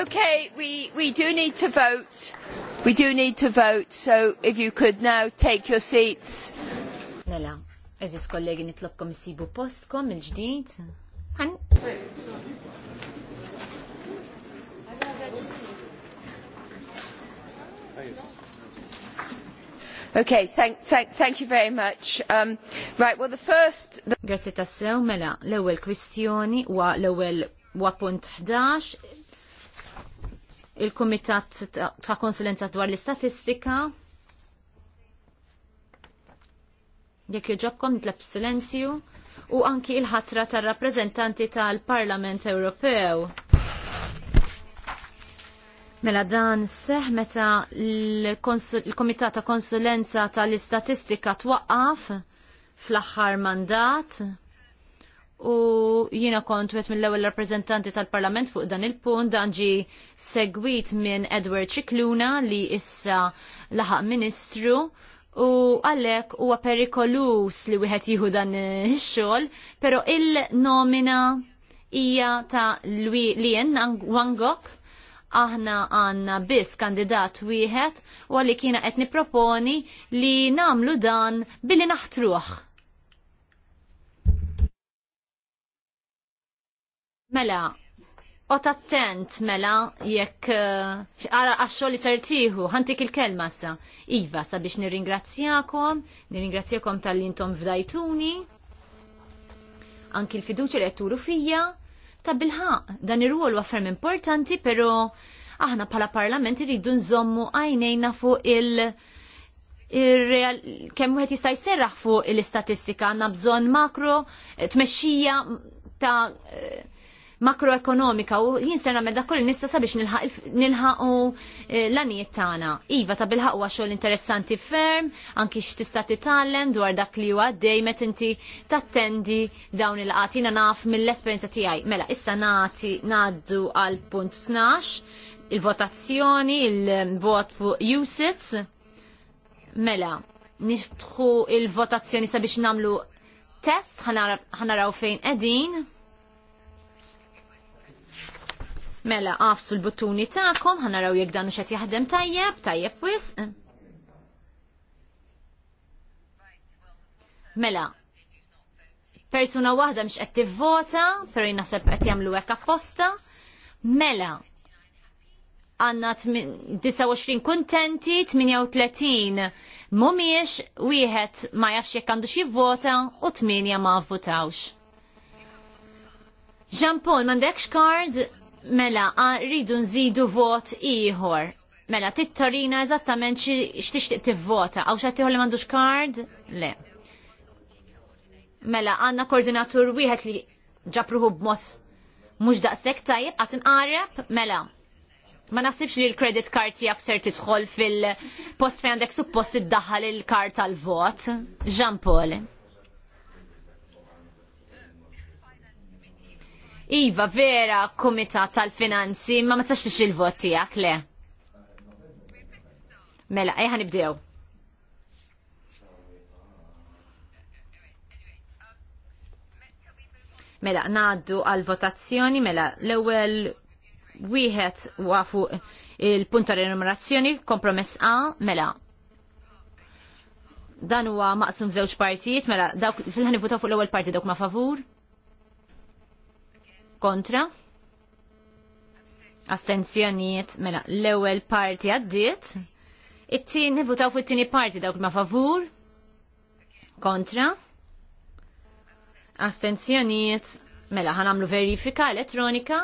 Okay, we, we do need to vote. We do need to vote, so if you could now take your seats. Mela, eżis kollegi nitlobkom isibu postkom il-ġdid. Għan. Okay, thank, thank, thank you very much. Um, right, well the first... Grazie tassew, mela, l-ewel kwistjoni wa l-ewel wa punt 11 il-Kumitat ta' Konsulenza dwar l-Istatistika. Jekk joġobkom nitlab silenzju u anki il-ħatra tar-rappreżentanti tal-Parlament Ewropew. Mela dan seħ meta l-Komitat ta' Konsulenza tal-Istatistika twaqqaf fl-aħħar mandat u jiena kont wet mill-ewwel rappreżentanti tal-Parlament fuq dan il-punt dan ġi segwit minn Edward Cicluna li issa laħaq Ministru u għalhekk huwa perikolus li wieħed jieħu dan ix-xogħol, però il-nomina hija ta' Lien Wangok aħna għanna biss kandidat wieħed u għalli kiena qed niproponi li namlu dan billi naħtruħ Mela, ot attent mela jekk uh, għaxxol li sertiħu, ħantik il-kelma sa. Iva, sabiex nirringrazzjakom, nirringrazzjakom tal-intom f'dajtuni, anki l-fiduċa li għetturu fija, ta' bilħaq dan ir-ruol waffer importanti, pero aħna pala parlament irridu nżommu għajnejna fuq il- il-real, kemm wieħed jista' jserraħ fuq l-istatistika għandna bżonn makro, tmexxija ta' makroekonomika u jien ser nagħmel dak nista' sabiex nilħaqu eh, l-għanijiet tagħna. Iva ta' bilħaqwa xogħol interessanti ferm, anki x'tista' titgħallem dwar dak li huwa għaddej met inti tattendi dawn il-qat jiena naf mill-esperjenza tiegħi. Mela issa nagħti ngħaddu għal punt 12 il-votazzjoni, il-vot fuq USITS. Mela, nifħu il-votazzjoni sabiex namlu test ħanaraw fejn edin. Mela, għafsu l-buttuni ta'kom, ħanaraw jek dan xet jaħdem tajjeb, tajjeb wis. Mela, persuna wahda mx qed tivvota, per naħseb qed jagħmlu hekk apposta. Mela, għanna 29 kontenti, 38 mumiex, wieħed ma jafx jekk għandu xi vota u 8 ma votawx. Jean Paul, m'għandekx card? Mela, rridu nżidu vot ieħor. Mela, tittorina eżattament x'tixtieq tivvota, għaw xi li m'għandux kard? Le. Mela, għandna koordinatur wieħed li ġapruħu b'mos mhux daqshekk tajjeb qatt inqareb, mela. Ma naħsibx li l-credit card tiegħek ser tidħol fil-post fejn għandek suppost iddaħħal il-kart tal-vot. Jean Paul. Iva, vera, kumitat tal-finanzi, ma ma tax il voti għak le. Mela, eħa nibdew. Mela, naddu għal-votazzjoni, mela, l-ewel wieħed wafu il-punta renumerazzjoni, kompromess A, mela, dan huwa maqsum żewġ partijiet, mela dawk fil-ħan votaw fuq l-ewwel parti dawk ma' favur, kontra, astenzjonijiet mela l-ewwel parti għaddiet, it-tieni votaw fuq it-tieni parti dawk ma' favur, kontra, astenzjonijiet mela ħanamlu verifika elettronika.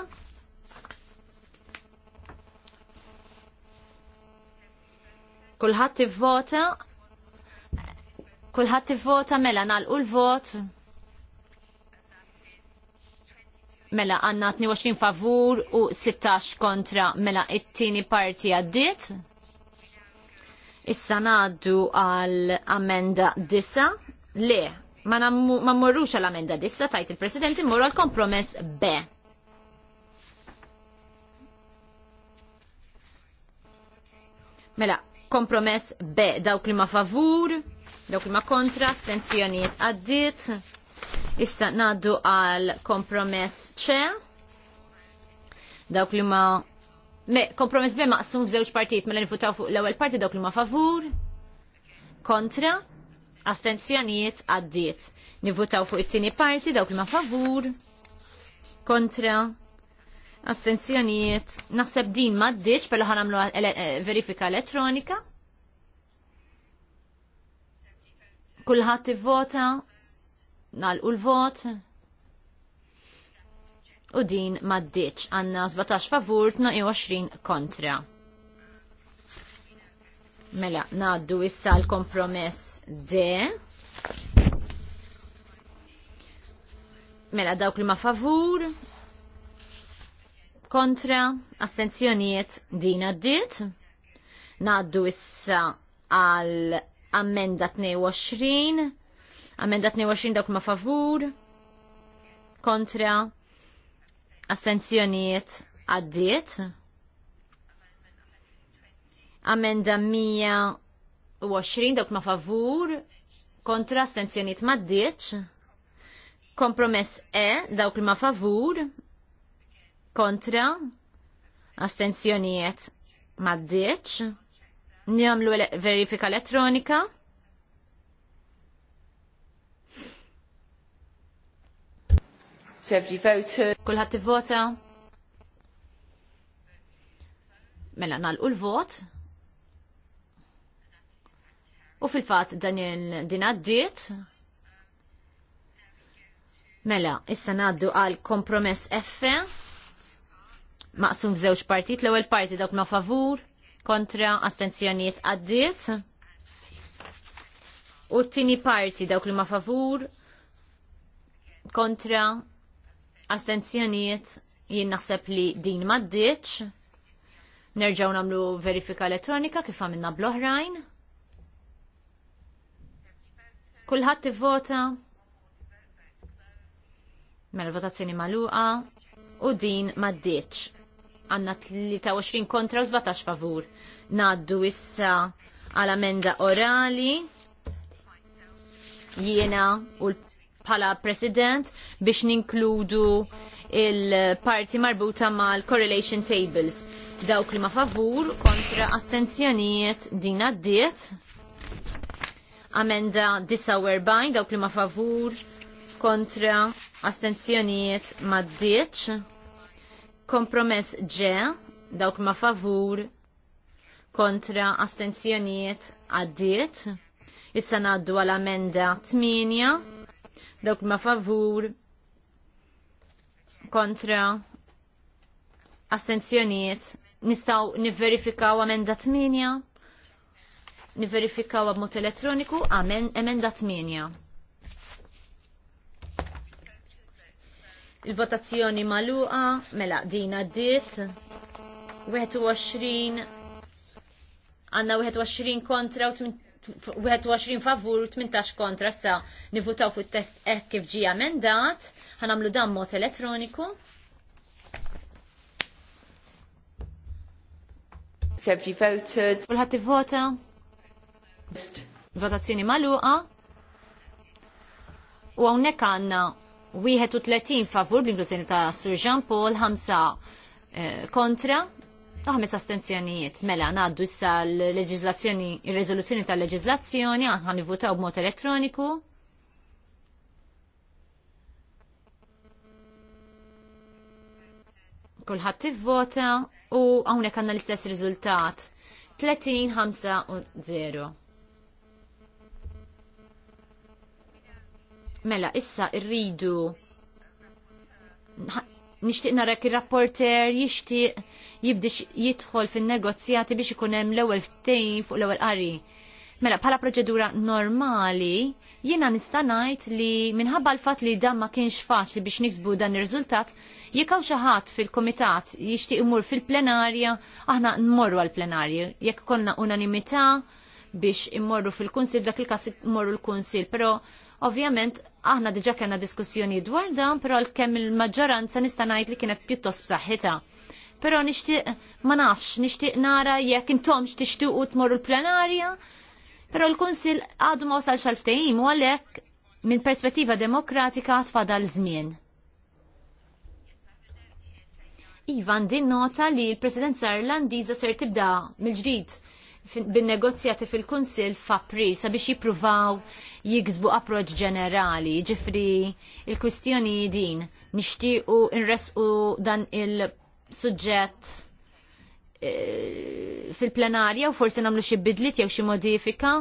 Kulħadd ivvota kulħadd ivvota mela nagħlqu l-vot. Mela għanna 22 favur u 16 kontra mela it-tieni parti għaddit. Issa naddu għal amenda dissa. Le, ma, morrux għal amenda disa tajt il-President immorru għal kompromess B. Mela, kompromess B, dawk li ma favur, dawk li ma kontra, stenzjoniet għaddit. Issa naddu għal kompromess ċe. Dawk li ma Me, kompromess bie maqsum f'żewġ partijiet mela nifutaw fuq l-ewwel parti dawk li ma favur, kontra, astenzjonijiet għaddiet. Nivutaw fuq it-tieni parti dawk li ma favur, kontra, astenzjonijiet. Naħseb din ma ddiċ pelu ħanamlu ele eh, eh, verifika elettronika. Kulħadd ivvota nalqu l-vot u din maddiċ għanna 17 favur 22 kontra. Mela, naddu issa l-kompromess D. Mela, dawk li ma favur, kontra, astenzjoniet din għaddit. Naddu issa għal ammenda 22 Amenda 22 dawk ma favur, kontra, assenzjoniet għaddiet. Amenda 120 dawk ma favur, kontra, assenzjoniet ma Kompromess E dawk ma favur, kontra, assenzjoniet ma ddiet. Njamlu verifika elettronika. every voter. Kulħat t-vota. Mela nalqu l-vot. U fil-fat dan din għaddiet. Mela, issa naddu għal kompromess F. Maqsum f'żewġ partit, l-ewwel parti dawk ma' favur, kontra astenzjonijiet għaddiet. U t-tini parti dawk li ma' favur, kontra Astenzjonijiet jien naħseb li din maddiċ. Nerġaw namlu verifika elettronika kif għamilna bl-oħrajn. Kulħadd tivvota. Mela votazzjoni magħluqa u din maddiċ. Għanna 23 kontra u 17 favur. Naddu issa għal amenda orali jiena u l bħala president biex ninkludu il-parti marbuta mal-correlation tables. Dawk li ma favur kontra astenzjonijiet din għaddiet. Amenda 49 dawk li ma favur kontra astenzjonijiet ma ddiċ. Kompromess ġe dawk ma favur kontra astenzjonijiet għaddiet. Issa naddu għal amenda 8 Dawk ma favur kontra astenzjoniet nistaw niverifikaw amenda 8 niverifikaw b'mod elettroniku amen emenda 8 il-votazzjoni maluqa mela dina d-diet 21 għanna 21 kontra u 21 favur 18 kontra sa nivutaw fuq test hekk kif ġie amendat, ħanamlu dan mod elettroniku. Seb you voted. Kulħadd vota. Votazzjoni magħluqa. U hawnhekk għandna 31 favur bl-inklużjoni ta' Sur Jean Paul, 5 eh, kontra, ħames astenzjonijiet. Mela, ngħaddu issa l-leġizlazzjoni, il-rezoluzzjoni tal-leġizlazzjoni, għan votaw b'mod elettroniku. Kulħadd tivvota u hawnhekk għandna l-istess riżultat. 30-5-0. Mela, issa rridu nixtieq narek ir-rapporter jixtieq jibdix jidħol fin-negozjati biex ikun hemm l-ewwel ftehim fuq l-ewwel qari. Mela bħala proċedura normali jiena nista' ngħid li minħabba l-fatt li dan ma kienx faċli biex niksbu dan ir-riżultat, jekk hawn xi ħadd fil-kumitat jixtieq imur fil-plenarja, aħna nmorru għall-plenarju. Jekk konna unanimità biex immorru fil-kunsil, dak il każ immorru l-kunsil, però ovvjament Aħna diġa kena diskussjoni dwar dan, pero l-kemm il-maġġoranza nista' ngħid li kienet pjuttost b'saħħitha. Però nixtieq ma nafx, nixtieq nara jekk intomx tixtiequ tmorru l-plenarja, però l-Kunsil għadu ma wasalx għal ftehim u għalhekk minn perspettiva demokratika tfadal żmien. Ivan din nota li l-Presidenza Irlandiża ser tibda mill-ġdid bin-negozjati fil-Kunsill f'Apri sabiex jippruvaw jiksbu approċ ġenerali, ġifri il-kwistjoni din nixtiequ nresqu dan il-suġġett eh, fil-plenarja u forsi nagħmlu xi bidlit jew xi modifika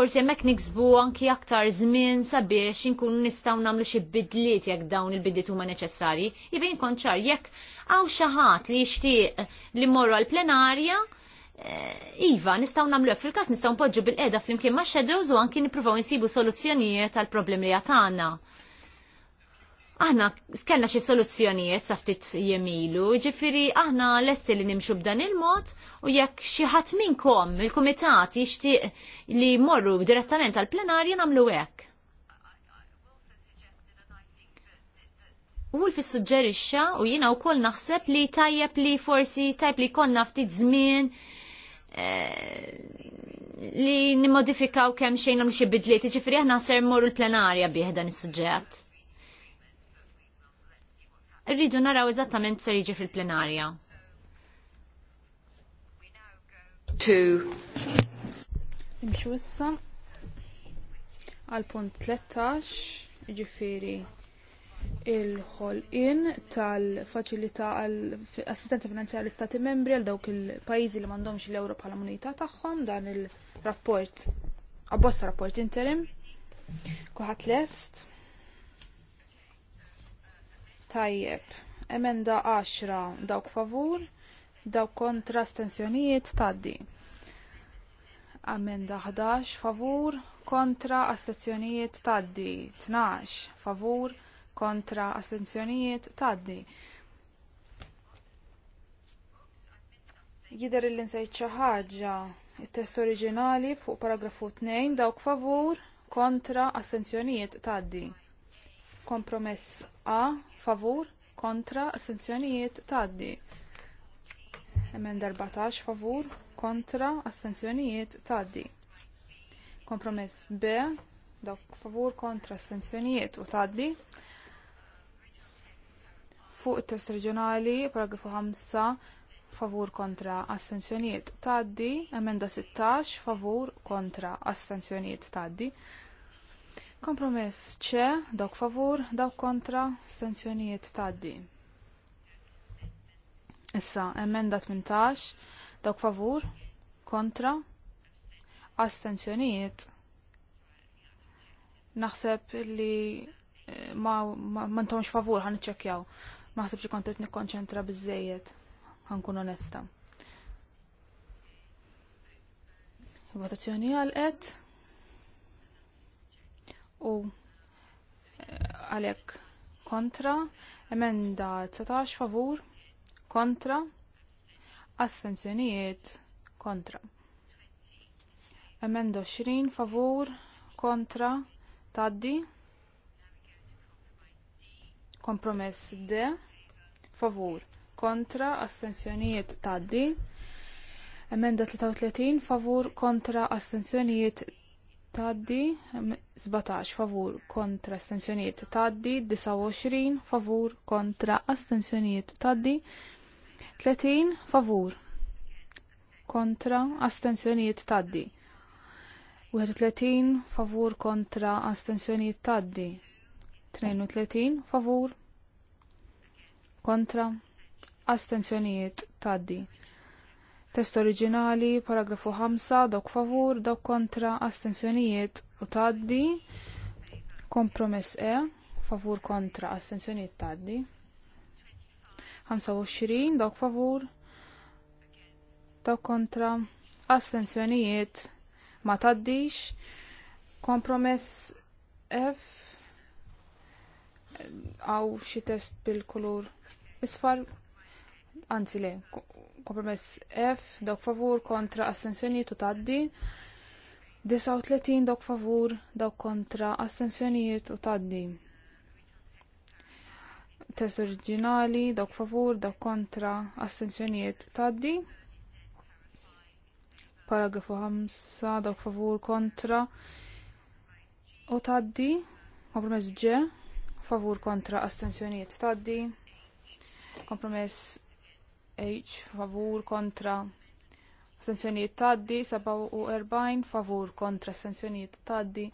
forsi hemmhekk niksbu anki aktar żmien sabiex inkunu nistgħu nagħmlu xi bidliet jekk dawn il-bidliet huma neċessarji. Jibin konċar jekk hawn xi ħadd li jixtieq li mmorru għall-plenarja Eh, iva, nistaw namlu għek fil-kas, nistaw npoġġu bil-qeda fl-imkien ma' shadows u anki niprofaw nsibu soluzzjonijiet għal problemi li għatana. Aħna skenna xi soluzzjonijiet sa ftit jemilu, ġifiri aħna lesti li nimxu b'dan il-mod u jekk xi ħadd minnkom il komitat jixtieq li morru direttament għal plenarja nagħmlu hekk. Wolf suġġerixxa u jiena wkoll naħseb li tajjeb li forsi tajb li konna ftit żmien Eh, li nimodifikaw kemm xejn xi bidliet, ġifieri aħna ser mmorru l-plenarja bih dan is-suġġett. Rridu naraw eżattament ser jiġi fil-plenarja. To Imxu issa għal punt 13, ġifieri il-ħolqien tal-faċilità għall-assistenza finanzjarja stati istati membri għal dawk il-pajjiżi li m'għandhomx l-Ewro bħala munita tagħhom dan il-rapport abbozza rapport interim. Kulħadd lest. Tajjeb. Emenda 10 dawk favur, dawk kontra astensjonijiet taddi. Emenda 11 favur, kontra astensjonijiet taddi. 12 favur, kontra assenzjonijiet taddi. Jider il nsejt xi ħaġa it-test oriġinali fuq paragrafu 2 dawk favur kontra assenzjonijiet taddi. Kompromess A favur kontra assenzjonijiet taddi. Emenda 14 favur kontra assenzjonijiet taddi. Kompromess B dawk favur kontra assenzjonijiet u taddi fuq it-test reġjonali, paragrafu 5, favur kontra astenzjonijiet tgħaddi, emenda 16, favur kontra astenzjonijiet tgħaddi. Kompromess ċe, dawk favur, dawk kontra, astenzjonijiet tgħaddi. Issa, emenda 18, dawk favur, kontra, astenzjonijiet. Naħseb li eh, ma, ma, ma favur ħan iċċekjaw ma ħsibx kont qed nikkonċentra biżejjed ħankun onesta. Il-votazzjoni għalqet u eh, għalhekk kontra, emenda 19 favur, kontra, astenzjonijiet kontra. Emenda 20 favur, kontra, taddi, kompromess D favur kontra astensjonijiet taddi. Emenda 33 favur kontra astensjonijiet taddi. 17 favur kontra astensjonijiet taddi. 29 favur kontra astensjonijiet taddi. 30 favur kontra astensjonijiet taddi. 31 favur kontra astensjonijiet taddi. 32 favur kontra, astenzjonijiet taddi. Test oriġinali, paragrafu 5, dok favur, dok kontra, astenzjonijiet u taddi. Kompromess E, favur kontra, astenzjonijiet taddi. 25, dok favur, Dok kontra, astenzjonijiet ma taddix. Kompromess F, għaw xi test bil-kulur isfar, anzi le, kompromess F, dawk favur kontra astensjoni u taddi. 39 dawk favur, dawk kontra astensjonijiet u taddi. Test oriġinali, dawk favur, dawk kontra astensjonijiet taddi. Paragrafu 5, dawk favur kontra u taddi. Kompromess G, favur kontra astensjonijiet taddi. Kompromess H favur kontra sanzjonijiet taddi, 47 favur kontra sanzjonijiet taddi.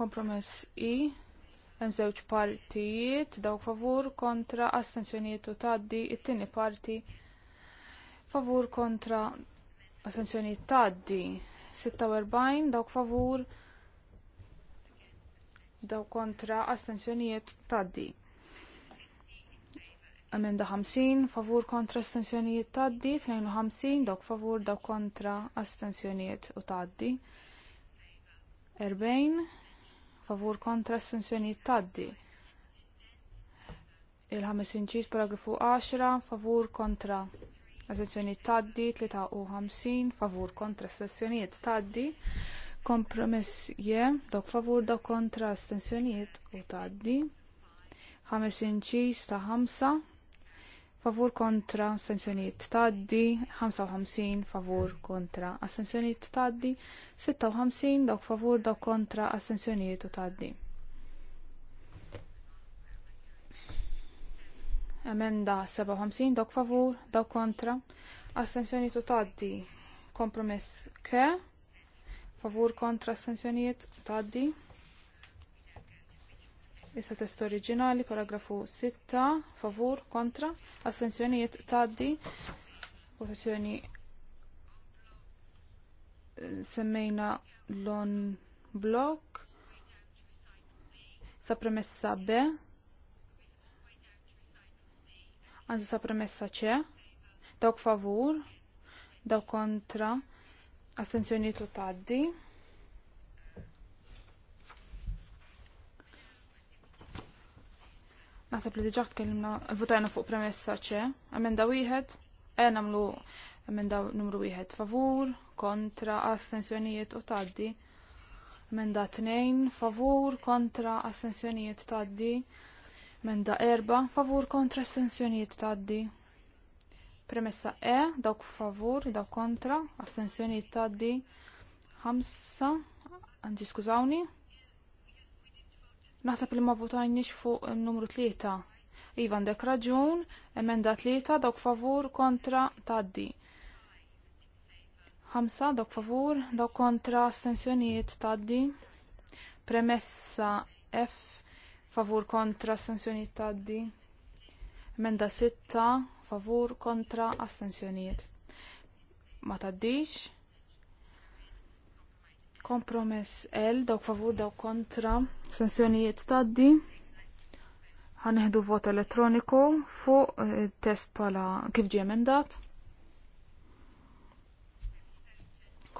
Kompromess I żewġ partijiet dawk favur kontra astensjonijiet u taddi, it-tieni parti favur kontra astensjonijiet taddi. 46 dawk favur dawk kontra astensjonijiet taddi. Amenda 50 favur kontra astensjonijiet taddi, 52 dawk favur dawk kontra astensjonijiet u taddi. 40 favur kontra astensjonijiet taddi. Il-55 paragrafu 10 favur kontra astensjonijiet taddi, 53 favur kontra astensjonijiet taddi. Kompromess je, dawk favur dawk kontra astensjonijiet u taddi. 50 ċis ta' 5 favur kontra astensjonijiet tgħaddi, 55 favur kontra astensjonijiet tgħaddi, 56 dawk favur dawk kontra astensjonijiet tgħaddi. Emenda 57 dawk favur dawk kontra astensjonijiet tgħaddi. Kompromess ke favur kontra astensjonijiet tgħaddi. Issa test oriġinali, paragrafu 6, favur, kontra, astensjonijiet taddi, votazzjoni eh, semmejna lon blok, sa premessa B, anzi sa premessa C, dawk favur, dawk kontra, astensjonijiet taddi, Nasab li diġaħt tkellimna, votajna fuq premessa ċe, emenda wieħed, e namlu emenda numru wieħed favur, kontra, astensjonijiet u taddi. Emenda tnejn, favur, kontra, astensjonijiet taddi. Emenda erba, favur, kontra, astensjonijiet taddi. Premessa E, dawk favur, dawk kontra, astensjonijiet taddi. Hamsa, għandi skużawni, Naħseb li ma votajniex fuq il-numru 3. Iva għandek raġun, emenda 3 dawk favur kontra taddi. 5 dawk favur, dawk kontra astensjonijiet taddi. Premessa F favur kontra astensjonijiet taddi. Emenda 6 favur kontra astensjonijiet. Ma taddix. Kompromess L, dawk favur, dawk kontra, sensjonijiet taddi. Ħaneħdu vot elettroniku fuq eh, test pala kif ġie emendat.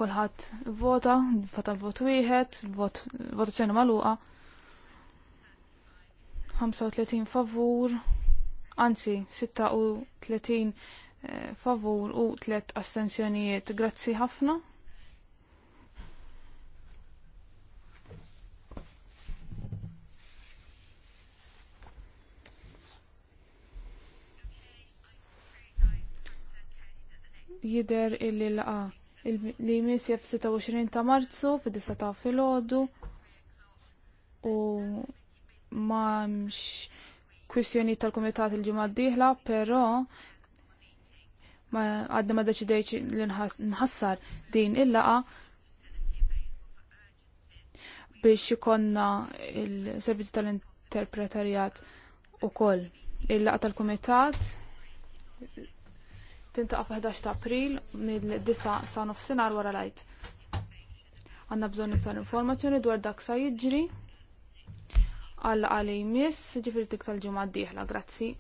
Kolħat vota, fatal l-vot wieħed, vot votazzjoni maluqa. 35 favur, anzi 36 eh, favur u 3 astensjonijiet. Grazzi ħafna. jider illi laqa li jmiss jaf 26 ta' marzu fid ta' filgħodu u m'hemmx kwistjoni tal-kumitat il-ġimgħa d-dieħla, però ma għadna ma deċidejċ li nħassar din il-laqa biex ikonna il-servizz tal-interpretarjat u koll il-laqa tal-komitat tintaqa' 11 ta' April mill-9 sa' nofsinhar wara lajt. Għanna bżonn iktar informazzjoni dwar dak sa jiġri għal għalej mis ġifri tiktal ġumad dieħla grazzi.